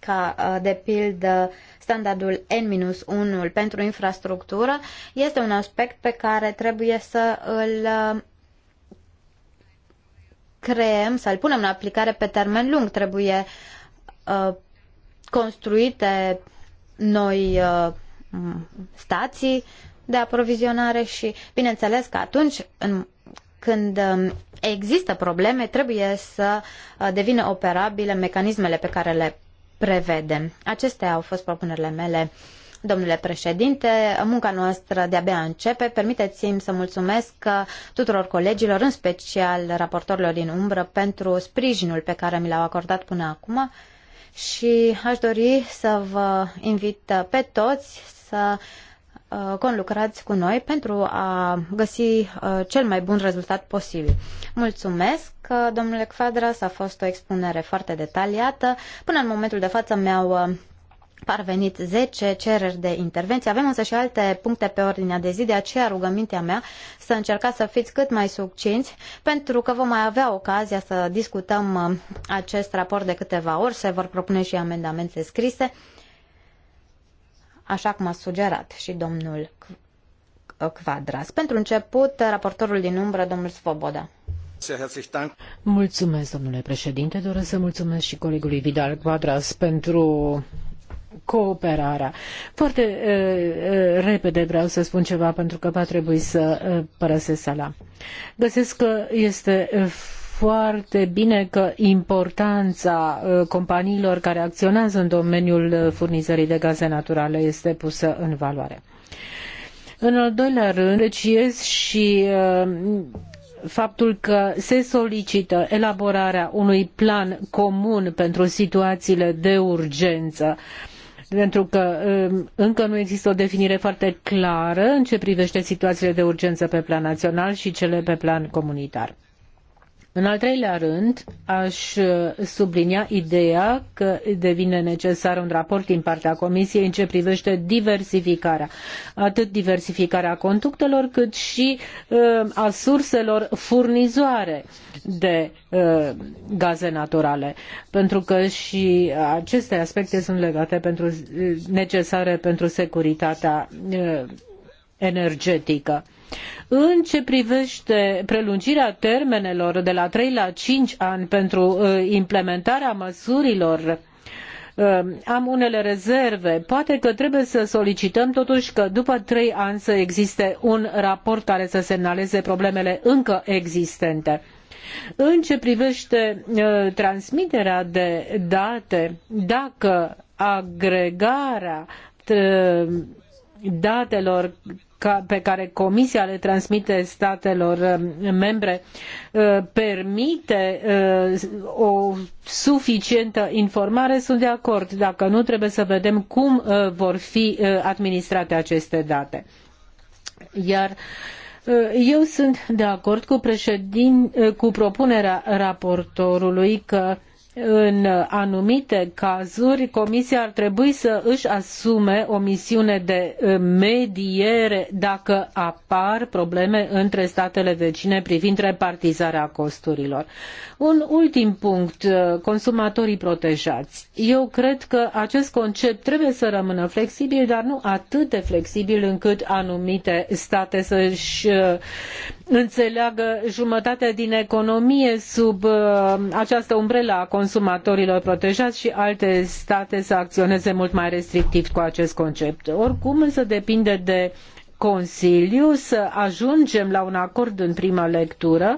ca uh, de pildă standardul N-1 pentru infrastructură, este un aspect pe care trebuie să îl uh, creăm, să-l punem în aplicare pe termen lung. Trebuie construite noi uh, mm, stații de aprovizionare și, bineînțeles, că atunci în, când um, există probleme, trebuie să uh, devină operabile mecanismele pe care le prevedem. Acestea au fost propunerile mele. Domnule președinte, munca noastră de-abia începe. Permiteți-mi să mulțumesc uh, tuturor colegilor, în special raportorilor din umbră, pentru sprijinul pe care mi l-au acordat până acum și aș dori să vă invit pe toți să uh, conlucrați cu noi pentru a găsi uh, cel mai bun rezultat posibil. Mulțumesc, domnule Cfadras, a fost o expunere foarte detaliată. Până în momentul de față mi-au uh, parvenit 10 cereri de intervenție. Avem însă și alte puncte pe ordinea de zi, de aceea rugămintea mea să încercați să fiți cât mai succinți, pentru că vom mai avea ocazia să discutăm uh, acest raport de câteva ori, se vor propune și amendamente scrise, așa cum a sugerat și domnul uh, Quadras. Pentru început, raportorul din umbră, domnul Svoboda. Mulțumesc, domnule președinte. Doresc să mulțumesc și colegului Vidal Quadras pentru cooperarea. Foarte uh, repede vreau să spun ceva pentru că va trebui să uh, părăsesc sala. Găsesc că este foarte bine că importanța companiilor care acționează în domeniul furnizării de gaze naturale este pusă în valoare. În al doilea rând, apreciez și faptul că se solicită elaborarea unui plan comun pentru situațiile de urgență pentru că um, încă nu există o definire foarte clară în ce privește situațiile de urgență pe plan național și cele pe plan comunitar. În al treilea rând, aș uh, sublinia ideea că devine necesar un raport din partea Comisiei în ce privește diversificarea, atât diversificarea conductelor, cât și uh, a surselor furnizoare de uh, gaze naturale, pentru că și aceste aspecte sunt legate pentru, uh, necesare pentru securitatea uh, energetică. În ce privește prelungirea termenelor de la trei la cinci ani pentru uh, implementarea măsurilor uh, am unele rezerve. Poate că trebuie să solicităm totuși că după trei ani să existe un raport care să semnaleze problemele încă existente. În ce privește uh, transmiterea de date, dacă agregarea datelor pe care Comisia le transmite statelor uh, membre uh, permite uh, o suficientă informare, sunt de acord. Dacă nu, trebuie să vedem cum vor fi administrate aceste date. Iar eu sunt de acord cu, președin, cu propunerea raportorului că în anumite cazuri, Comisia ar trebui să își asume o misiune de mediere dacă apar probleme între statele vecine privind repartizarea costurilor. Un ultim punct, consumatorii protejați. Eu cred că acest concept trebuie să rămână flexibil, dar nu atât de flexibil încât anumite state să-și îneleagă jumătate din economie sub uh, această umbrelă a consumatorilor protejați și alte state să acționeze mult mai restrictiv cu acest concept. Oricum însă depinde de Consiliu să ajungem la un acord în prima lectură,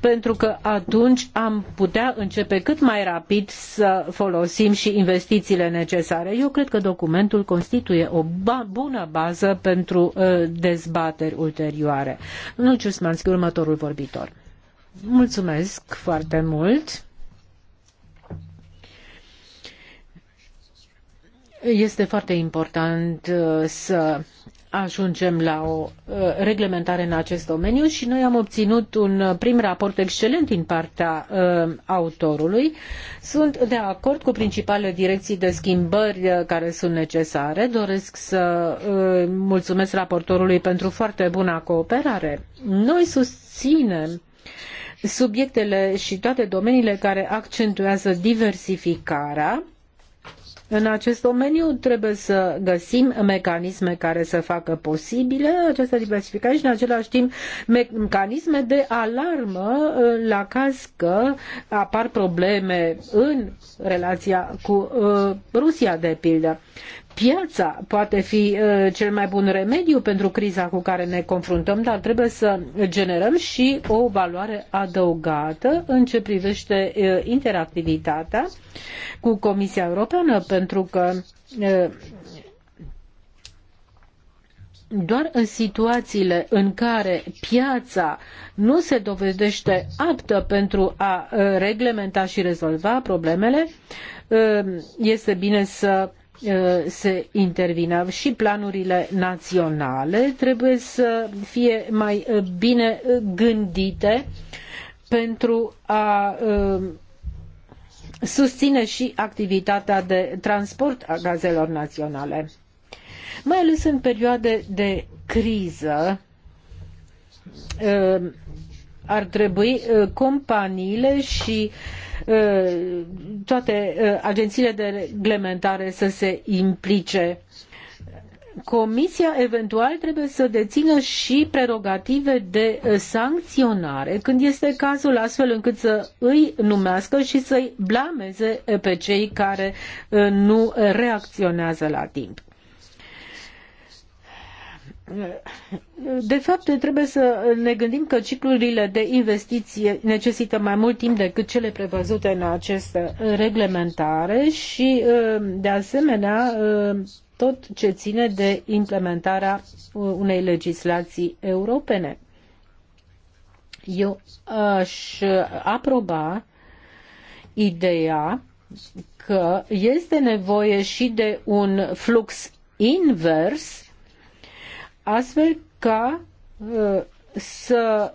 pentru că atunci am putea începe cât mai rapid să folosim și investițiile necesare. Eu cred că documentul constituie o ba bună bază pentru uh, dezbateri ulterioare. Nu Ciusmanski, următorul vorbitor. Mulțumesc foarte mult. Este foarte important uh, să ajungem la o uh, reglementare în acest domeniu și noi am obținut un uh, prim raport excelent din partea uh, autorului. Sunt de acord cu principalele direcții de schimbări care sunt necesare. Doresc să mulțumesc raportorului pentru foarte buna cooperare. Noi susținem subiectele și toate domeniile care accentuează diversificarea în acest domeniu trebuie să găsim mecanisme care să facă posibile această diversificare și în același timp mecanisme de alarmă uh, la caz că apar probleme în relația cu uh, Rusia de pildă piața poate fi uh, cel mai bun remediu pentru criza cu care ne confruntăm, dar trebuie să generăm și o valoare adăugată în ce privește uh, interactivitatea cu Comisia Europeană, pentru că uh, doar în situațiile în care piața nu se dovedește aptă pentru a reglementa și rezolva problemele, este bine să Uh, se intervină. Și planurile naționale trebuie să fie mai uh, bine uh, gândite pentru a susține și activitatea de transport a gazelor naționale. Mai ales în perioade de criză, ar trebui companiile și Uh, toate uh, agențiile de reglementare să se implice. Comisia eventual trebuie să dețină și prerogative de uh, sancționare când este cazul astfel încât să îi numească și să-i blameze pe cei care nu reacționează la timp. De fapt, trebuie să ne gândim că ciclurile de investiție necesită mai mult timp decât cele prevăzute în această reglementare și, uh, de asemenea, uh, tot ce ține de implementarea uh, unei legislații europene. Eu aș aproba ideea că este nevoie și de un flux invers astfel ca uh, să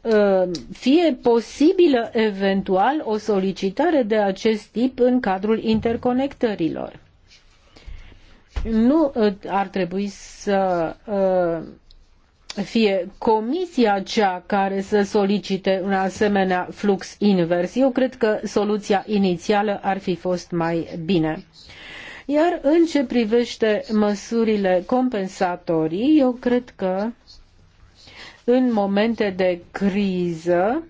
uh, fie posibilă eventual o solicitare de acest tip în cadrul interconectărilor. Nu uh, ar trebui să fie comisia cea care să solicite un asemenea flux invers. Eu cred că soluția inițială ar fi fost mai bine. Uh, iar în ce privește măsurile compensatorii, eu cred că în momente de criză,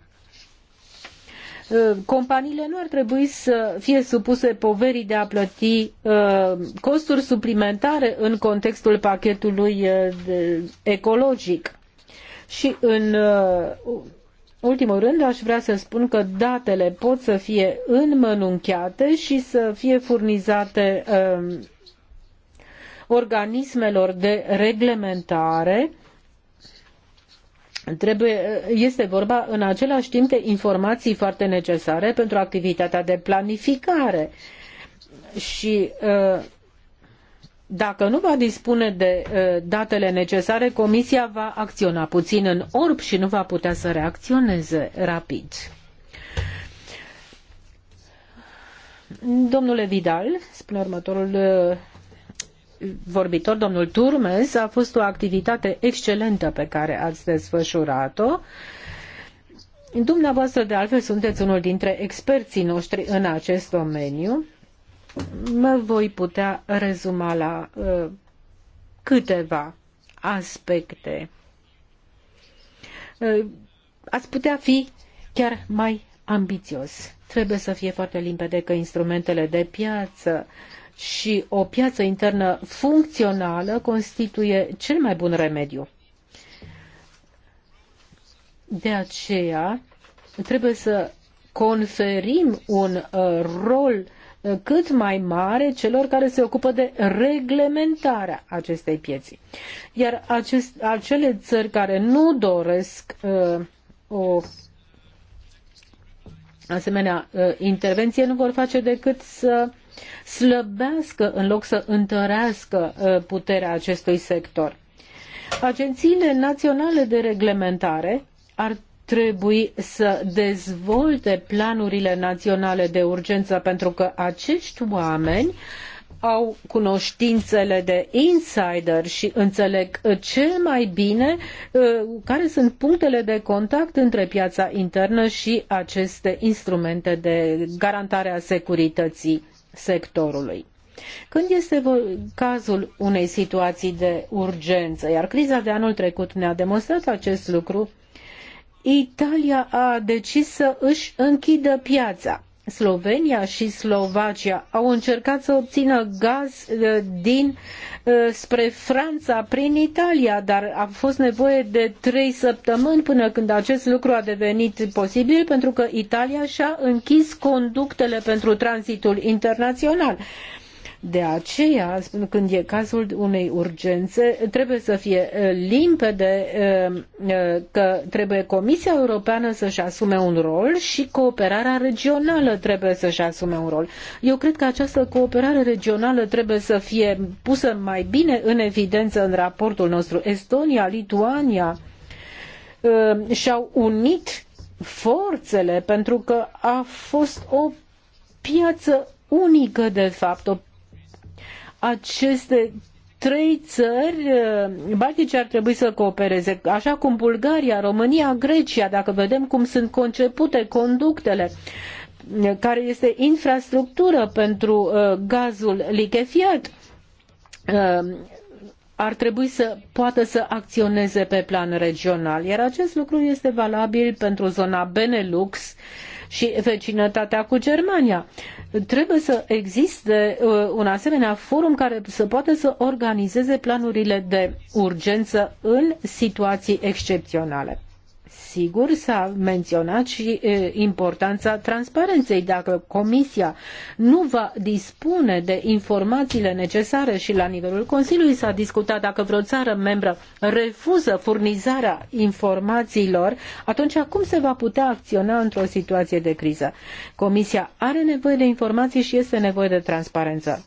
uh, companiile nu ar trebui să fie supuse poverii de a plăti uh, costuri suplimentare în contextul pachetului uh, ecologic. Și în ultimul rând, aș vrea să spun că datele pot să fie înmănunchiate și să fie furnizate um, organismelor de reglementare. Trebuie, este vorba în același timp de informații foarte necesare pentru activitatea de planificare și uh, dacă nu va dispune de datele necesare, Comisia va acționa puțin în orb și nu va putea să reacționeze rapid. Domnule Vidal, spune următorul vorbitor, domnul Turmes, a fost o activitate excelentă pe care ați desfășurat-o. Dumneavoastră, de altfel, sunteți unul dintre experții noștri în acest domeniu mă voi putea rezuma la uh, câteva aspecte. Uh, ați putea fi chiar mai ambițios. Trebuie să fie foarte limpede că instrumentele de piață și o piață internă funcțională constituie cel mai bun remediu. De aceea, trebuie să conferim un uh, rol uh, cât mai mare celor care se ocupă de reglementarea acestei pieții. Iar acest, acele țări care nu doresc uh, o asemenea uh, intervenție nu vor face decât să slăbească în loc să întărească uh, puterea acestui sector. Agențiile naționale de reglementare ar trebui să dezvolte planurile naționale de urgență pentru că acești oameni au cunoștințele de insider și înțeleg cel mai bine uh, care sunt punctele de contact între piața internă și aceste instrumente de garantare a securității sectorului. Când este cazul unei situații de urgență, iar criza de anul trecut ne-a demonstrat acest lucru, Italia a decis să își închidă piața. Slovenia și Slovacia au încercat să obțină gaz uh, din uh, spre Franța prin Italia, dar a fost nevoie de trei săptămâni până când acest lucru a devenit posibil pentru că Italia și-a închis conductele pentru tranzitul internațional. De aceea, când e cazul unei urgențe, trebuie să fie limpede că trebuie Comisia Europeană să-și asume un rol și cooperarea regională trebuie să-și asume un rol. Eu cred că această cooperare regională trebuie să fie pusă mai bine în evidență în raportul nostru. Estonia, Lituania și-au unit forțele pentru că a fost o piață unică, de fapt, o aceste trei țări uh, baltice ar trebui să coopereze, așa cum Bulgaria, România, Grecia, dacă vedem cum sunt concepute conductele, uh, care este infrastructură pentru uh, gazul lichefiat, ar trebui să poată să acționeze pe plan regional. Iar acest lucru este valabil pentru zona Benelux, uh, și vecinătatea cu Germania. Trebuie să existe uh, un asemenea forum care să poată să organizeze planurile de urgență în situații excepționale. Sigur, s-a menționat și importanța transparenței. Dacă Comisia nu va dispune de informațiile necesare și la nivelul Consiliului s-a discutat dacă vreo țară membră refuză furnizarea informațiilor, atunci cum se va putea acționa într-o situație de criză? Comisia are nevoie de informații și este nevoie de transparență.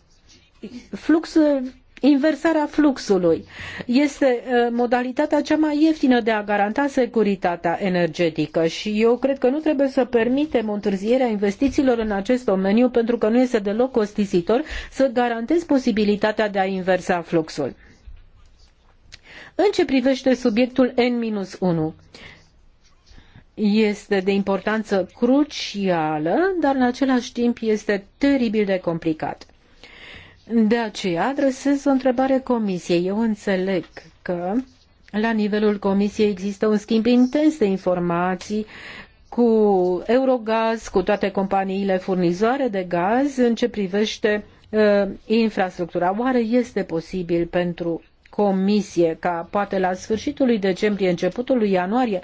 Fluxul Inversarea fluxului este uh, modalitatea cea mai ieftină de a garanta securitatea energetică și eu cred că nu trebuie să permitem o întârziere a investițiilor în acest domeniu pentru că nu este deloc costisitor să garantezi posibilitatea de a inversa fluxul. În ce privește subiectul N-1, este de importanță crucială, dar în același timp este teribil de complicat de aceea adresez o întrebare comisiei. Eu înțeleg că la nivelul comisiei există un schimb intens de informații cu Eurogaz, cu toate companiile furnizoare de gaz în ce privește uh, infrastructura. Oare este posibil pentru comisie ca poate la sfârșitul lui decembrie, începutul lui ianuarie,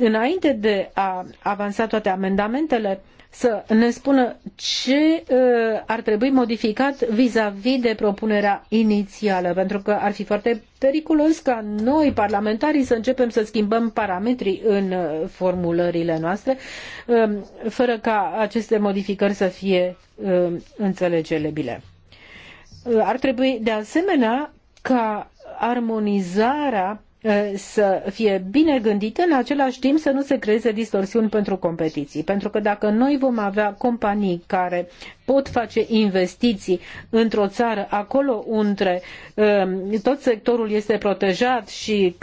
înainte de a avansa toate amendamentele, uh, să ne spună ce uh, ar trebui modificat vis-a-vis -vis de propunerea inițială, pentru că ar fi foarte periculos ca noi, parlamentarii, să începem să schimbăm parametrii în uh, formulările noastre, um, fără ca aceste modificări să fie um, înțelegelebile. Uh, ar trebui, de asemenea, ca armonizarea să fie bine gândită în același timp să nu se creeze distorsiuni pentru competiții. Pentru că dacă noi vom avea companii care pot face investiții într-o țară, acolo unde tot sectorul este protejat și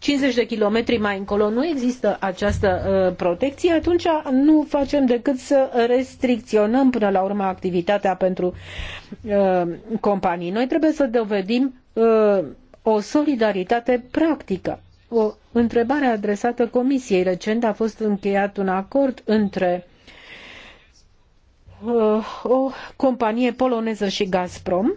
50 de kilometri mai încolo nu există această protecție, atunci nu facem decât să restricționăm până la urmă activitatea pentru companii. Noi trebuie să dovedim o solidaritate practică. O întrebare adresată Comisiei recent a fost încheiat un acord între uh, o companie poloneză și Gazprom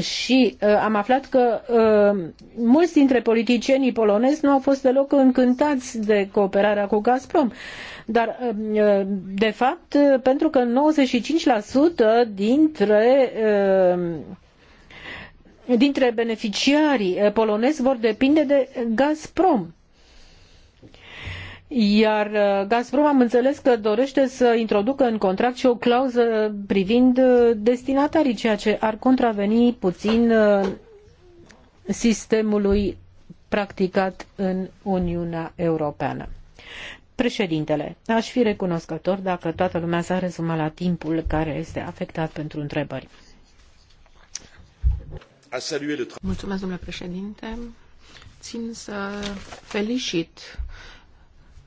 și uh, am aflat că uh, mulți dintre politicienii polonezi nu au fost deloc încântați de cooperarea cu Gazprom. Dar, uh, de fapt, uh, pentru că 95% dintre uh, dintre beneficiarii eh, polonezi vor depinde de Gazprom. Iar eh, Gazprom am înțeles că dorește să introducă în contract și o clauză privind eh, destinatarii, ceea ce ar contraveni puțin sistemului practicat în Uniunea Europeană. Președintele, aș fi recunoscător dacă toată lumea s a rezumat la timpul care este afectat pentru întrebări. Mulțumesc, domnule președinte. Țin să felicit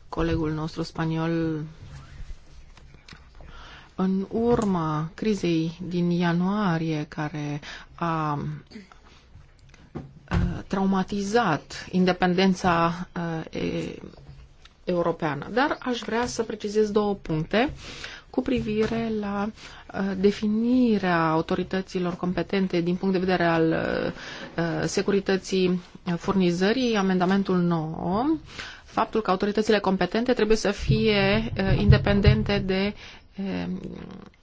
colegul nostru spaniol în urma crizei din ianuarie care a traumatizat independența europeană. Dar aș vrea să precizez două puncte cu privire la definirea autorităților competente din punct de vedere al uh, uh, securității furnizării, amendamentul 9, faptul că autoritățile competente trebuie să fie uh, independente de,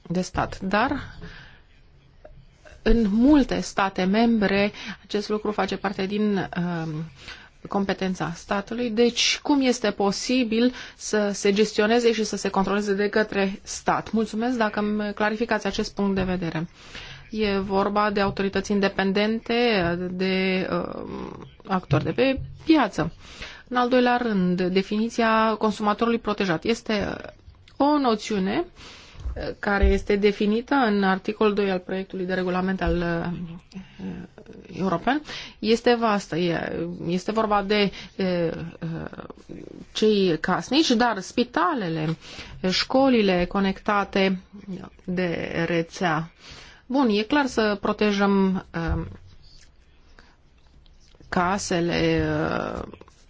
de stat. Dar în multe state membre acest lucru face parte din competența statului, deci cum este posibil să se gestioneze și să se controleze de către stat? Mulțumesc dacă îmi clarificați acest punct de vedere. E vorba de autorități independente, de uh, actori de pe piață. În al doilea rând, definiția consumatorului protejat este uh, o noțiune uh, care este definită în articolul 2 al proiectului de regulament al uh, european, este vastă. E, este vorba de uh, uh, cei casnici, dar spitalele, școlile conectate de rețea. Bun, e clar să protejăm uh, casele, uh,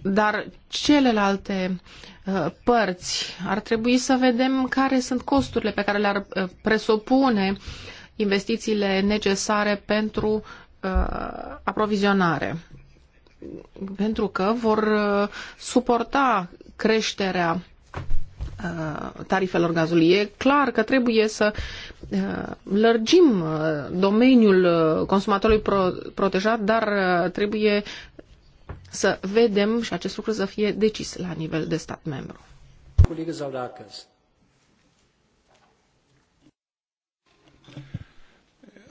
dar celelalte uh, părți ar trebui să vedem care sunt costurile pe care le-ar uh, presupune investițiile necesare pentru uh, aprovizionare. Pentru că vor uh, suporta creșterea tarifelor gazului. E clar că trebuie să lărgim domeniul consumatorului protejat, dar trebuie să vedem și acest lucru să fie decis la nivel de stat membru.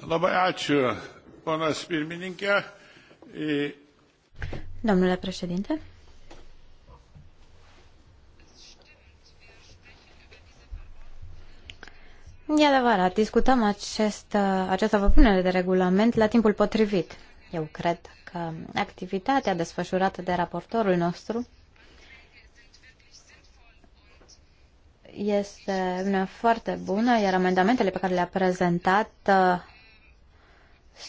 Labai ačiū, ponas uh, pirmininkė. Domnule președinte. E adevărat, discutăm acest, uh, această propunere de regulament la timpul potrivit. Eu cred că activitatea desfășurată de raportorul nostru este una foarte bună, iar amendamentele pe care le-a prezentat uh,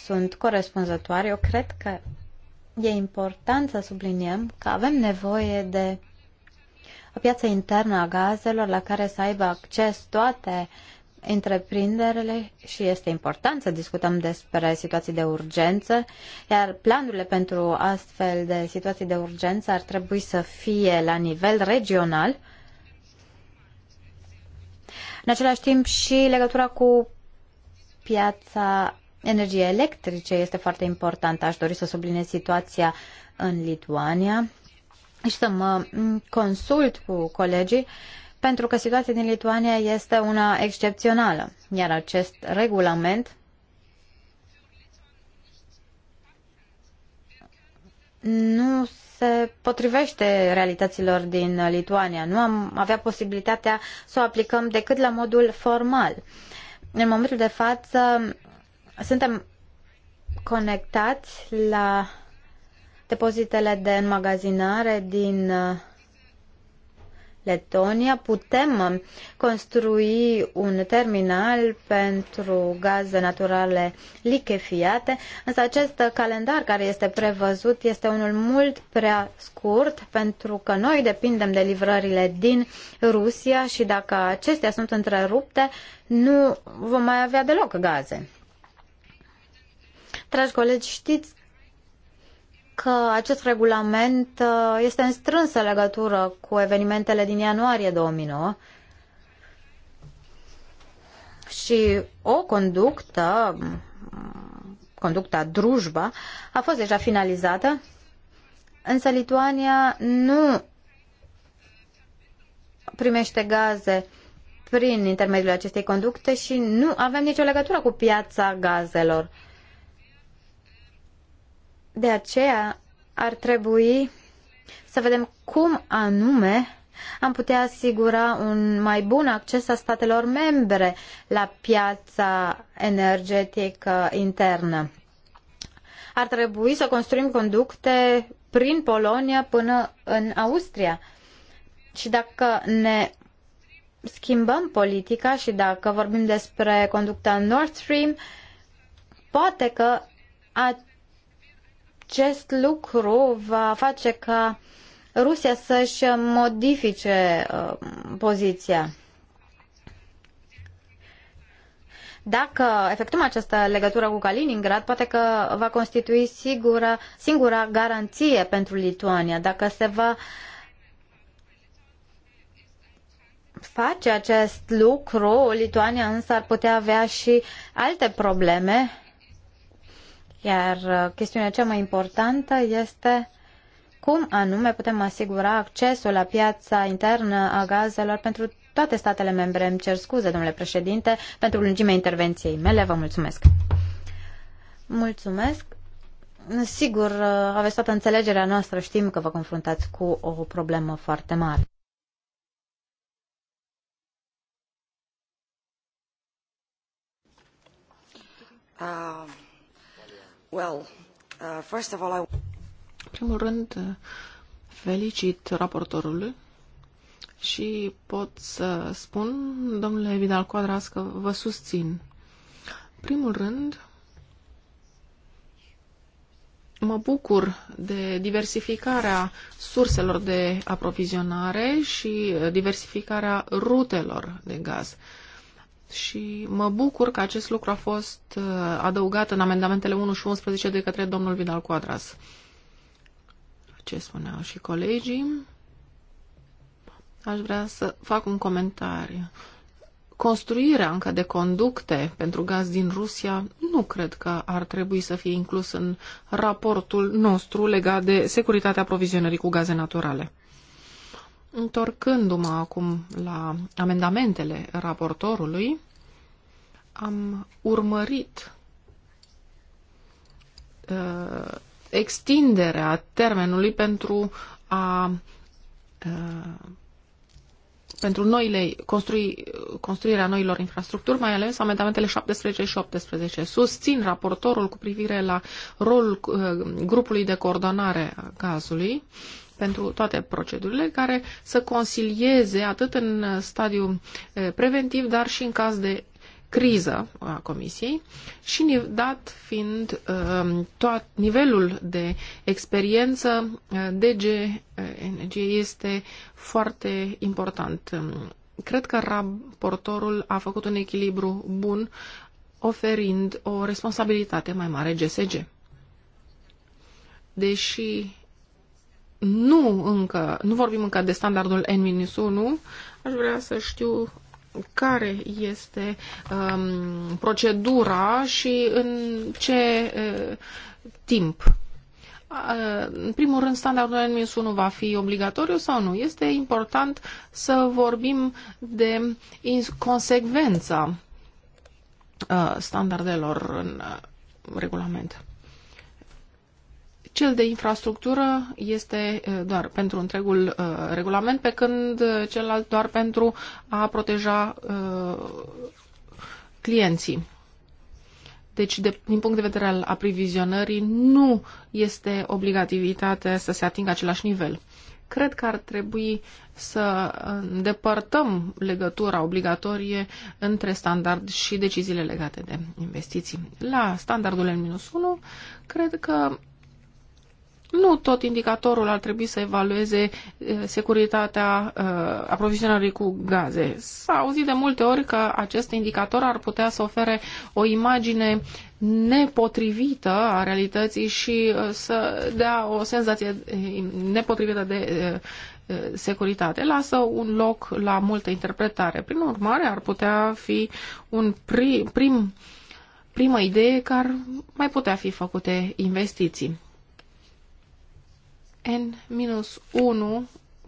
sunt corespunzătoare. Eu cred că e important să subliniem că avem nevoie de o piață internă a gazelor la care să aibă acces toate întreprinderile și este important să discutăm despre situații de urgență, iar planurile pentru astfel de situații de urgență ar trebui să fie la nivel regional. În același timp și legătura cu piața energiei electrice este foarte importantă. Aș dori să subliniez situația în Lituania și să mă consult cu colegii pentru că situația din Lituania este una excepțională, iar acest regulament nu se potrivește realităților din Lituania. Nu am avea posibilitatea să o aplicăm decât la modul formal. În momentul de față suntem conectați la depozitele de înmagazinare din uh, Letonia, putem construi un terminal pentru gaze naturale lichefiate, însă acest calendar care este prevăzut este unul mult prea scurt pentru că noi depindem de livrările din Rusia și dacă acestea sunt întrerupte, nu vom mai avea deloc gaze. Dragi colegi, știți că acest regulament uh, este în strânsă legătură cu evenimentele din ianuarie 2009 și o conductă, conducta drujba, a fost deja finalizată, însă Lituania nu primește gaze prin intermediul acestei conducte și nu avem nicio legătură cu piața gazelor. De aceea ar trebui să vedem cum anume am putea asigura un mai bun acces a statelor membre la piața energetică internă. Ar trebui să construim conducte prin Polonia până în Austria. Și dacă ne schimbăm politica și dacă vorbim despre conducta Nord Stream, poate că a acest lucru va face ca Rusia să-și modifice uh, poziția. Dacă efectuăm această legătură cu Kaliningrad, poate că va constitui sigura, singura garanție pentru Lituania. Dacă se va face acest lucru, Lituania însă ar putea avea și alte probleme iar uh, chestiunea cea mai importantă este cum anume putem asigura accesul la piața internă a gazelor pentru toate statele membre. Îmi cer scuze, domnule președinte, pentru lungimea intervenției mele. Vă mulțumesc. Mulțumesc. Sigur, uh, aveți toată înțelegerea noastră, știm că vă confruntați cu o problemă foarte mare. Uh, Uh, În primul rând, uh, felicit raportorul și pot să spun, domnule Vidal Quadras, că vă susțin. Primul rând, mă bucur de diversificarea surselor de aprovizionare și diversificarea rutelor de gaz și mă bucur că acest lucru a fost uh, adăugat în amendamentele 1 și 11 de către domnul Vidal Cuadras. Ce spuneau și colegii. Aș vrea să fac un comentariu. Construirea încă de conducte pentru gaz din Rusia nu cred că ar trebui să fie inclus în raportul nostru legat de securitatea aprovizionării cu gaze naturale. Întorcându-mă acum la amendamentele raportorului, am urmărit uh, extinderea termenului pentru a uh, pentru noile construi, construirea noilor infrastructuri, mai ales amendamentele 17 și 18. Susțin raportorul cu privire la rolul uh, grupului de coordonare a gazului uh, pentru toate procedurile care să consilieze atât în stadiu eh, preventiv, dar și în caz de criză a Comisiei și dat fiind ehm, tot nivelul de experiență, eh, DG Energie eh, este foarte important. Ehm, cred că raportorul a făcut un echilibru bun oferind o responsabilitate mai mare GSG. Deși nu încă, nu vorbim încă de standardul N-1, aș vrea să știu care este um, procedura și în ce uh, timp. Uh, în primul rând, standardul N-1 va fi obligatoriu sau nu? Este important să vorbim de consecvența uh, standardelor în uh, regulament. Cel de infrastructură este eh, doar pentru întregul eh, regulament, pe când celălalt doar pentru a proteja eh, clienții. Deci, de, din punct de vedere al aprovizionării, nu este obligativitate să se atingă același nivel. Cred că ar trebui să îndepărtăm legătura obligatorie între standard și deciziile legate de investiții. La standardul N-1, cred că nu tot indicatorul ar trebui să evalueze eh, securitatea eh, aprovizionării cu gaze. S-a auzit de multe ori că acest indicator ar putea să ofere o imagine nepotrivită a realității și eh, să dea o senzație nepotrivită de securitate. Lasă un loc la multă interpretare. Prin urmare, ar putea fi un prim, prim primă idee că ar mai putea fi făcute investiții. N-1 minus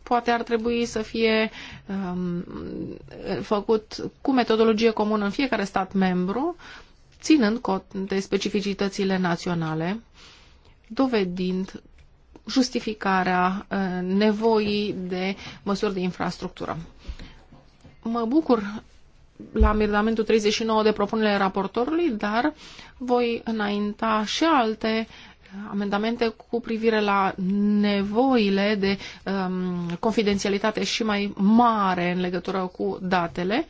poate ar trebui să fie um, făcut cu metodologie comună în fiecare stat membru, ținând cont de specificitățile naționale, dovedind justificarea uh, nevoii de măsuri de infrastructură. Mă bucur la amendamentul 39 de propunerile raportorului, dar voi înainta și alte uh, amendamente cu privire la nevoile de um, confidențialitate și mai mare în legătură cu datele.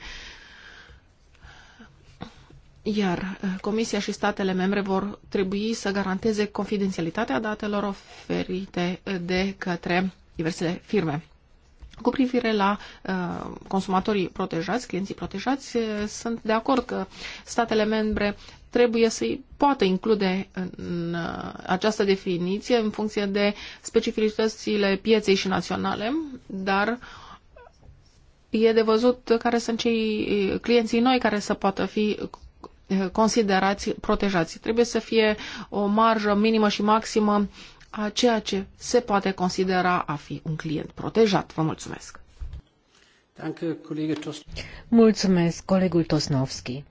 Iar uh, Comisia și statele membre vor trebui să garanteze confidențialitatea datelor oferite de către diversele firme. Cu privire la uh, consumatorii protejați, clienții protejați, uh, sunt de acord că statele membre trebuie să-i poată include în uh, această definiție în funcție de specificitățile pieței și naționale, dar e de văzut care sunt cei uh, clienții noi care să poată fi uh, considerați protejați. Trebuie să fie o marjă minimă și maximă a ceea ce se poate considera a fi un client protejat. Vă mulțumesc! Mulțumesc, colegul Tosnovski.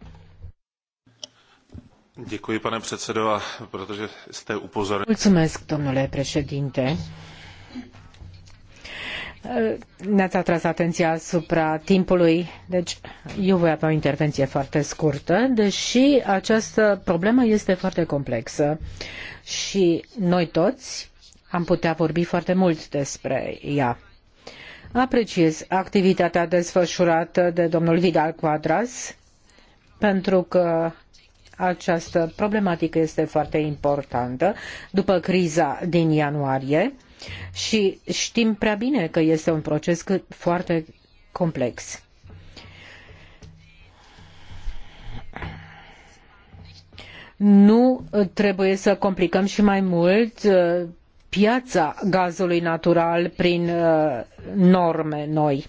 Děkuji, pane předsedo, a protože jste upozornil. Mulțumesc, domnule președinte. Ne-ați atras atenția asupra timpului, deci eu voi avea o intervenție foarte scurtă, deși această problemă este foarte complexă și noi toți am putea vorbi foarte mult despre ea. Apreciez activitatea desfășurată de domnul Vidal Quadras, pentru că această problematică este foarte importantă după criza din ianuarie și știm prea bine că este un proces foarte complex. Nu trebuie să complicăm și mai mult uh, piața gazului natural prin uh, norme noi.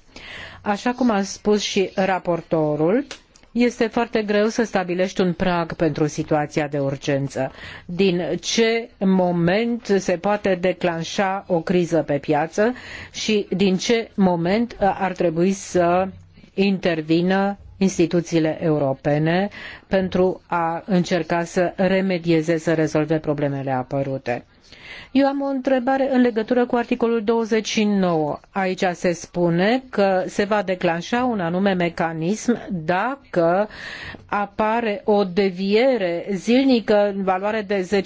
Așa cum a spus și raportorul, este foarte greu să stabilești un prag pentru situația de urgență. Din ce moment se poate declanșa o criză pe piață și din ce moment uh, ar trebui să intervină instituțiile europene pentru a încerca să remedieze, să rezolve problemele apărute. Eu am o întrebare în legătură cu articolul 29. Aici se spune că se va declanșa un anume mecanism dacă apare o deviere zilnică în valoare de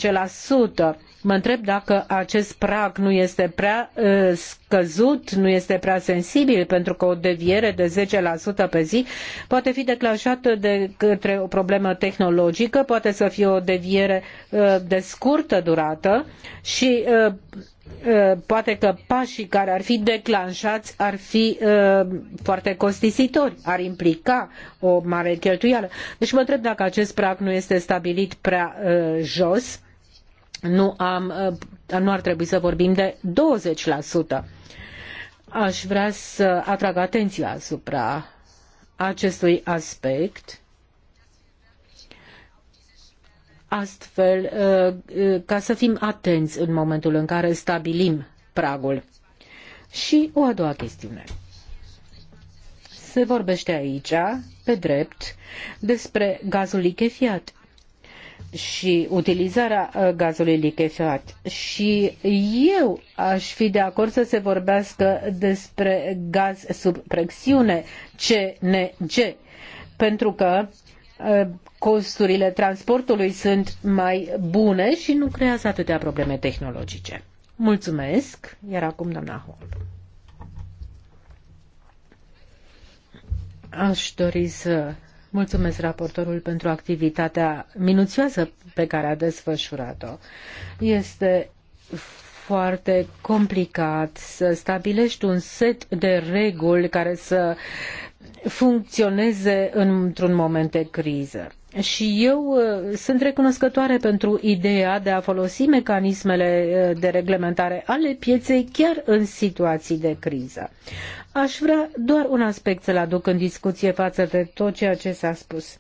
10%. Mă întreb dacă acest prag nu este prea uh, scăzut, nu este prea sensibil, pentru că o deviere de 10% pe zi poate fi declanșată de către o problemă tehnologică, poate să fie o deviere uh, de scurtă durată și și uh, uh, poate că pașii care ar fi declanșați ar fi uh, foarte costisitori, ar implica o mare cheltuială. Deci mă întreb dacă acest prag nu este stabilit prea jos, nu, am, nu ar trebui să vorbim de 20%. Aș vrea să atrag atenția asupra acestui aspect astfel uh, uh, ca să fim atenți în momentul în care stabilim pragul. Și o a doua chestiune. Se vorbește aici, pe drept, despre gazul lichefiat și utilizarea uh, gazului lichefiat. Și eu aș fi de acord să se vorbească despre gaz sub presiune, CNG, pentru că Uh, costurile transportului sunt mai bune și nu creează atâtea probleme tehnologice. Mulțumesc, iar acum doamna Hall. Aș dori să mulțumesc raportorul pentru activitatea minuțioasă pe care a desfășurat-o. Este foarte complicat să stabilești un set de reguli care să uh, funcționeze într-un moment de criză. Și eu uh, sunt recunoscătoare pentru ideea de a folosi mecanismele uh, de reglementare ale pieței chiar în situații de criză. Aș vrea doar un aspect să-l aduc în discuție față de tot ceea ce s-a spus.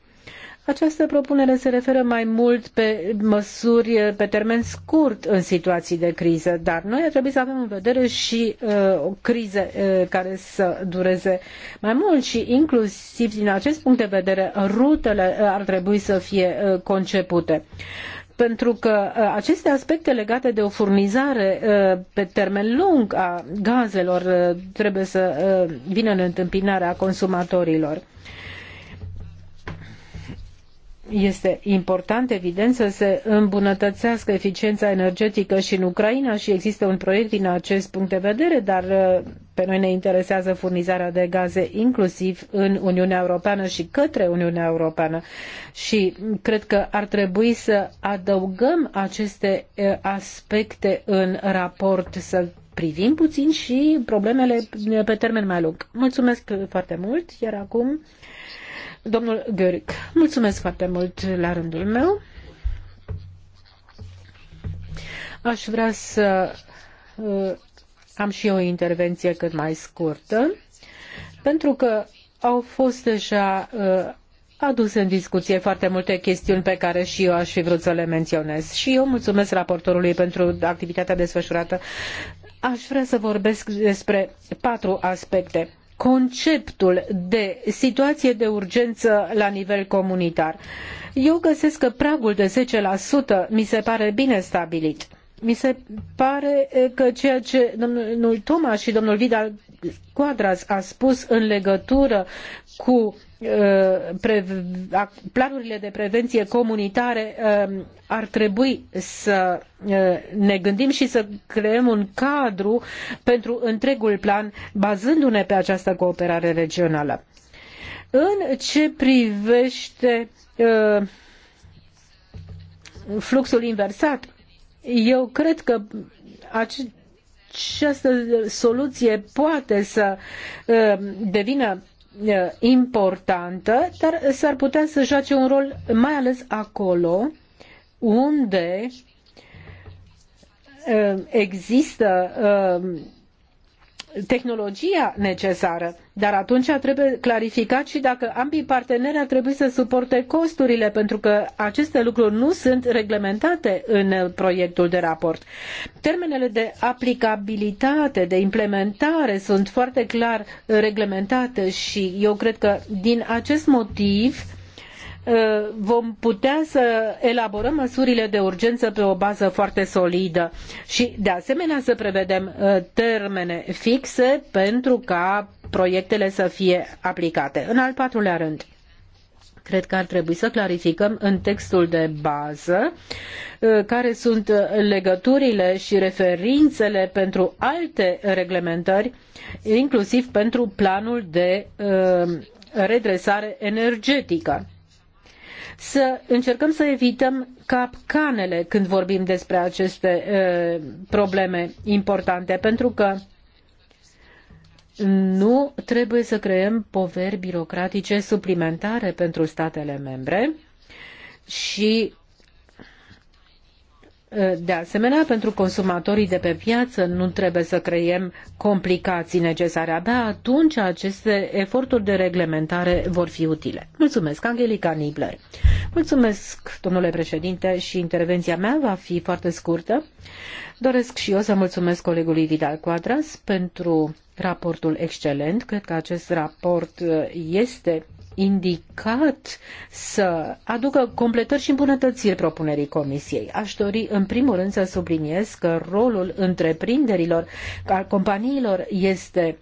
Această propunere se referă mai mult pe măsuri pe termen scurt în situații de criză, dar noi ar trebui să avem în vedere și uh, o criză uh, care să dureze mai mult și inclusiv din acest punct de vedere rutele uh, ar trebui să fie uh, concepute pentru că uh, aceste aspecte legate de o furnizare uh, pe termen lung a gazelor trebuie să vină în întâmpinarea consumatorilor. Este important, evident, să se îmbunătățească eficiența energetică și în Ucraina și există un proiect din acest punct de vedere, dar uh, pe noi ne interesează furnizarea de gaze inclusiv în Uniunea Europeană și către Uniunea Europeană. Și cred că ar trebui să adăugăm aceste uh, aspecte în raport, să privim puțin și problemele pe termen mai lung. Mulțumesc foarte mult, iar acum Domnul Găric, mulțumesc foarte mult la rândul meu. Aș vrea să uh, am și eu o intervenție cât mai scurtă, pentru că au fost deja uh, aduse în discuție foarte multe chestiuni pe care și eu aș fi vrut să le menționez. Și eu mulțumesc raportorului pentru activitatea desfășurată. Aș vrea să vorbesc despre patru aspecte conceptul de situație de urgență la nivel comunitar. Eu găsesc că pragul de 10% mi se pare bine stabilit. Mi se pare că ceea ce domnul Toma și domnul Vidal Quadras a spus în legătură cu Uh, planurile de prevenție comunitare um, ar trebui să uh, ne gândim și să creăm un cadru pentru întregul plan bazându-ne pe această cooperare regională. În ce privește uh, fluxul inversat, eu cred că această soluție poate să devină Eh, importantă, dar s-ar putea să joace un rol mai ales acolo unde eh, există eh, tehnologia necesară, dar atunci trebuie clarificat și dacă ambii parteneri ar trebui să suporte costurile, pentru că aceste lucruri nu sunt reglementate în proiectul de raport. Termenele de aplicabilitate, de implementare sunt foarte clar reglementate și eu cred că din acest motiv Uh, vom putea să elaborăm măsurile de urgență pe o bază foarte solidă și, de asemenea, să prevedem uh, termene fixe pentru ca proiectele să fie aplicate. În al patrulea rând, cred că ar trebui să clarificăm în textul de bază uh, care sunt legăturile și referințele pentru alte reglementări, inclusiv pentru planul de redresare energetică să încercăm să evităm capcanele când vorbim despre aceste uh, probleme importante, pentru că nu trebuie să creăm poveri birocratice suplimentare pentru statele membre și de asemenea, pentru consumatorii de pe piață nu trebuie să creiem complicații necesare. Abia atunci aceste eforturi de reglementare vor fi utile. Mulțumesc, Angelica Nibler. Mulțumesc, domnule președinte, și intervenția mea va fi foarte scurtă. Doresc și eu să mulțumesc colegului Vidal Quadras pentru raportul excelent. Cred că acest raport este indicat să aducă completări și îmbunătățiri propunerii Comisiei. Aș dori în primul rând să subliniez că rolul întreprinderilor, al companiilor este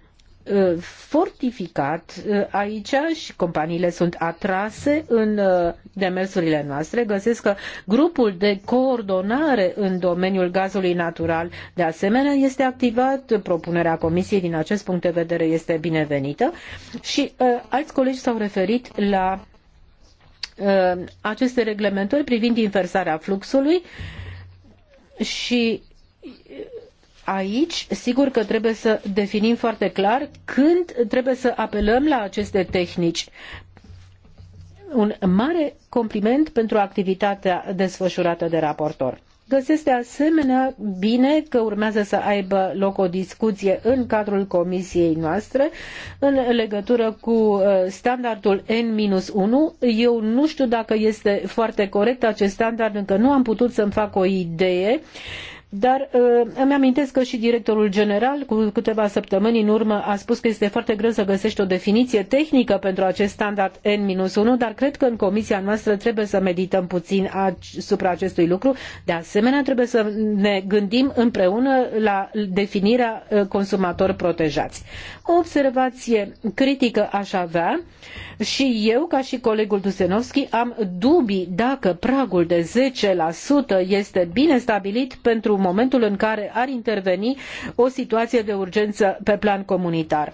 Uh, fortificat uh, aici și companiile sunt atrase în uh, demersurile noastre. Găsesc că grupul de coordonare în domeniul gazului natural de asemenea este activat. Propunerea comisiei din acest punct de vedere este binevenită și alți colegi s-au referit la aceste reglementări privind inversarea fluxului și aici, sigur că trebuie să definim foarte clar când trebuie să apelăm la aceste tehnici. Un mare compliment pentru activitatea desfășurată de raportor. Găsesc de asemenea bine că urmează să aibă loc o discuție în cadrul comisiei noastre în legătură cu uh, standardul N-1. Eu nu știu dacă este foarte corect acest standard, încă nu am putut să-mi fac o idee. Uh, dar uh, îmi amintesc că și directorul general cu câteva săptămâni în urmă a spus că este foarte greu să găsești o definiție tehnică pentru acest standard N-1, dar cred că în comisia noastră trebuie să medităm puțin asupra acestui lucru. De asemenea, trebuie să ne gândim împreună la definirea uh, consumatori protejați. O observație critică aș avea și eu, ca și colegul Dusenovski, am dubii dacă pragul de 10% este bine stabilit pentru momentul în care ar interveni o situație de urgență pe plan comunitar.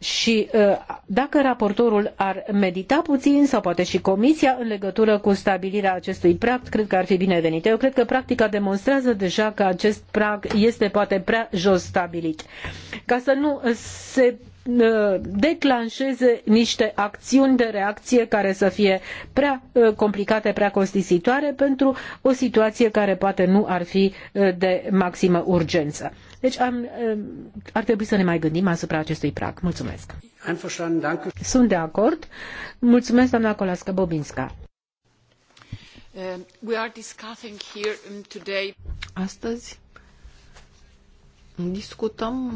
Și uh, dacă raportorul ar medita puțin sau poate și comisia în legătură cu stabilirea acestui prag, cred că ar fi binevenit. Eu cred că practica demonstrează deja că acest prag este poate prea jos stabilit. Ca să nu se Uh, declanșeze niște acțiuni de reacție care să fie prea uh, complicate, prea costisitoare pentru o situație care poate nu ar fi uh, de maximă urgență. Deci am, ar trebui să ne mai gândim asupra acestui prag. Mulțumesc. Sunt de acord. Mulțumesc, doamna Colască Bobinska. We are discussing here um, today. Astăzi discutăm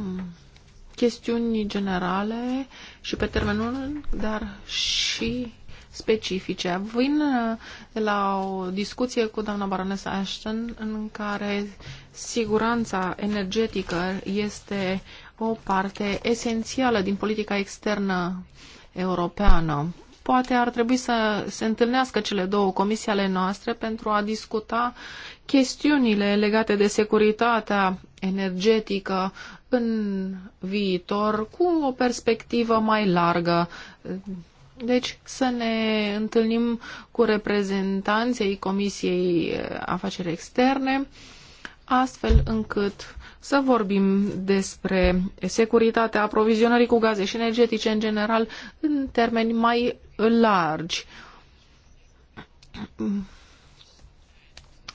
chestiuni generale și pe termen lung, dar și specifice. Vin de uh, la o discuție cu doamna baronesa Ashton în care siguranța energetică este o parte esențială din politica externă europeană. Poate ar trebui să se întâlnească cele două comisii ale noastre pentru a discuta chestiunile legate de securitatea energetică în viitor cu o perspectivă mai largă. Deci să ne întâlnim cu reprezentanții Comisiei Afaceri Externe, astfel încât să vorbim despre securitatea aprovizionării cu gaze și energetice în general în termeni mai largi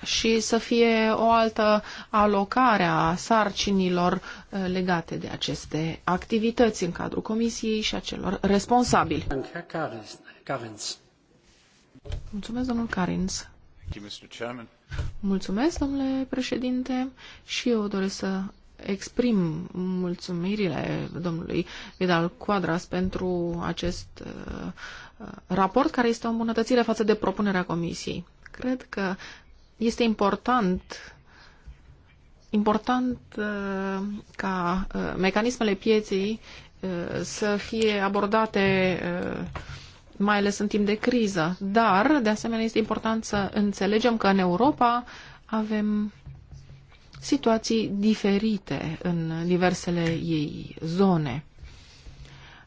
și să fie o altă alocare a sarcinilor uh, legate de aceste activități în cadrul comisiei și a celor responsabili. Mulțumesc, domnul Carins. Mulțumesc, domnule președinte, și eu doresc să exprim mulțumirile domnului Vidal Quadras pentru acest uh, uh raport, care este o îmbunătățire față de propunerea comisiei. Cred că este important important uh, ca uh, mecanismele pieței uh, să fie abordate mai ales în timp de criză, dar de asemenea este important să înțelegem că în Europa avem situații diferite în diversele ei zone.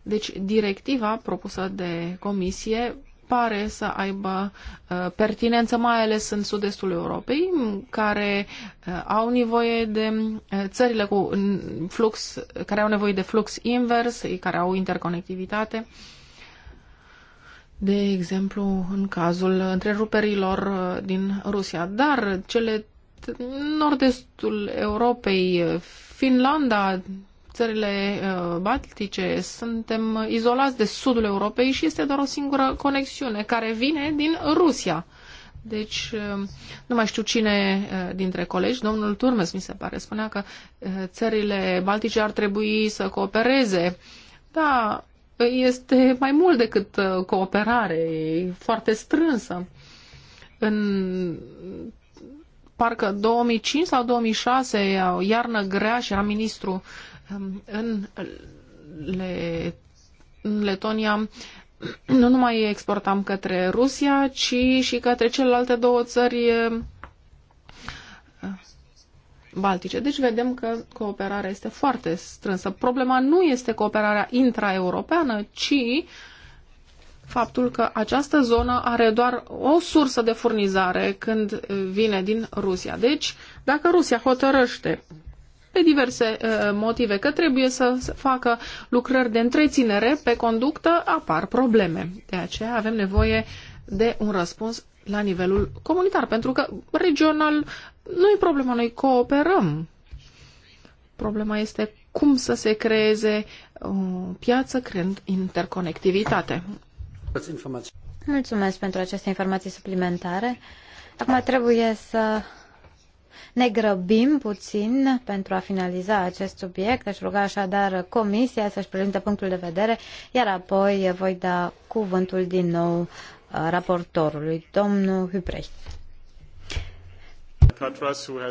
Deci, directiva propusă de comisie pare să aibă uh, pertinență, mai ales în sud-estul Europei, care uh, au nevoie de uh, țările cu flux, care au nevoie de flux invers, care au interconectivitate. De exemplu, în cazul întreruperilor din Rusia, dar cele nord-estul Europei, Finlanda, țările uh, baltice, suntem izolați de sudul Europei și este doar o singură conexiune care vine din Rusia. Deci, uh, nu mai știu cine uh, dintre colegi, domnul Turmes, mi se pare, spunea că țările baltice ar trebui să coopereze. Da, este mai mult decât cooperare, e foarte strânsă. În parcă 2005 sau 2006, iarnă grea și era ministru Um, în, Le- Letonia nu numai exportam către Rusia, ci și către celelalte două țări uh, baltice. Deci vedem că cooperarea este foarte strânsă. Problema nu este cooperarea intraeuropeană, ci faptul că această zonă are doar o sursă de furnizare când vine din Rusia. Deci, dacă Rusia hotărăște pe diverse uh, motive că trebuie să facă lucrări de întreținere pe conductă, apar probleme. De aceea avem nevoie de un răspuns la nivelul comunitar, pentru că regional nu e problema, noi cooperăm. Problema este cum să se creeze o piață creând interconectivitate. Mulțumesc pentru aceste informații suplimentare. Acum trebuie să ne grăbim puțin pentru a finaliza acest subiect. Aș ruga așadar Comisia să-și prezinte punctul de vedere, iar apoi voi da cuvântul din nou uh, raportorului, domnul Hüprecht. Uh,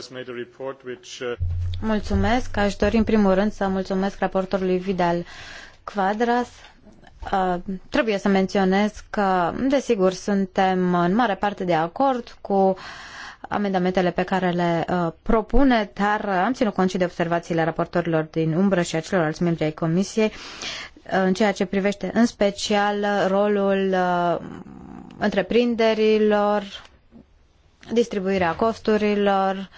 mulțumesc. Aș dori în primul rând să mulțumesc raportorului Vidal Quadras. Uh, trebuie să menționez că, desigur, suntem în mare parte de acord cu uh, amendamentele pe care le uh, propune, dar uh, am ținut cont și de observațiile raportorilor din umbră și a celorlalți membri ai Comisiei uh, în ceea ce privește în special rolul uh, întreprinderilor, distribuirea costurilor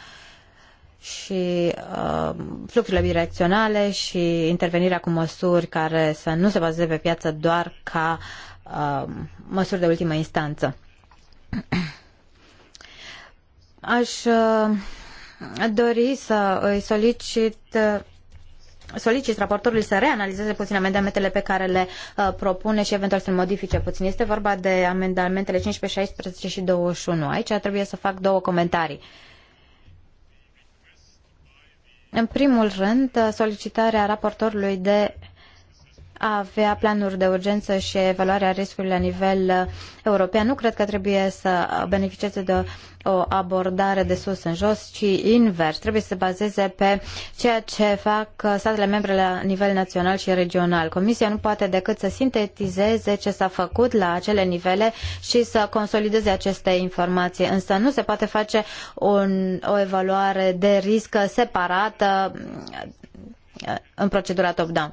și uh, fluxurile direcționale și intervenirea cu măsuri care să nu se bazeze pe piață doar ca uh, măsuri de ultimă instanță. [clears throat] Aș uh, dori să îi solicit uh, solicit raportorului să reanalizeze puțin amendamentele pe care le uh, propune și eventual să le modifice puțin. Este vorba de amendamentele 15, 16 și 21. Aici trebuie să fac două comentarii. În primul rând, solicitarea raportorului de a avea planuri de urgență și evaluarea riscului la nivel uh, european. Nu cred că trebuie să beneficieze de o abordare de sus în jos, ci invers. Trebuie să se bazeze pe ceea ce fac uh, statele membre la nivel național și regional. Comisia nu poate decât să sintetizeze ce s-a făcut la acele nivele și să consolideze aceste informații. Însă nu se poate face un, o evaluare de risc separată uh, în procedura top-down.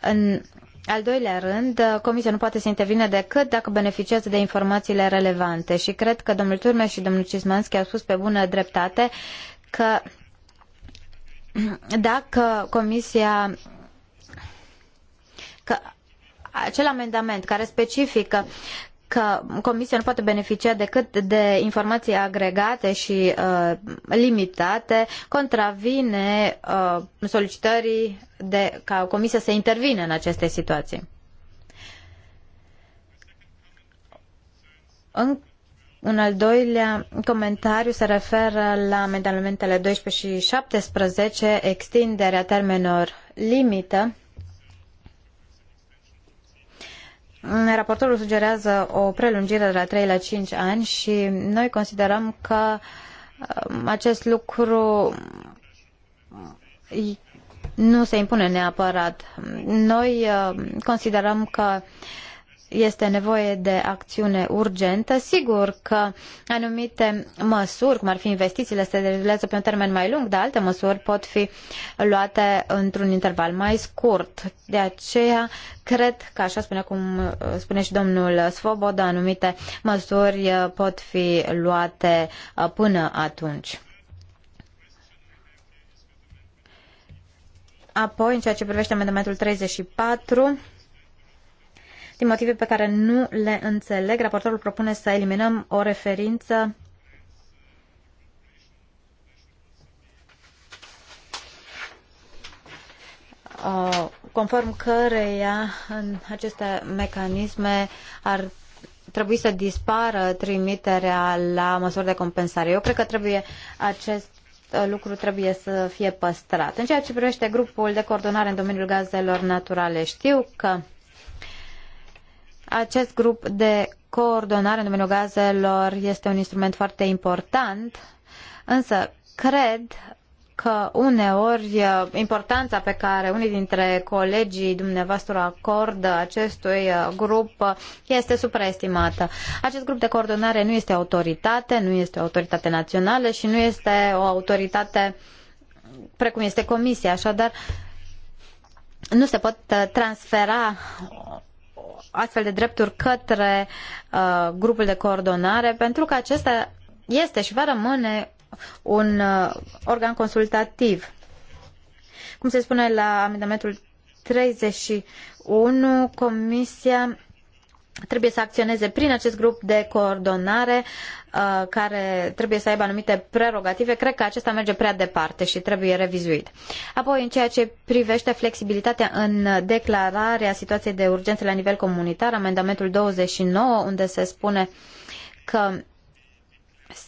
În al doilea rând, uh, Comisia nu poate să intervină decât dacă beneficiază de informațiile relevante și cred că domnul Turme și domnul Cismanski au spus pe bună dreptate că [clears throat] dacă Comisia că acel amendament care specifică că Comisia nu poate beneficia decât de informații agregate și uh, limitate, contravine uh, solicitării de, ca Comisia să intervine în aceste situații. În, un al doilea comentariu se referă la amendamentele 12 și 17, extinderea termenelor limită Raportorul sugerează o prelungire de la 3 la 5 ani și noi considerăm că um, acest lucru nu se impune neapărat. Noi um, considerăm că este nevoie de acțiune urgentă. Sigur că anumite măsuri, cum ar fi investițiile, se derulează pe un termen mai lung, dar alte măsuri pot fi luate într-un interval mai scurt. De aceea, cred că, așa spune cum uh, spune și domnul Svoboda, anumite măsuri uh, pot fi luate uh, până atunci. Apoi, în ceea ce privește amendamentul 34, din motive pe care nu le înțeleg, raportorul propune să eliminăm o referință uh, conform căreia în aceste mecanisme ar trebui să dispară trimiterea la măsuri de compensare. Eu cred că trebuie acest uh, lucru trebuie să fie păstrat. În ceea ce privește grupul de coordonare în domeniul gazelor naturale, știu că acest grup de coordonare în domeniul gazelor este un instrument foarte important, însă cred că uneori importanța pe care unii dintre colegii dumneavoastră acordă acestui grup este supraestimată. Acest grup de coordonare nu este autoritate, nu este o autoritate națională și nu este o autoritate precum este comisia, așadar nu se pot transfera astfel de drepturi către uh, grupul de coordonare, pentru că acesta este și va rămâne un uh, organ consultativ. Cum se spune la amendamentul 31, Comisia trebuie să acționeze prin acest grup de coordonare uh, care trebuie să aibă anumite prerogative, cred că acesta merge prea departe și trebuie revizuit. Apoi, în ceea ce privește flexibilitatea în declararea situației de urgență la nivel comunitar, amendamentul 29, unde se spune că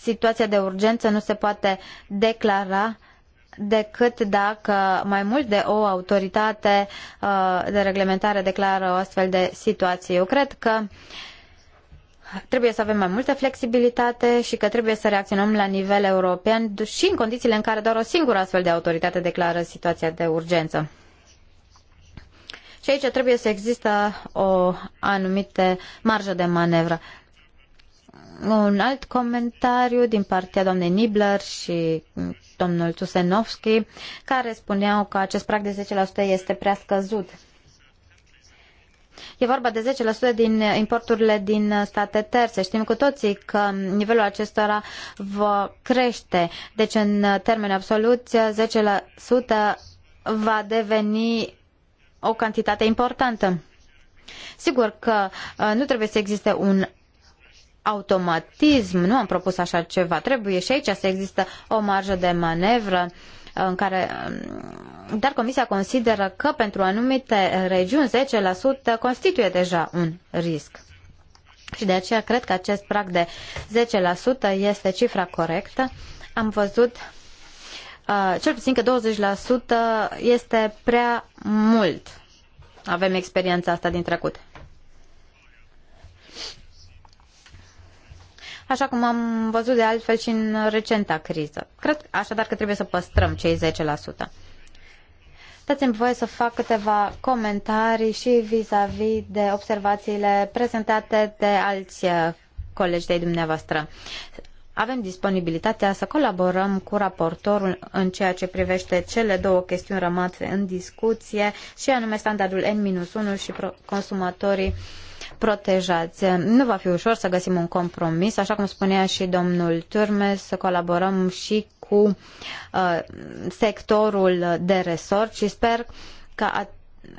situația de urgență nu se poate declara uh, decât dacă mai mult de o autoritate uh, de reglementare declară o astfel de situație. Eu cred că trebuie să avem mai multă flexibilitate și că trebuie să reacționăm la nivel european și în condițiile în care doar o singură astfel de autoritate declară situația de urgență. Și aici trebuie să existe o anumită marjă de manevră un alt comentariu din partea doamnei Nibler și domnul Tusenovski, care spuneau că acest prag de 10% este prea scăzut. E vorba de 10% din importurile din state terțe. Știm cu toții că nivelul acestora va crește. Deci, în termeni absoluți, 10% va deveni o cantitate importantă. Sigur că uh, nu trebuie să existe un automatism. Nu am propus așa ceva. Trebuie și aici să există o marjă de manevră uh, în care, um, dar Comisia consideră că pentru anumite regiuni 10% constituie deja un risc. Și de aceea cred că acest prag de 10% este cifra corectă. Am văzut uh, cel puțin că 20% este prea mult. Avem experiența asta din trecut. așa cum am văzut de altfel și în recenta criză. Cred așadar că trebuie să păstrăm cei 10%. Dați-mi voie să fac câteva comentarii și vis-a-vis -vis de observațiile prezentate de alți uh, colegi de dumneavoastră. Avem disponibilitatea să colaborăm cu raportorul în ceea ce privește cele două chestiuni rămase în discuție și anume standardul N-1 și consumatorii uh, protejați. Nu va fi ușor să găsim un compromis, așa cum spunea și domnul Turmes, să colaborăm și cu uh, sectorul de resort și sper că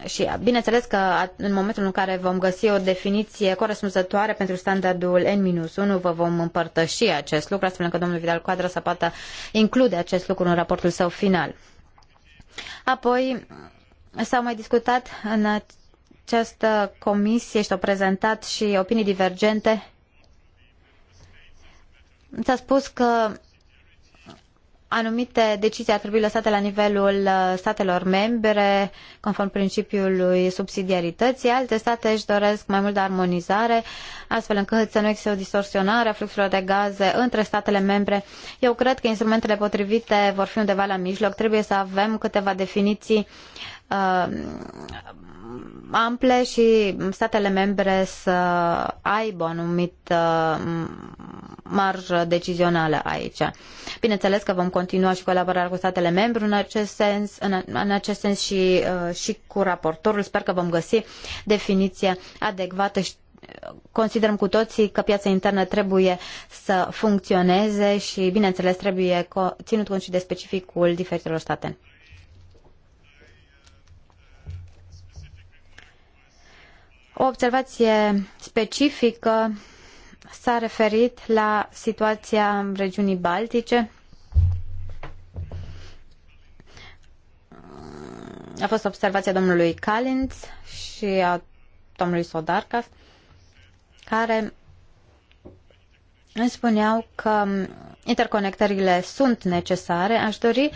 și bineînțeles că în momentul în care vom găsi o definiție corespunzătoare pentru standardul N-1, vă vom împărtăși acest lucru, astfel încât domnul Vidal Quadras să poată include acest lucru în raportul său final. Apoi, s-au mai discutat în această comisie și au prezentat și opinii divergente, s-a spus că anumite decizii ar trebui lăsate la nivelul uh, statelor membre, conform principiului subsidiarității. Alte state își doresc mai multă armonizare, astfel încât să nu existe o distorsionare a fluxurilor de gaze între statele membre. Eu cred că instrumentele potrivite vor fi undeva la mijloc. Trebuie să avem câteva definiții uh, ample și statele membre să aibă o anumită marjă decizională aici. Bineînțeles că vom continua și colaborarea cu statele membre în acest sens, în, în acest sens și, uh, și cu raportorul. Sper că vom găsi definiția adecvată și uh, considerăm cu toții că piața internă trebuie să funcționeze și, bineînțeles, trebuie ținut cont și de specificul diferitelor state. O observație specifică s-a referit la situația regiunii Baltice. A fost observația domnului Kalins și a domnului Sodarkov, care îmi spuneau că interconectările sunt necesare. Aș dori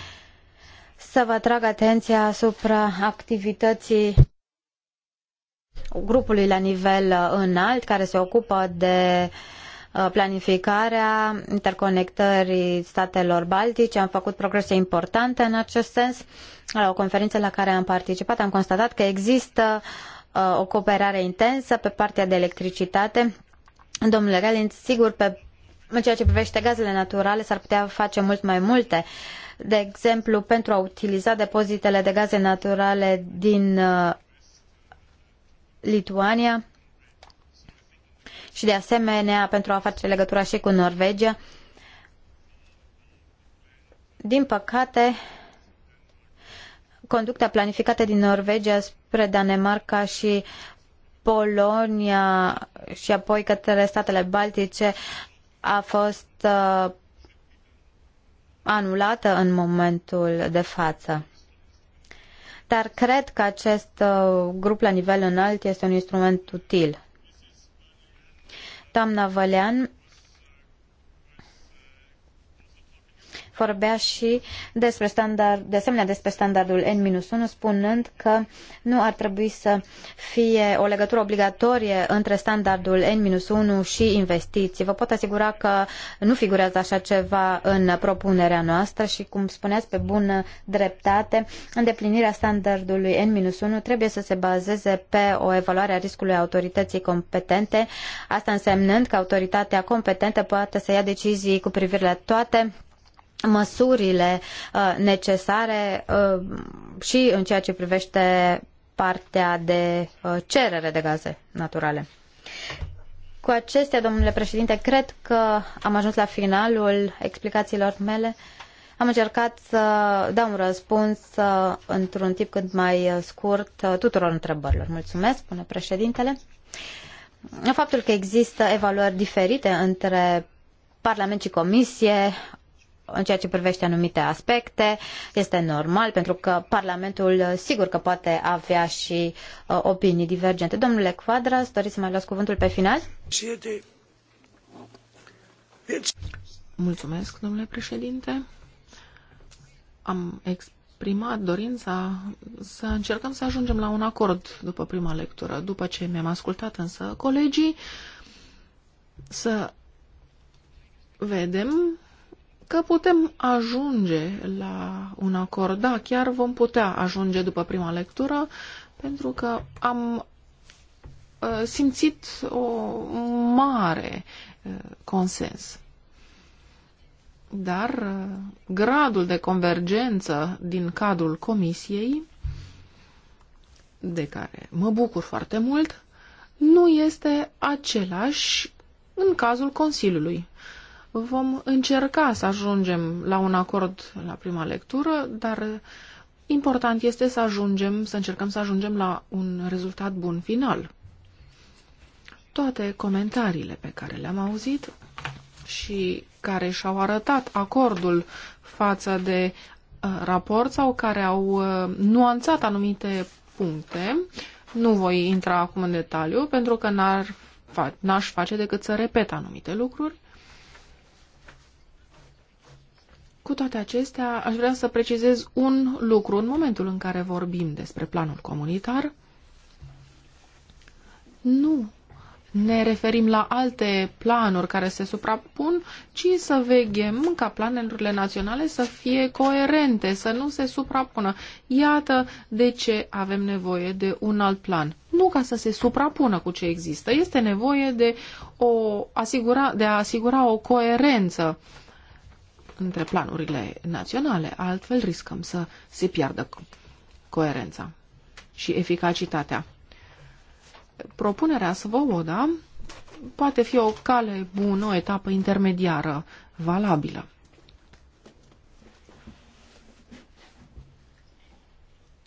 să vă atrag atenția asupra activității grupului la nivel uh, înalt care se ocupă de uh, planificarea interconectării statelor baltice. Am făcut progrese importante în acest sens. La o conferință la care am participat am constatat că există uh, o cooperare intensă pe partea de electricitate. Domnule Galin, sigur, pe, în ceea ce privește gazele naturale s-ar putea face mult mai multe. De exemplu, pentru a utiliza depozitele de gaze naturale din Lituania și de asemenea pentru a face legătura și cu Norvegia. Din păcate, conducta planificată din Norvegia spre Danemarca și Polonia și apoi către statele baltice a fost uh, anulată în momentul de față dar cred că acest uh, grup la nivel înalt este un instrument util. Doamna Vălean vorbea și despre standard, de asemenea despre standardul N-1, spunând că nu ar trebui să fie o legătură obligatorie între standardul N-1 și investiții. Vă pot asigura că nu figurează așa ceva în propunerea noastră și, cum spuneați, pe bună dreptate, îndeplinirea standardului N-1 trebuie să se bazeze pe o evaluare a riscului autorității competente, asta însemnând că autoritatea competentă poate să ia decizii cu privire la toate măsurile uh, necesare uh, și în ceea ce privește partea de uh, cerere de gaze naturale. Cu acestea, domnule președinte, cred că am ajuns la finalul explicațiilor mele. Am încercat să dau un răspuns într-un tip cât mai scurt tuturor întrebărilor. Mulțumesc, spune președintele. Faptul că există evaluări diferite între Parlament și Comisie în ceea ce privește anumite aspecte. Este normal, pentru că Parlamentul sigur că poate avea și uh, opinii divergente. Domnule Quadras, doriți să mai luați cuvântul pe final? Mulțumesc, domnule președinte. Am exprimat dorința să încercăm să ajungem la un acord după prima lectură. După ce mi-am ascultat însă colegii, să vedem că putem ajunge la un acord. Da, chiar vom putea ajunge după prima lectură, pentru că am uh, simțit o mare uh, consens. Dar uh, gradul de convergență din cadrul comisiei, de care mă bucur foarte mult, nu este același în cazul Consiliului. Vom încerca să ajungem la un acord la prima lectură, dar important este să ajungem, să încercăm să ajungem la un rezultat bun final. Toate comentariile pe care le-am auzit și care și-au arătat acordul față de uh, raport sau care au uh, nuanțat anumite puncte. Nu voi intra acum în detaliu pentru că n-ar n-aș face decât să repet anumite lucruri. Cu toate acestea, aș vrea să precizez un lucru în momentul în care vorbim despre planul comunitar. Nu ne referim la alte planuri care se suprapun, ci să veghem ca planurile naționale să fie coerente, să nu se suprapună. Iată de ce avem nevoie de un alt plan. Nu ca să se suprapună cu ce există, este nevoie de, o asigura, de a asigura o coerență între planurile naționale, altfel riscăm să se piardă coerența și eficacitatea. Propunerea Svoboda poate fi o cale bună, o etapă intermediară, valabilă.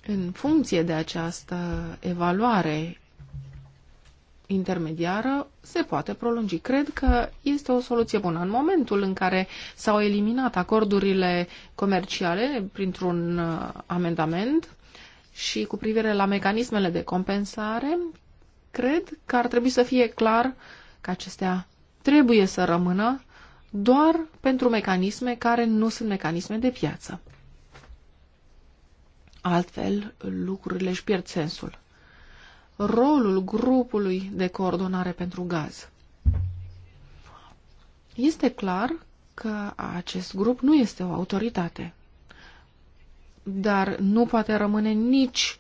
În funcție de această evaluare intermediară se poate prolungi. Cred că este o soluție bună. În momentul în care s-au eliminat acordurile comerciale printr-un uh, amendament și cu privire la mecanismele de compensare, cred că ar trebui să fie clar că acestea trebuie să rămână doar pentru mecanisme care nu sunt mecanisme de piață. Altfel, lucrurile își pierd sensul rolul grupului de coordonare pentru gaz. Este clar că acest grup nu este o autoritate, dar nu poate rămâne nici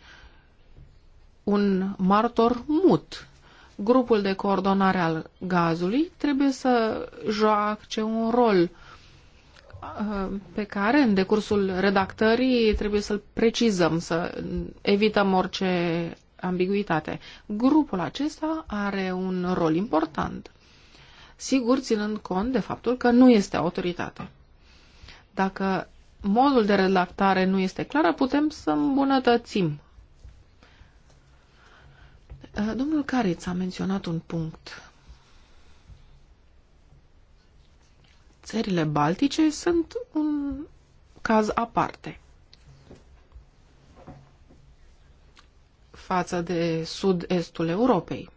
un martor mut. Grupul de coordonare al gazului trebuie să joace un rol uh, pe care, în decursul redactării, trebuie să-l precizăm, să evităm orice ambiguitate. Grupul acesta are un rol important, sigur ținând cont de faptul că nu este autoritate. Dacă modul de redactare nu este clar, putem să îmbunătățim. Uh, domnul Cariț a menționat un punct. Țările Baltice sunt un caz aparte. față de sud-estul Europei.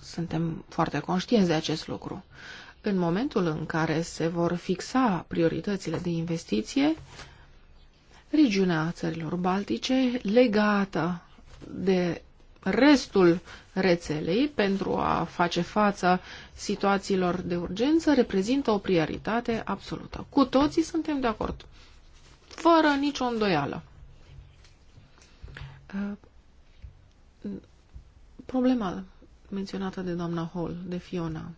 Suntem foarte conștienți de acest lucru. În momentul în care se vor fixa prioritățile de investiție, regiunea țărilor baltice legată de restul rețelei pentru a face față situațiilor de urgență reprezintă o prioritate absolută. Cu toții suntem de acord, fără nicio îndoială. Problema menționată de doamna Hall, de Fiona,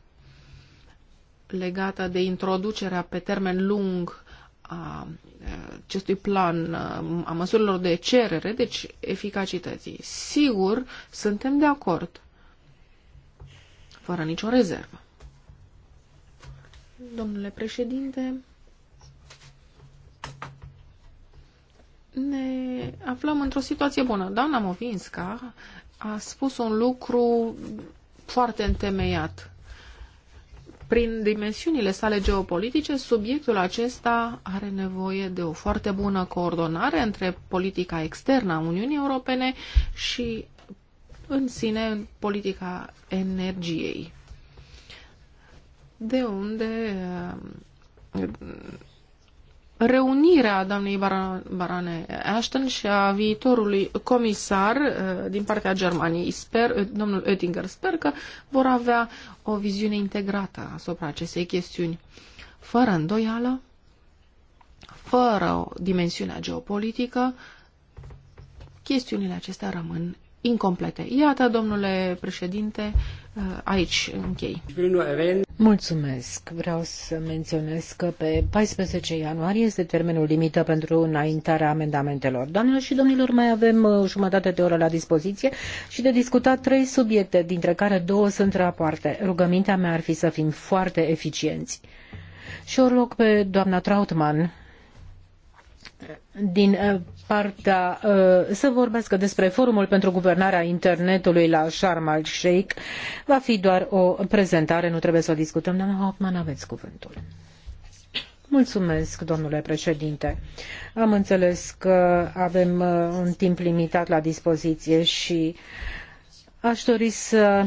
legată de introducerea pe termen lung a acestui plan, a măsurilor de cerere, deci eficacității. Sigur, suntem de acord, fără nicio rezervă. Domnule președinte, ne aflăm într-o situație bună. Doamna Movinska a spus un lucru foarte întemeiat. Prin dimensiunile sale geopolitice, subiectul acesta are nevoie de o foarte bună coordonare între politica externă a Uniunii Europene și în sine politica energiei. De unde reunirea doamnei Barane Ashton și a viitorului comisar uh, din partea Germaniei, sper, uh, domnul Oettinger, sper că vor avea o viziune integrată asupra acestei chestiuni, fără îndoială, fără o dimensiune geopolitică, chestiunile acestea rămân incomplete. Iată, domnule președinte, uh, aici închei. Mulțumesc. Vreau să menționez că pe 14 ianuarie este termenul limită pentru înaintarea amendamentelor. Doamnelor și domnilor, mai avem uh, jumătate de oră la dispoziție și de discutat trei subiecte, dintre care două sunt rapoarte. Rugămintea mea ar fi să fim foarte eficienți. Și o rog pe doamna Trautmann din uh, partea uh, să vorbească despre forumul pentru guvernarea internetului la Sharm el Sheikh. Va fi doar o prezentare, nu trebuie să o discutăm. Doamna Hoffman, aveți cuvântul. Mulțumesc, domnule președinte. Am înțeles că avem uh, un timp limitat la dispoziție și aș dori să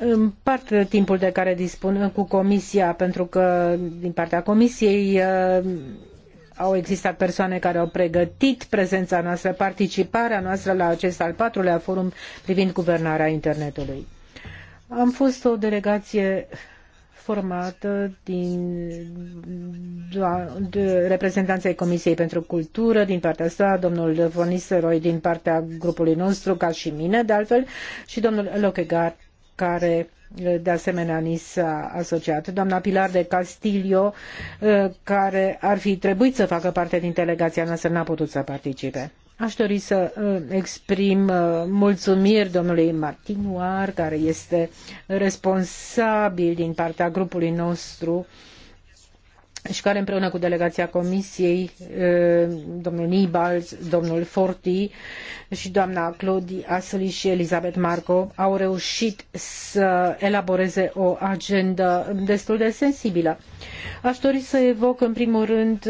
împart timpul de care dispun cu Comisia, pentru că din partea Comisiei au existat persoane care au pregătit prezența noastră, participarea noastră la acest al patrulea forum privind guvernarea internetului. Am fost o delegație formată din de reprezentanței Comisiei pentru Cultură din partea sa, domnul Von Nistelrooy din partea grupului nostru, ca și mine, de altfel, și domnul Lokegaard care de asemenea ni s-a asociat. Doamna Pilar de Castillo, care ar fi trebuit să facă parte din delegația noastră, n-a putut să participe. Aș dori să exprim mulțumiri domnului Martinuar, care este responsabil din partea grupului nostru uh, și care împreună cu delegația Comisiei, domnul Nibals, domnul Forti și doamna Claudi Asli și Elizabeth Marco au reușit să elaboreze o agendă destul de sensibilă. Aș dori să evoc în primul rând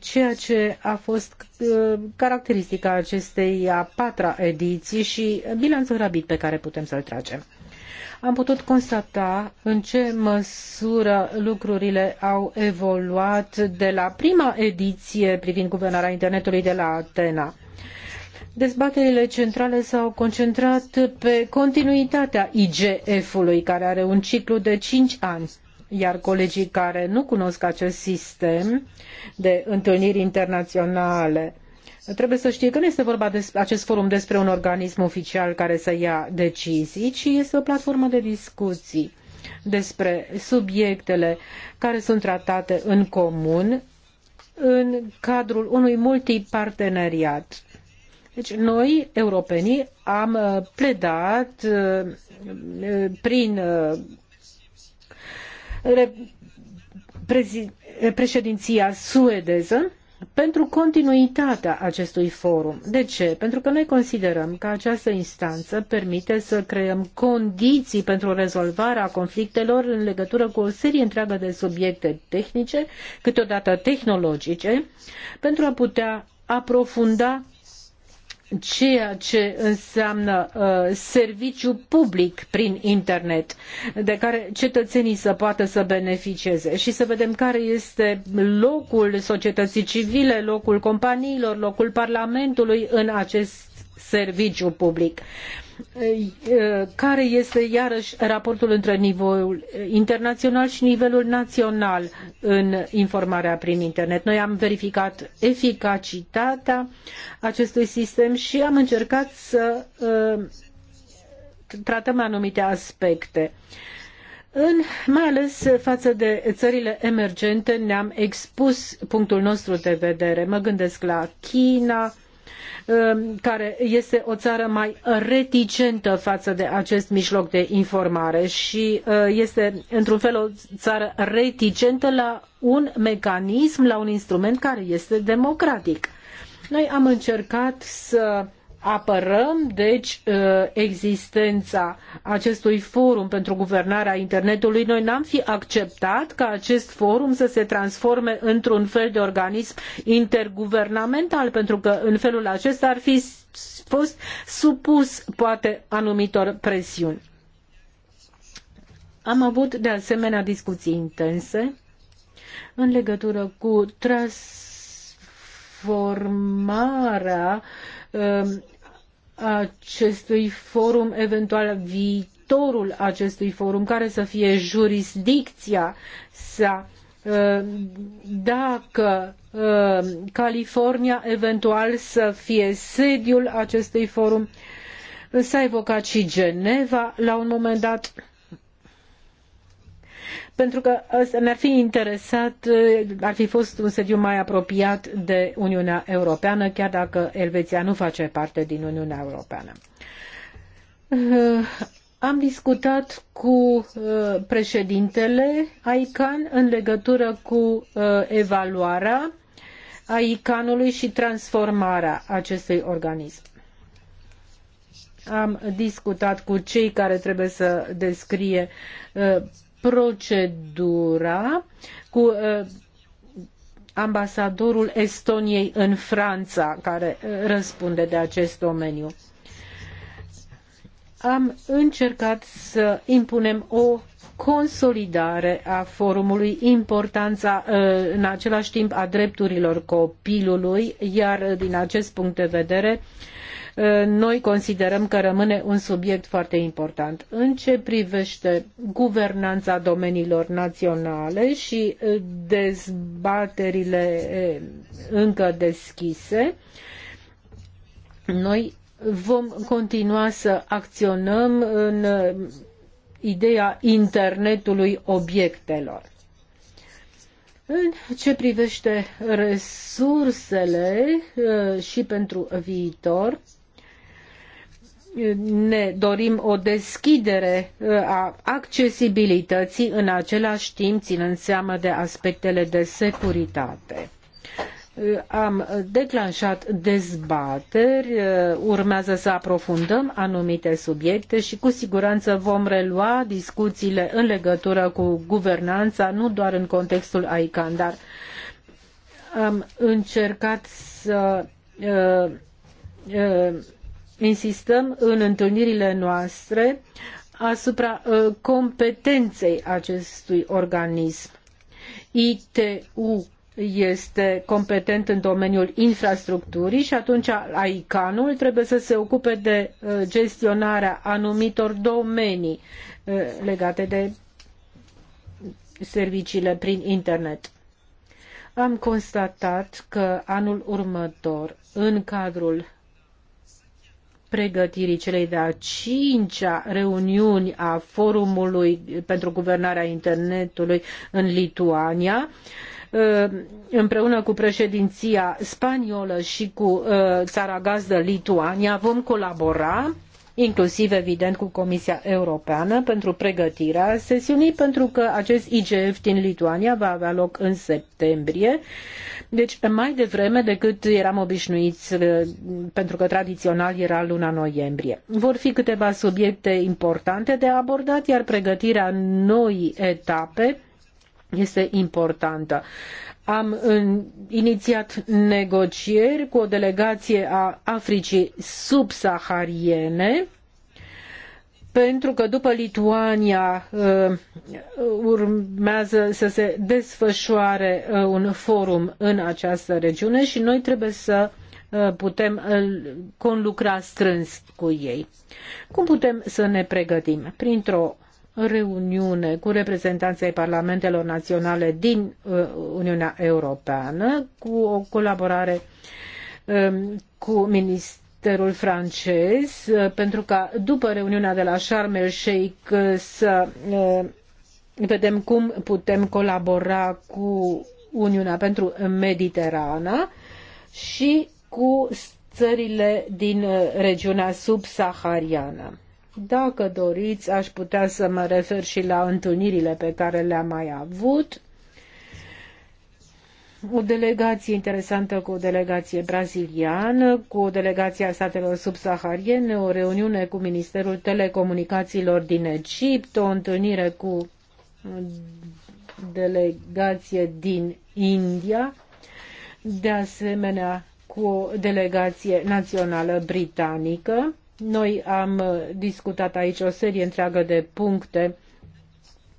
ceea ce a fost caracteristica acestei a patra ediții și bilanțul rapid pe care putem să-l tragem am putut constata în ce măsură lucrurile au evoluat de la prima ediție privind guvernarea internetului de la Atena. Dezbaterile centrale s-au concentrat pe continuitatea IGF-ului, care are un ciclu de cinci ani iar colegii care nu cunosc acest sistem de întâlniri internaționale trebuie să știe că nu este vorba despre acest forum despre un organism oficial care să ia decizii, ci este o platformă de discuții despre subiectele care sunt tratate în comun în cadrul unui multiparteneriat. Deci noi, europenii, am uh, pledat uh, uh, prin președinția suedeză pentru continuitatea acestui forum. De ce? Pentru că noi considerăm că această instanță permite să creăm condiții pentru rezolvarea conflictelor în legătură cu o serie întreagă de subiecte tehnice, câteodată tehnologice, pentru a putea aprofunda ceea ce înseamnă uh, serviciu public prin internet, de care cetățenii să poată să beneficieze și să vedem care este locul societății civile, locul companiilor, locul Parlamentului în acest serviciu public. Care este iarăși raportul între nivelul internațional și nivelul național în informarea prin internet? Noi am verificat eficacitatea acestui sistem și am încercat să tratăm anumite aspecte. În, mai ales față de țările emergente ne-am expus punctul nostru de vedere. Mă gândesc la China, Um, care este o țară mai reticentă față de acest mijloc de informare și uh, este într-un fel o țară reticentă la un mecanism, la un instrument care este democratic. Noi am încercat să Apărăm, deci, uh, existența acestui forum pentru guvernarea internetului. Noi n-am fi acceptat ca acest forum să se transforme într-un fel de organism interguvernamental, pentru că în felul acesta ar fi fost supus, poate, anumitor presiuni. Am avut, de asemenea, discuții intense în legătură cu transformarea um, acestui forum, eventual viitorul acestui forum, care să fie jurisdicția sa, uh, dacă uh, California eventual să fie sediul acestui forum. S-a evocat și Geneva la un moment dat pentru că ne ar fi interesat, eh, ar fi fost un sediu mai apropiat de Uniunea Europeană, chiar dacă Elveția nu face parte din Uniunea Europeană. Eh, am discutat cu eh, președintele ICAN în legătură cu evaluarea ICAN-ului și transformarea acestui organism. Am discutat cu cei care trebuie să descrie procedura cu uh, ambasadorul Estoniei în Franța, care uh, răspunde de acest domeniu. Am încercat să impunem o consolidare a forumului, importanța uh, în același timp a drepturilor copilului, iar din acest punct de vedere Eh, noi considerăm că rămâne un subiect foarte important. În ce privește guvernanța domeniilor naționale și eh, dezbaterile eh, încă deschise, noi vom continua să acționăm în ideea internetului obiectelor. În ce privește resursele și pentru viitor, ne dorim o deschidere uh, a accesibilității, în același timp ținând seama de aspectele de securitate. Uh, am declanșat dezbateri, uh, urmează să aprofundăm anumite subiecte și cu siguranță vom relua discuțiile în legătură cu guvernanța, nu doar în contextul ICAN, dar am încercat să uh, uh, insistăm în întâlnirile noastre asupra uh, competenței acestui organism. ITU este competent în domeniul infrastructurii și atunci ICAN-ul trebuie să se ocupe de uh, gestionarea anumitor domenii uh, legate de serviciile prin internet. Am constatat că anul următor, în cadrul pregătirii celei de-a cincea reuniuni a Forumului pentru Guvernarea Internetului în Lituania, uh, împreună cu președinția spaniolă și cu uh, țara gazdă Lituania vom colabora inclusiv, evident, cu Comisia Europeană pentru pregătirea sesiunii, pentru că acest IGF din Lituania va avea loc în septembrie, deci mai devreme decât eram obișnuiți, eh, pentru că tradițional era luna noiembrie. Vor fi câteva subiecte importante de abordat, iar pregătirea noii etape este importantă am iniiat inițiat negocieri cu o delegație a Africii subsahariene pentru că după Lituania uh, urmează să se desfășoare uh, un forum în această regiune și noi trebuie să uh, putem conlucra strâns cu ei. Cum putem să ne pregătim? Printr-o reuniune cu reprezentanții ai parlamentelor naționale din uh, Uniunea Europeană, cu o colaborare um, cu ministerul francez, uh, pentru ca după reuniunea de la Sharm el Sheikh să uh, vedem cum putem colabora cu Uniunea pentru Mediterana și cu țările din regiunea subsahariană. Dacă doriți, aș putea să mă refer și la întâlnirile pe care le-am mai avut. O delegație interesantă cu o delegație braziliană, cu o delegație a statelor subsahariene, o reuniune cu Ministerul Telecomunicațiilor din Egipt, o întâlnire cu delegație din India, de asemenea cu o delegație națională britanică noi am uh, discutat aici o serie întreagă de puncte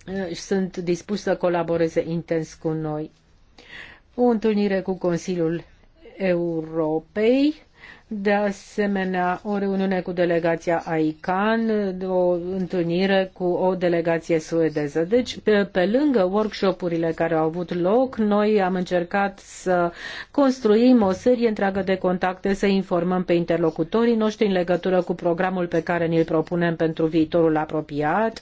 uh, și sunt dispuși să colaboreze intens cu noi. O întâlnire cu Consiliul Europei de asemenea o reuniune cu delegația AICAN, o întâlnire cu o delegație suedeză. Deci, pe, pe lângă workshopurile care au avut loc, noi am încercat să construim o serie întreagă de contacte, să informăm pe interlocutorii noștri în legătură cu programul pe care ni-l propunem pentru viitorul apropiat,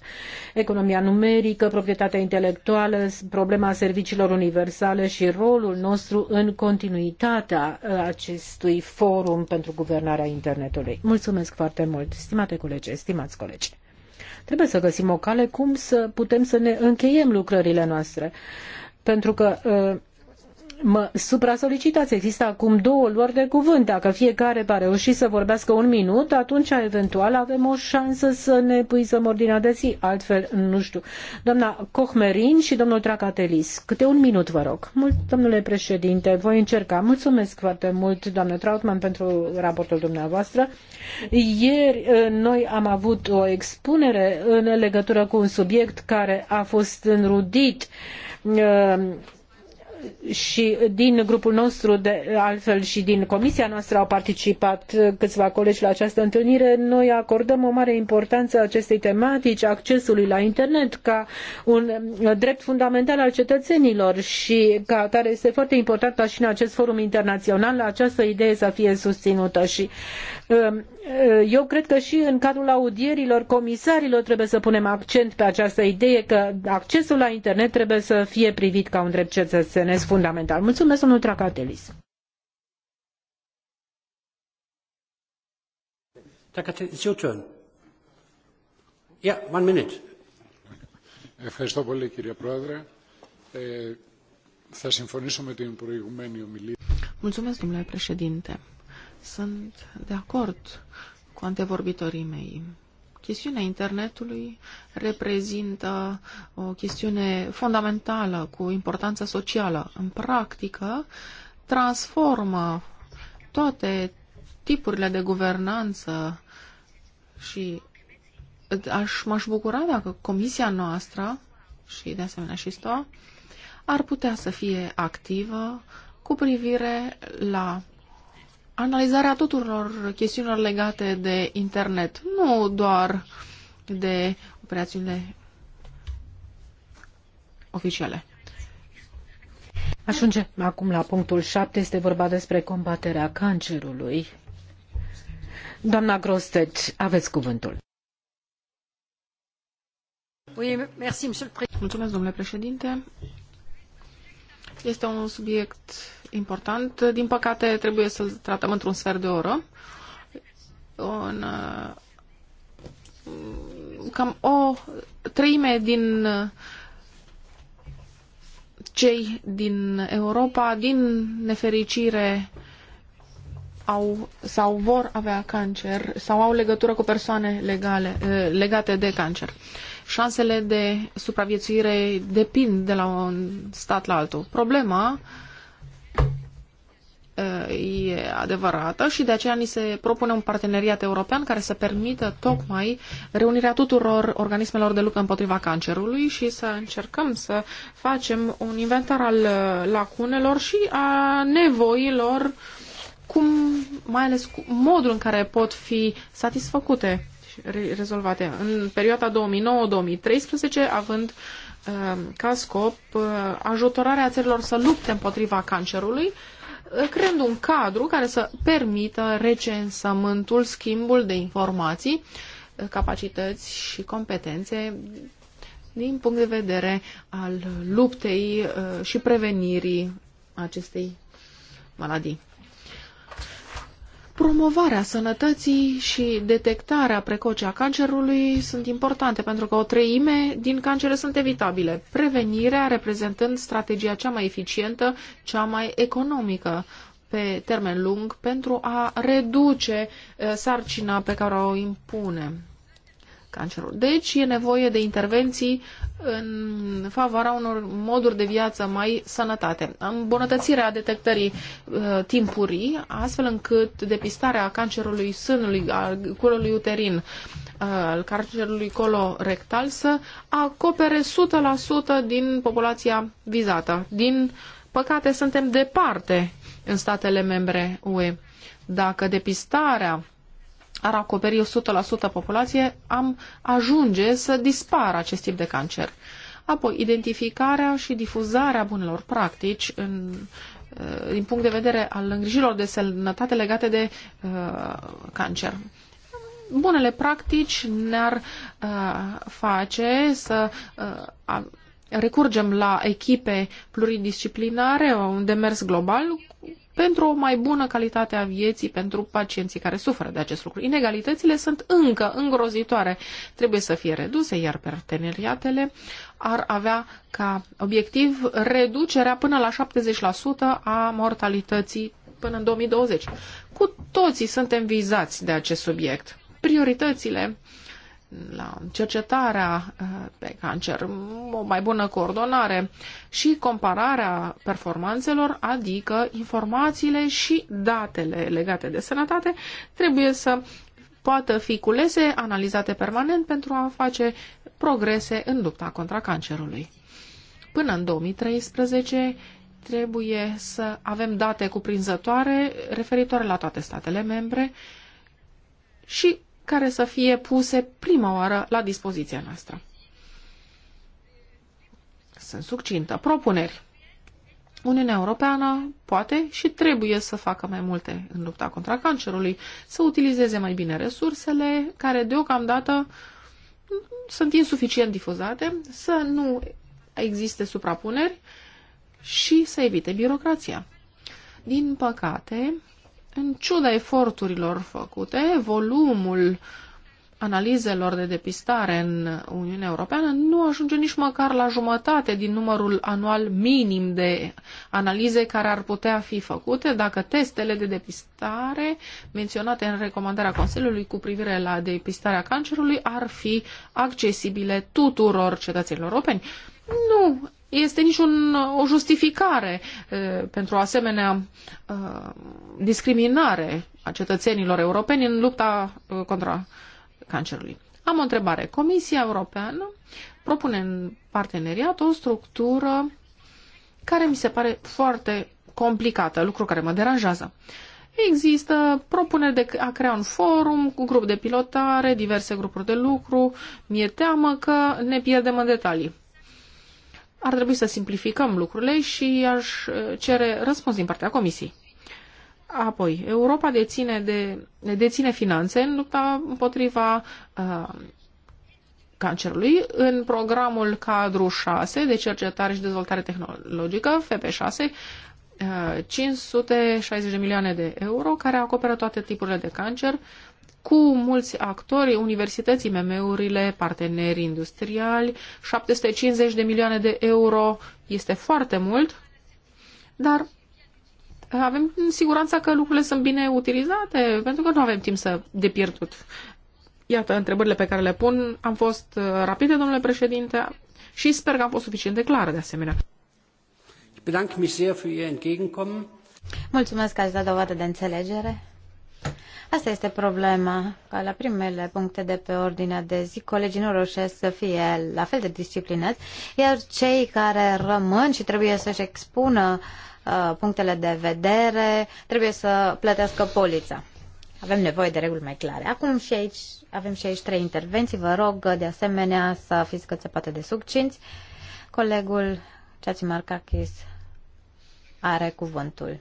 economia numerică, proprietatea intelectuală, problema serviciilor universale și rolul nostru în continuitatea acestui forum pentru pentru guvernarea internetului. Mulțumesc foarte mult, stimate colegi, stimați colegi. Trebuie să găsim o cale cum să putem să ne încheiem lucrările noastre, pentru că uh, mă supra-solicitați. Există acum două luări de cuvânt. Dacă fiecare va reuși să vorbească un minut, atunci eventual avem o șansă să ne puizăm ordinea de zi. Altfel, nu știu. Doamna Cohmerin și domnul Tracatelis, câte un minut vă rog. Mult, domnule președinte, voi încerca. Mulțumesc foarte mult, doamnă Trautman, pentru raportul dumneavoastră. Ieri uh, noi am avut o expunere în legătură cu un subiect care a fost înrudit uh, și din grupul nostru, de altfel și din comisia noastră au participat câțiva colegi la această întâlnire, noi acordăm o mare importanță acestei tematici, accesului la internet, ca un drept fundamental al cetățenilor și ca atare este foarte important ca și în acest forum internațional această idee să fie susținută și um, eu cred că și în cadrul audierilor comisarilor trebuie să punem accent pe această idee că accesul la internet trebuie să fie privit ca un drept cetățenesc menționez fundamental. Mulțumesc, domnul Tracatelis. Tracatelis, your turn. Yeah, one minute. Ευχαριστώ πολύ, κύριε Πρόεδρε. Ε, θα συμφωνήσω με την προηγουμένη ομιλία. Mulțumesc, domnule președinte. Sunt de acord cu antevorbitorii mei chestiunea internetului reprezintă o chestiune fundamentală cu importanță socială. În practică, transformă toate tipurile de guvernanță și aș, m-aș bucura dacă comisia noastră și de asemenea și STOA ar putea să fie activă cu privire la analizarea tuturor chestiunilor legate de internet, nu doar de operațiunile oficiale. Ajunge acum la punctul 7, este vorba despre combaterea cancerului. Doamna Grostet, aveți cuvântul. Mulțumesc, domnule președinte. Este un subiect important. Din păcate, trebuie să-l tratăm într-un sfert de oră. În, uh, cam o treime din uh, cei din Europa, din nefericire, au sau vor avea cancer sau au legătură cu persoane legale, uh, legate de cancer. Uh, Șansele de supraviețuire depind de la un stat la altul. Problema uh, e adevărată și de aceea ni se propune un parteneriat european care să permită tocmai reunirea tuturor organismelor de luptă împotriva cancerului și să încercăm să facem un inventar al uh, lacunelor și a nevoilor, cum, mai ales cu modul în care pot fi satisfăcute rezolvate în perioada 2009-2013, având uh, ca scop uh, ajutorarea țărilor să lupte împotriva cancerului, uh, creând un cadru care să permită recensământul, schimbul de informații, capacități și competențe din punct de vedere al luptei și prevenirii acestei maladii. Promovarea sănătății și detectarea precoce a cancerului sunt importante pentru că o treime din cancere sunt evitabile. Prevenirea reprezentând strategia cea mai eficientă, cea mai economică pe termen lung pentru a reduce eh, sarcina pe care o impunem cancerul. Deci e nevoie de intervenții în favoarea unor moduri de viață mai sănătate. Îmbunătățirea detectării uh, timpurii, astfel încât depistarea cancerului sânului, al culului uterin, uh, al cancerului colorectal să acopere 100% din populația vizată. Din păcate suntem departe în statele membre UE. Dacă depistarea ar acoperi 100% populație, am ajunge să dispară acest tip de cancer. Apoi, identificarea și difuzarea bunelor practici în, eh, din punct de vedere al îngrijilor de sănătate legate de uh, cancer bunele practici ne-ar uh, face să uh, recurgem la echipe pluridisciplinare, un demers global pentru o mai bună calitate a vieții pentru pacienții care suferă de acest lucru. Inegalitățile sunt încă îngrozitoare, trebuie să fie reduse, iar parteneriatele ar avea ca obiectiv reducerea până la 70% a mortalității până în 2020. Cu toții suntem vizați de acest subiect. Prioritățile uh, la cercetarea eh, pe cancer, o mai bună coordonare și compararea performanțelor, adică informațiile și datele legate de sănătate, trebuie să poată fi culese, analizate permanent pentru a face progrese în lupta contra cancerului. Până în 2013 trebuie să avem date cuprinzătoare referitoare la toate statele membre și care să fie puse prima oară la dispoziția noastră. Sunt succintă. Propuneri. Uniunea Europeană poate și trebuie să facă mai multe în lupta contra cancerului, să utilizeze mai bine resursele care deocamdată sunt insuficient difuzate, să nu existe suprapuneri și să evite birocrația. Din păcate, în ciuda eforturilor făcute, volumul analizelor de depistare în Uniunea Europeană nu ajunge nici măcar la jumătate din numărul anual minim de analize care ar putea fi făcute dacă testele de depistare menționate în recomandarea Consiliului cu privire la depistarea cancerului ar fi accesibile tuturor cetățenilor europeni. Nu este niciun o justificare pentru o asemenea uh, discriminare a cetățenilor europeni în lupta contra cancerului. Am o întrebare. Comisia Europeană propune în parteneriat o structură care mi se pare foarte complicată, lucru care mă deranjează. Există propuneri de a crea un forum cu grup de pilotare, diverse grupuri de lucru. Mi-e teamă că ne pierdem în detalii ar trebui să simplificăm lucrurile și aș eh, cere răspuns din partea Comisiei. Apoi, Europa deține, de, deține finanțe în lupta împotriva uh, cancerului în programul cadru 6 de cercetare și dezvoltare tehnologică, FP6, 560 eh, de milioane de euro, care acoperă toate tipurile de cancer, cu mulți actori, universități, MM-urile, parteneri industriali, 750 de milioane de euro este foarte mult, dar avem siguranța că lucrurile sunt bine utilizate, pentru că nu avem timp să de pierdut. Iată întrebările pe care le pun. Am fost uh, rapide, domnule președinte, și sper că am fost suficient de clară de asemenea. Mulțumesc că ați dat dovadă de înțelegere. Asta este problema, ca la primele puncte de pe ordinea de zi, colegii nu reușesc să fie la fel de disciplinați, iar cei care rămân și trebuie să-și expună uh, punctele de vedere, trebuie să plătească polița. Avem nevoie de reguli mai clare. Acum și aici, avem și aici trei intervenții. Vă rog, uh, de asemenea, să fiți cât se poate de succinți. Colegul Ceați Marcachis are cuvântul.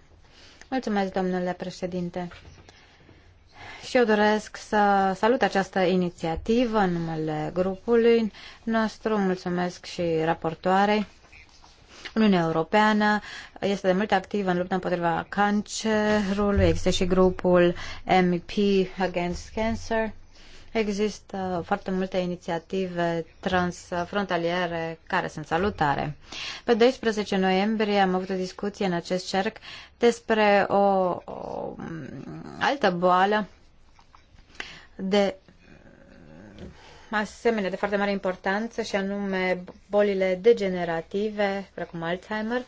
Mulțumesc, domnule președinte și eu doresc să salut această inițiativă în numele grupului nostru. Mulțumesc și raportoarei. Uniunea Europeană este de mult activă în lupta împotriva cancerului. Există și grupul MEP Against Cancer. Există foarte multe inițiative transfrontaliere care sunt salutare. Pe 12 noiembrie am avut o discuție în acest cerc despre o, o altă boală de uh, asemenea de foarte mare importanță și anume bolile degenerative, precum Alzheimer.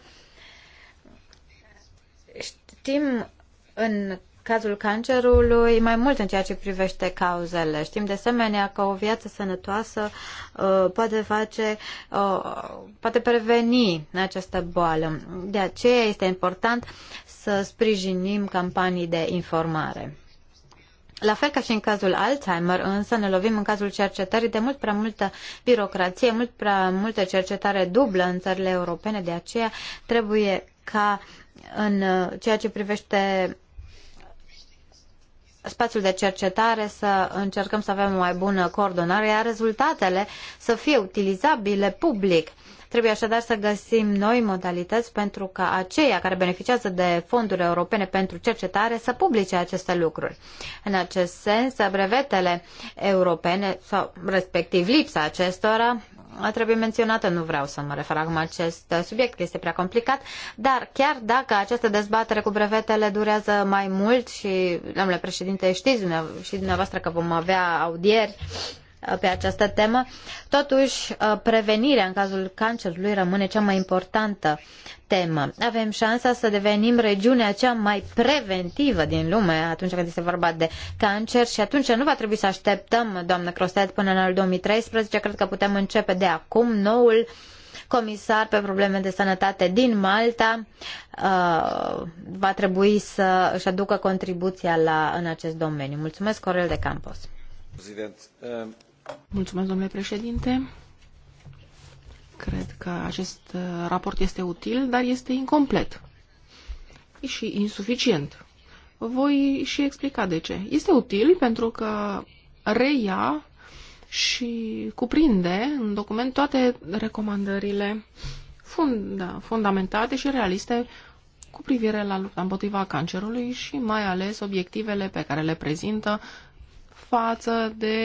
Știm în cazul cancerului mai mult în ceea ce privește cauzele. Știm de asemenea că o viață sănătoasă uh, poate face, uh, poate preveni această boală. De aceea este important să sprijinim campanii de informare. La fel ca și în cazul Alzheimer, însă ne lovim în cazul cercetării de mult prea multă birocrație, mult prea multă cercetare dublă în țările europene, de aceea trebuie ca în uh, ceea ce privește spațiul de cercetare să încercăm să avem o mai bună coordonare, iar rezultatele să fie utilizabile public. Trebuie așadar să găsim noi modalități pentru ca aceia care beneficiază de fonduri europene pentru cercetare să publice aceste lucruri. În acest sens, brevetele europene sau respectiv lipsa acestora trebuie menționată. Nu vreau să mă refer acum acest subiect, că este prea complicat, dar chiar dacă această dezbatere cu brevetele durează mai mult și, domnule președinte, știți și dumneavoastră că vom avea audieri uh, pe această temă. Totuși, ă, prevenirea în cazul cancerului rămâne cea mai importantă temă. Avem șansa să devenim regiunea cea mai preventivă din lume atunci când este vorba de cancer și atunci nu va trebui să așteptăm, doamnă Crostet, până în anul 2013. Cred că putem începe de acum noul comisar pe probleme de sănătate din Malta uh, va trebui să își aducă contribuția la, în acest domeniu. Mulțumesc, Corel de Campos. uh... Mulțumesc, domnule președinte. Cred că acest uh, raport este util, dar este incomplet și insuficient. Voi și explica de ce. Este util pentru că reia și cuprinde în document toate recomandările funda, da, fundamentate și realiste cu privire la lupta împotriva cancerului și mai ales obiectivele pe care le prezintă față de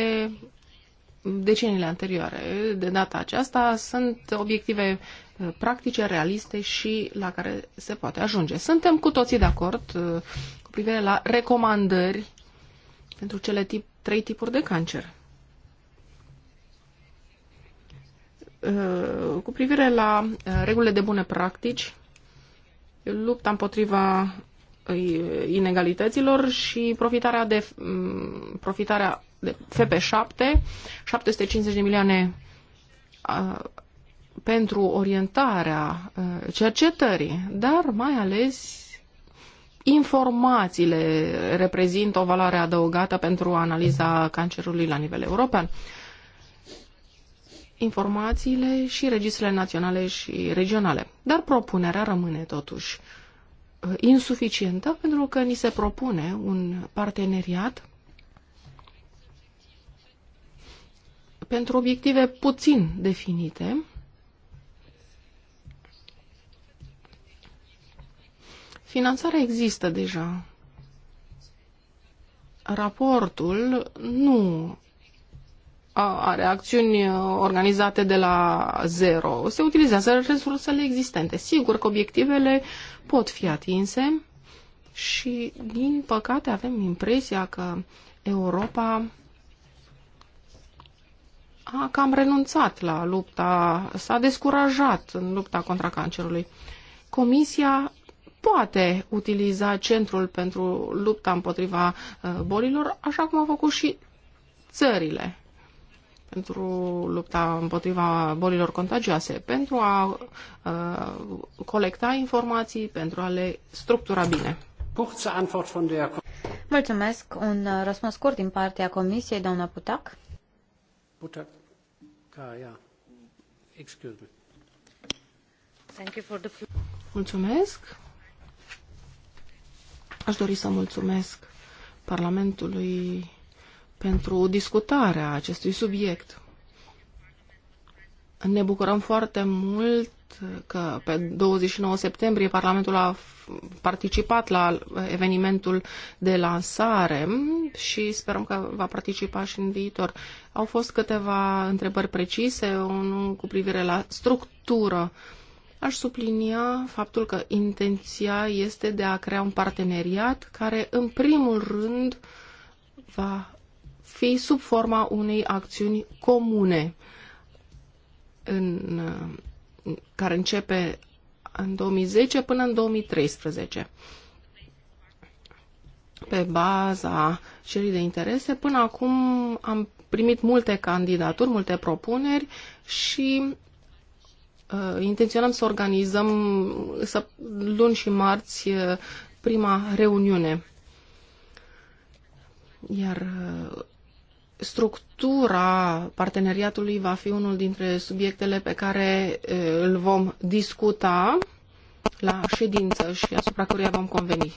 deceniile anterioare. De data aceasta sunt obiective uh, practice, realiste și la care se poate ajunge. Suntem cu toții de acord uh, cu privire la recomandări pentru cele tip, trei tipuri de cancer. Uh, cu privire la regulile de bune practici, lupta împotriva inegalităților și profitarea, de, mm, profitarea FP7, 750 de milioane pentru orientarea cercetării, dar mai ales informațiile reprezintă o valoare adăugată pentru analiza cancerului la nivel european. Informațiile și registrele naționale și regionale. Dar propunerea rămâne totuși insuficientă pentru că ni se propune un parteneriat pentru obiective puțin definite. Finanțarea există deja. Raportul nu are acțiuni organizate de la zero. Se utilizează resursele existente. Sigur că obiectivele pot fi atinse și, din păcate, avem impresia că Europa a cam renunțat la lupta, s-a descurajat în lupta contra cancerului. Comisia poate utiliza centrul pentru lupta împotriva uh, bolilor, așa cum au făcut și țările pentru lupta împotriva bolilor contagioase, pentru a uh, colecta informații, pentru a le structura bine. Mulțumesc. Un uh, răspuns scurt din partea Comisiei, doamna Putac. Putac. Ah, mulțumesc. Aș dori să mulțumesc Parlamentului pentru discutarea acestui subiect. Ne bucurăm foarte mult că pe 29 septembrie Parlamentul a participat la evenimentul de lansare și sperăm că va participa și în viitor. Au fost câteva întrebări precise, unul cu privire la structură. Aș sublinia faptul că intenția este de a crea un parteneriat care, în primul rând, va fi sub forma unei acțiuni comune în care începe în 2010 până în 2013. Pe baza șirii de interese, până acum am primit multe candidaturi, multe propuneri și uh, intenționăm să organizăm să, luni și marți uh, prima reuniune. Iar uh, structura parteneriatului va fi unul dintre subiectele pe care îl vom discuta la ședință și asupra căruia vom conveni.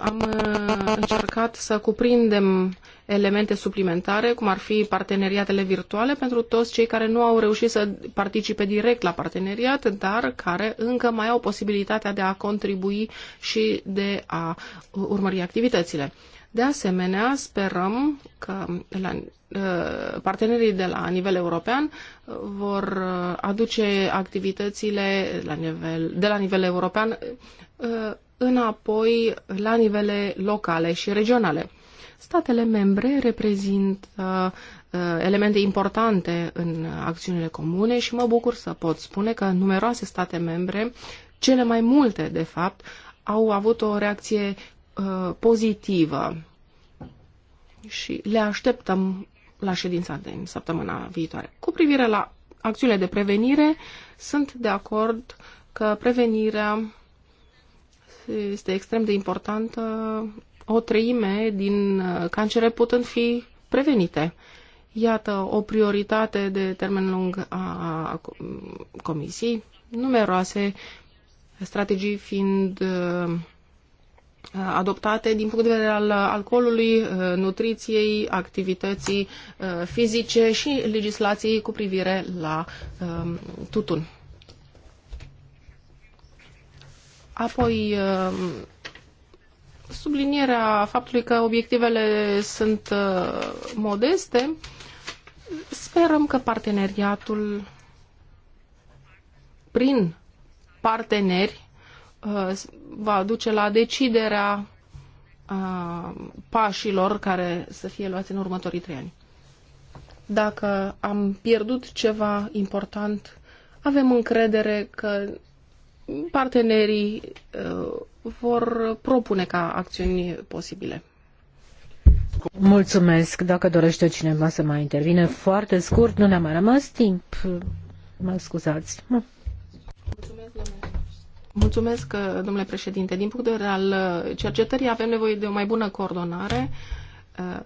Am încercat să cuprindem elemente suplimentare, cum ar fi parteneriatele virtuale pentru toți cei care nu au reușit să participe direct la parteneriat, dar care încă mai au posibilitatea de a contribui și de a urmări activitățile. De asemenea, sperăm că la, ă, partenerii de la nivel european vor aduce activitățile la nivel, de la nivel european ă, înapoi la nivele locale și regionale. Statele membre reprezintă ă, elemente importante în acțiunile comune și mă bucur să pot spune că numeroase state membre, cele mai multe de fapt, au avut o reacție Uh, pozitivă și le așteptăm la ședința de săptămâna viitoare. Cu privire la acțiunile de prevenire, sunt de acord că prevenirea este extrem de importantă. O treime din uh, cancere putând fi prevenite. Iată o prioritate de termen lung a Comisiei, numeroase strategii fiind uh, Uh, adoptate din punct de vedere al alcoolului, uh, nutriției, activității uh, fizice și legislației cu privire la um, tutun. Apoi, um, sublinierea faptului că obiectivele sunt modeste, sperăm că parteneriatul prin parteneri Uh, va duce la deciderea uh, pașilor care să fie luați în următorii trei ani. Dacă am pierdut ceva important, avem încredere că partenerii uh, vor propune ca acțiuni posibile. Mulțumesc. Dacă dorește cineva să mai intervine, foarte scurt, nu ne-a mai rămas timp. Mă scuzați. Mulțumesc, uh, domnule președinte. Din punct de vedere al uh, cercetării avem nevoie de o mai bună coordonare uh,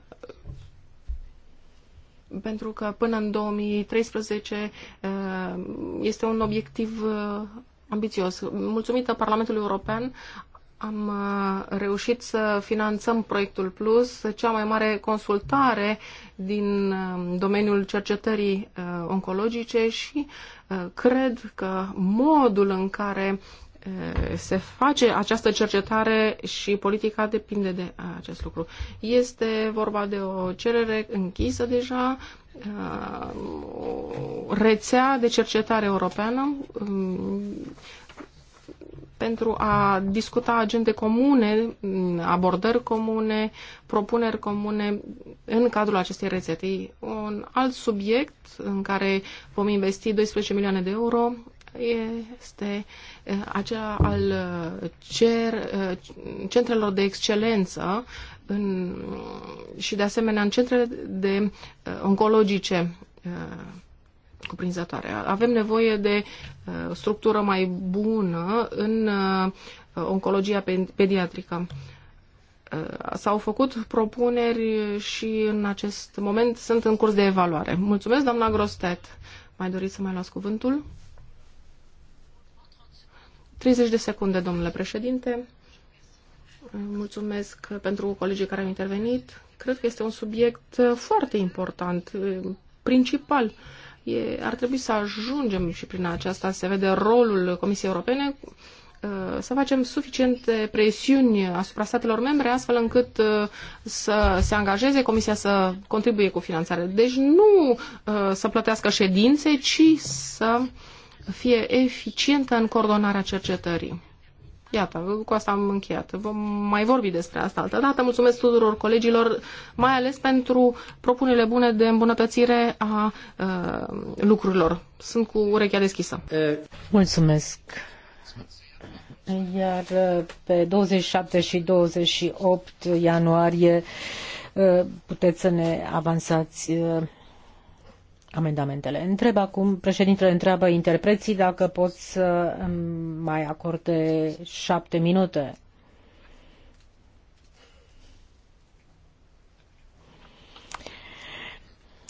pentru că până în 2013 este un obiectiv ambițios. Mulțumită Parlamentului European am reușit să finanțăm Proiectul Plus, cea mai mare consultare din domeniul cercetării oncologice și cred că modul în care Eh, se face această cercetare și politica depinde de acest lucru. Este vorba de o cerere închisă deja, eh, o rețea de cercetare europeană mm, pentru a discuta agende comune, mm, abordări comune, propuneri comune în cadrul acestei rețete. Un alt subiect în care vom investi 12 milioane de euro este eh, acela al eh, cer, eh, centrelor de excelență în, și de asemenea în centrele de oncologice cuprinzătoare. Avem nevoie de o structură mai bună în oncologia pediatrică. S-au făcut propuneri și în acest moment sunt în curs de evaluare. Mulțumesc, doamna Grostet. Mai doriți să mai luați cuvântul? 30 de secunde, domnule președinte. Mulțumesc pentru colegii care au intervenit. Cred că este un subiect foarte important, principal. E, ar trebui să ajungem și prin aceasta se vede rolul Comisiei Europene uh, să facem suficiente presiuni asupra statelor membre astfel încât uh, să se angajeze Comisia să contribuie cu finanțare. Deci nu uh, să plătească ședințe, ci să uh, fie eficientă în coordonarea cercetării. Iată, cu asta am încheiat. Vom mai vorbi despre asta altă dată. Mulțumesc tuturor colegilor, mai ales pentru propunerile bune de îmbunătățire a uh, lucrurilor. Sunt cu urechea deschisă. Mulțumesc. Iar uh, pe 27 și 28 ianuarie uh, puteți să ne avansați uh, amendamentele. Întreb acum, președintele întreabă interpreții dacă pot să um, mai acorde șapte minute.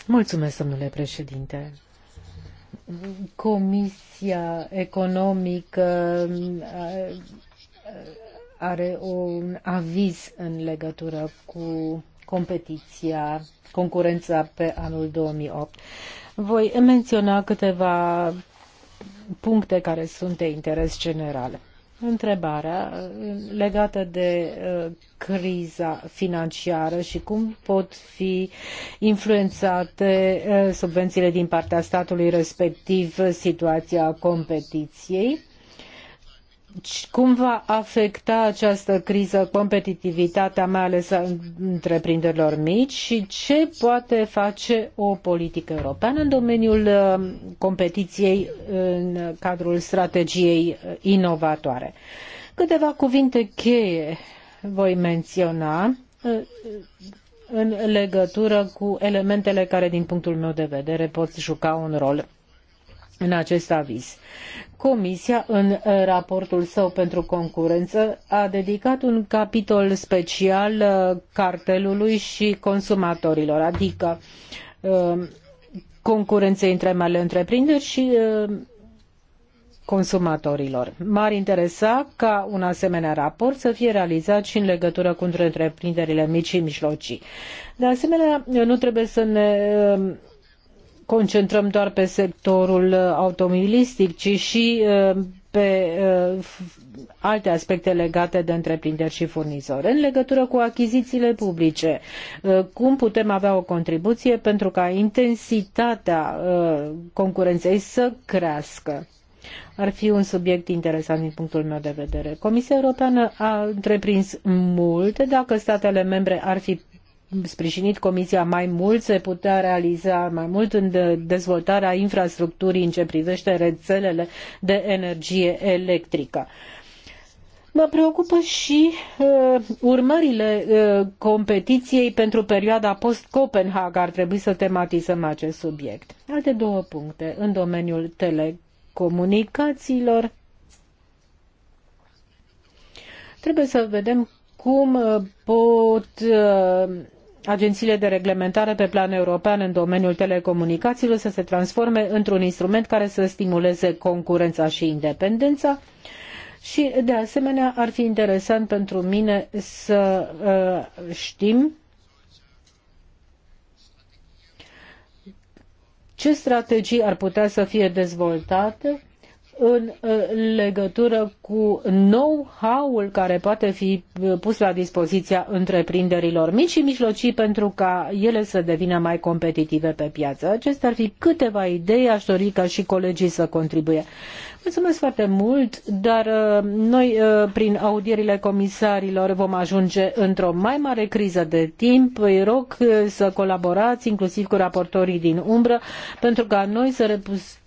Mulțumesc, domnule președinte. Comisia economică um, are un aviz în legătură cu competiția, concurența pe anul 2008. Voi menționa câteva puncte care sunt de interes general. Întrebarea uh, legată de uh, criza financiară și cum pot fi influențate uh, subvențiile din partea statului, respectiv situația competiției cum va afecta această criză competitivitatea, mai ales a întreprinderilor mici și ce poate face o politică europeană în domeniul uh, competiției în cadrul strategiei uh, inovatoare. Câteva cuvinte cheie voi menționa uh, în legătură cu elementele care, din punctul meu de vedere, pot juca un rol în acest aviz. Comisia, în uh, raportul său pentru concurență, a dedicat un capitol special uh, cartelului și consumatorilor, adică uh, concurenței între mele întreprinderi și consumatorilor. M-ar interesa ca un asemenea raport să fie realizat și în legătură cu întreprinderile mici și mijlocii. De asemenea, nu trebuie să ne concentrăm doar pe sectorul uh, automobilistic, ci și uh, pe uh, alte aspecte legate de întreprinderi și furnizori. În legătură cu achizițiile publice, cum putem avea o contribuție pentru ca intensitatea concurenței să crească? Ar fi un subiect interesant din punctul meu de vedere. Comisia Europeană a întreprins multe dacă statele membre ar fi sprijinit Comisia mai mult, se putea realiza mai mult în dezvoltarea infrastructurii în ce privește rețelele de energie electrică. Mă preocupă și uh, urmările uh, competiției pentru perioada post-Copenhaga. Ar trebui să tematizăm acest subiect. Alte două puncte în domeniul telecomunicațiilor. Trebuie să vedem cum uh, pot uh, agențiile de reglementare pe plan european în domeniul telecomunicațiilor să se transforme într-un instrument care să stimuleze concurența și independența și, de asemenea, ar fi interesant pentru mine să uh, știm ce strategii ar putea să fie dezvoltate în uh, legătură cu know-how-ul care poate fi uh, pus la dispoziția întreprinderilor mici și mijlocii pentru ca ele să devină mai competitive pe piață. Acestea ar fi câteva idei, aș dori ca și colegii să contribuie. Mulțumesc foarte mult, dar uh, noi prin audierile comisarilor vom ajunge într-o mai mare criză de timp. Îi rog să colaborați inclusiv cu raportorii din umbră pentru ca noi să repus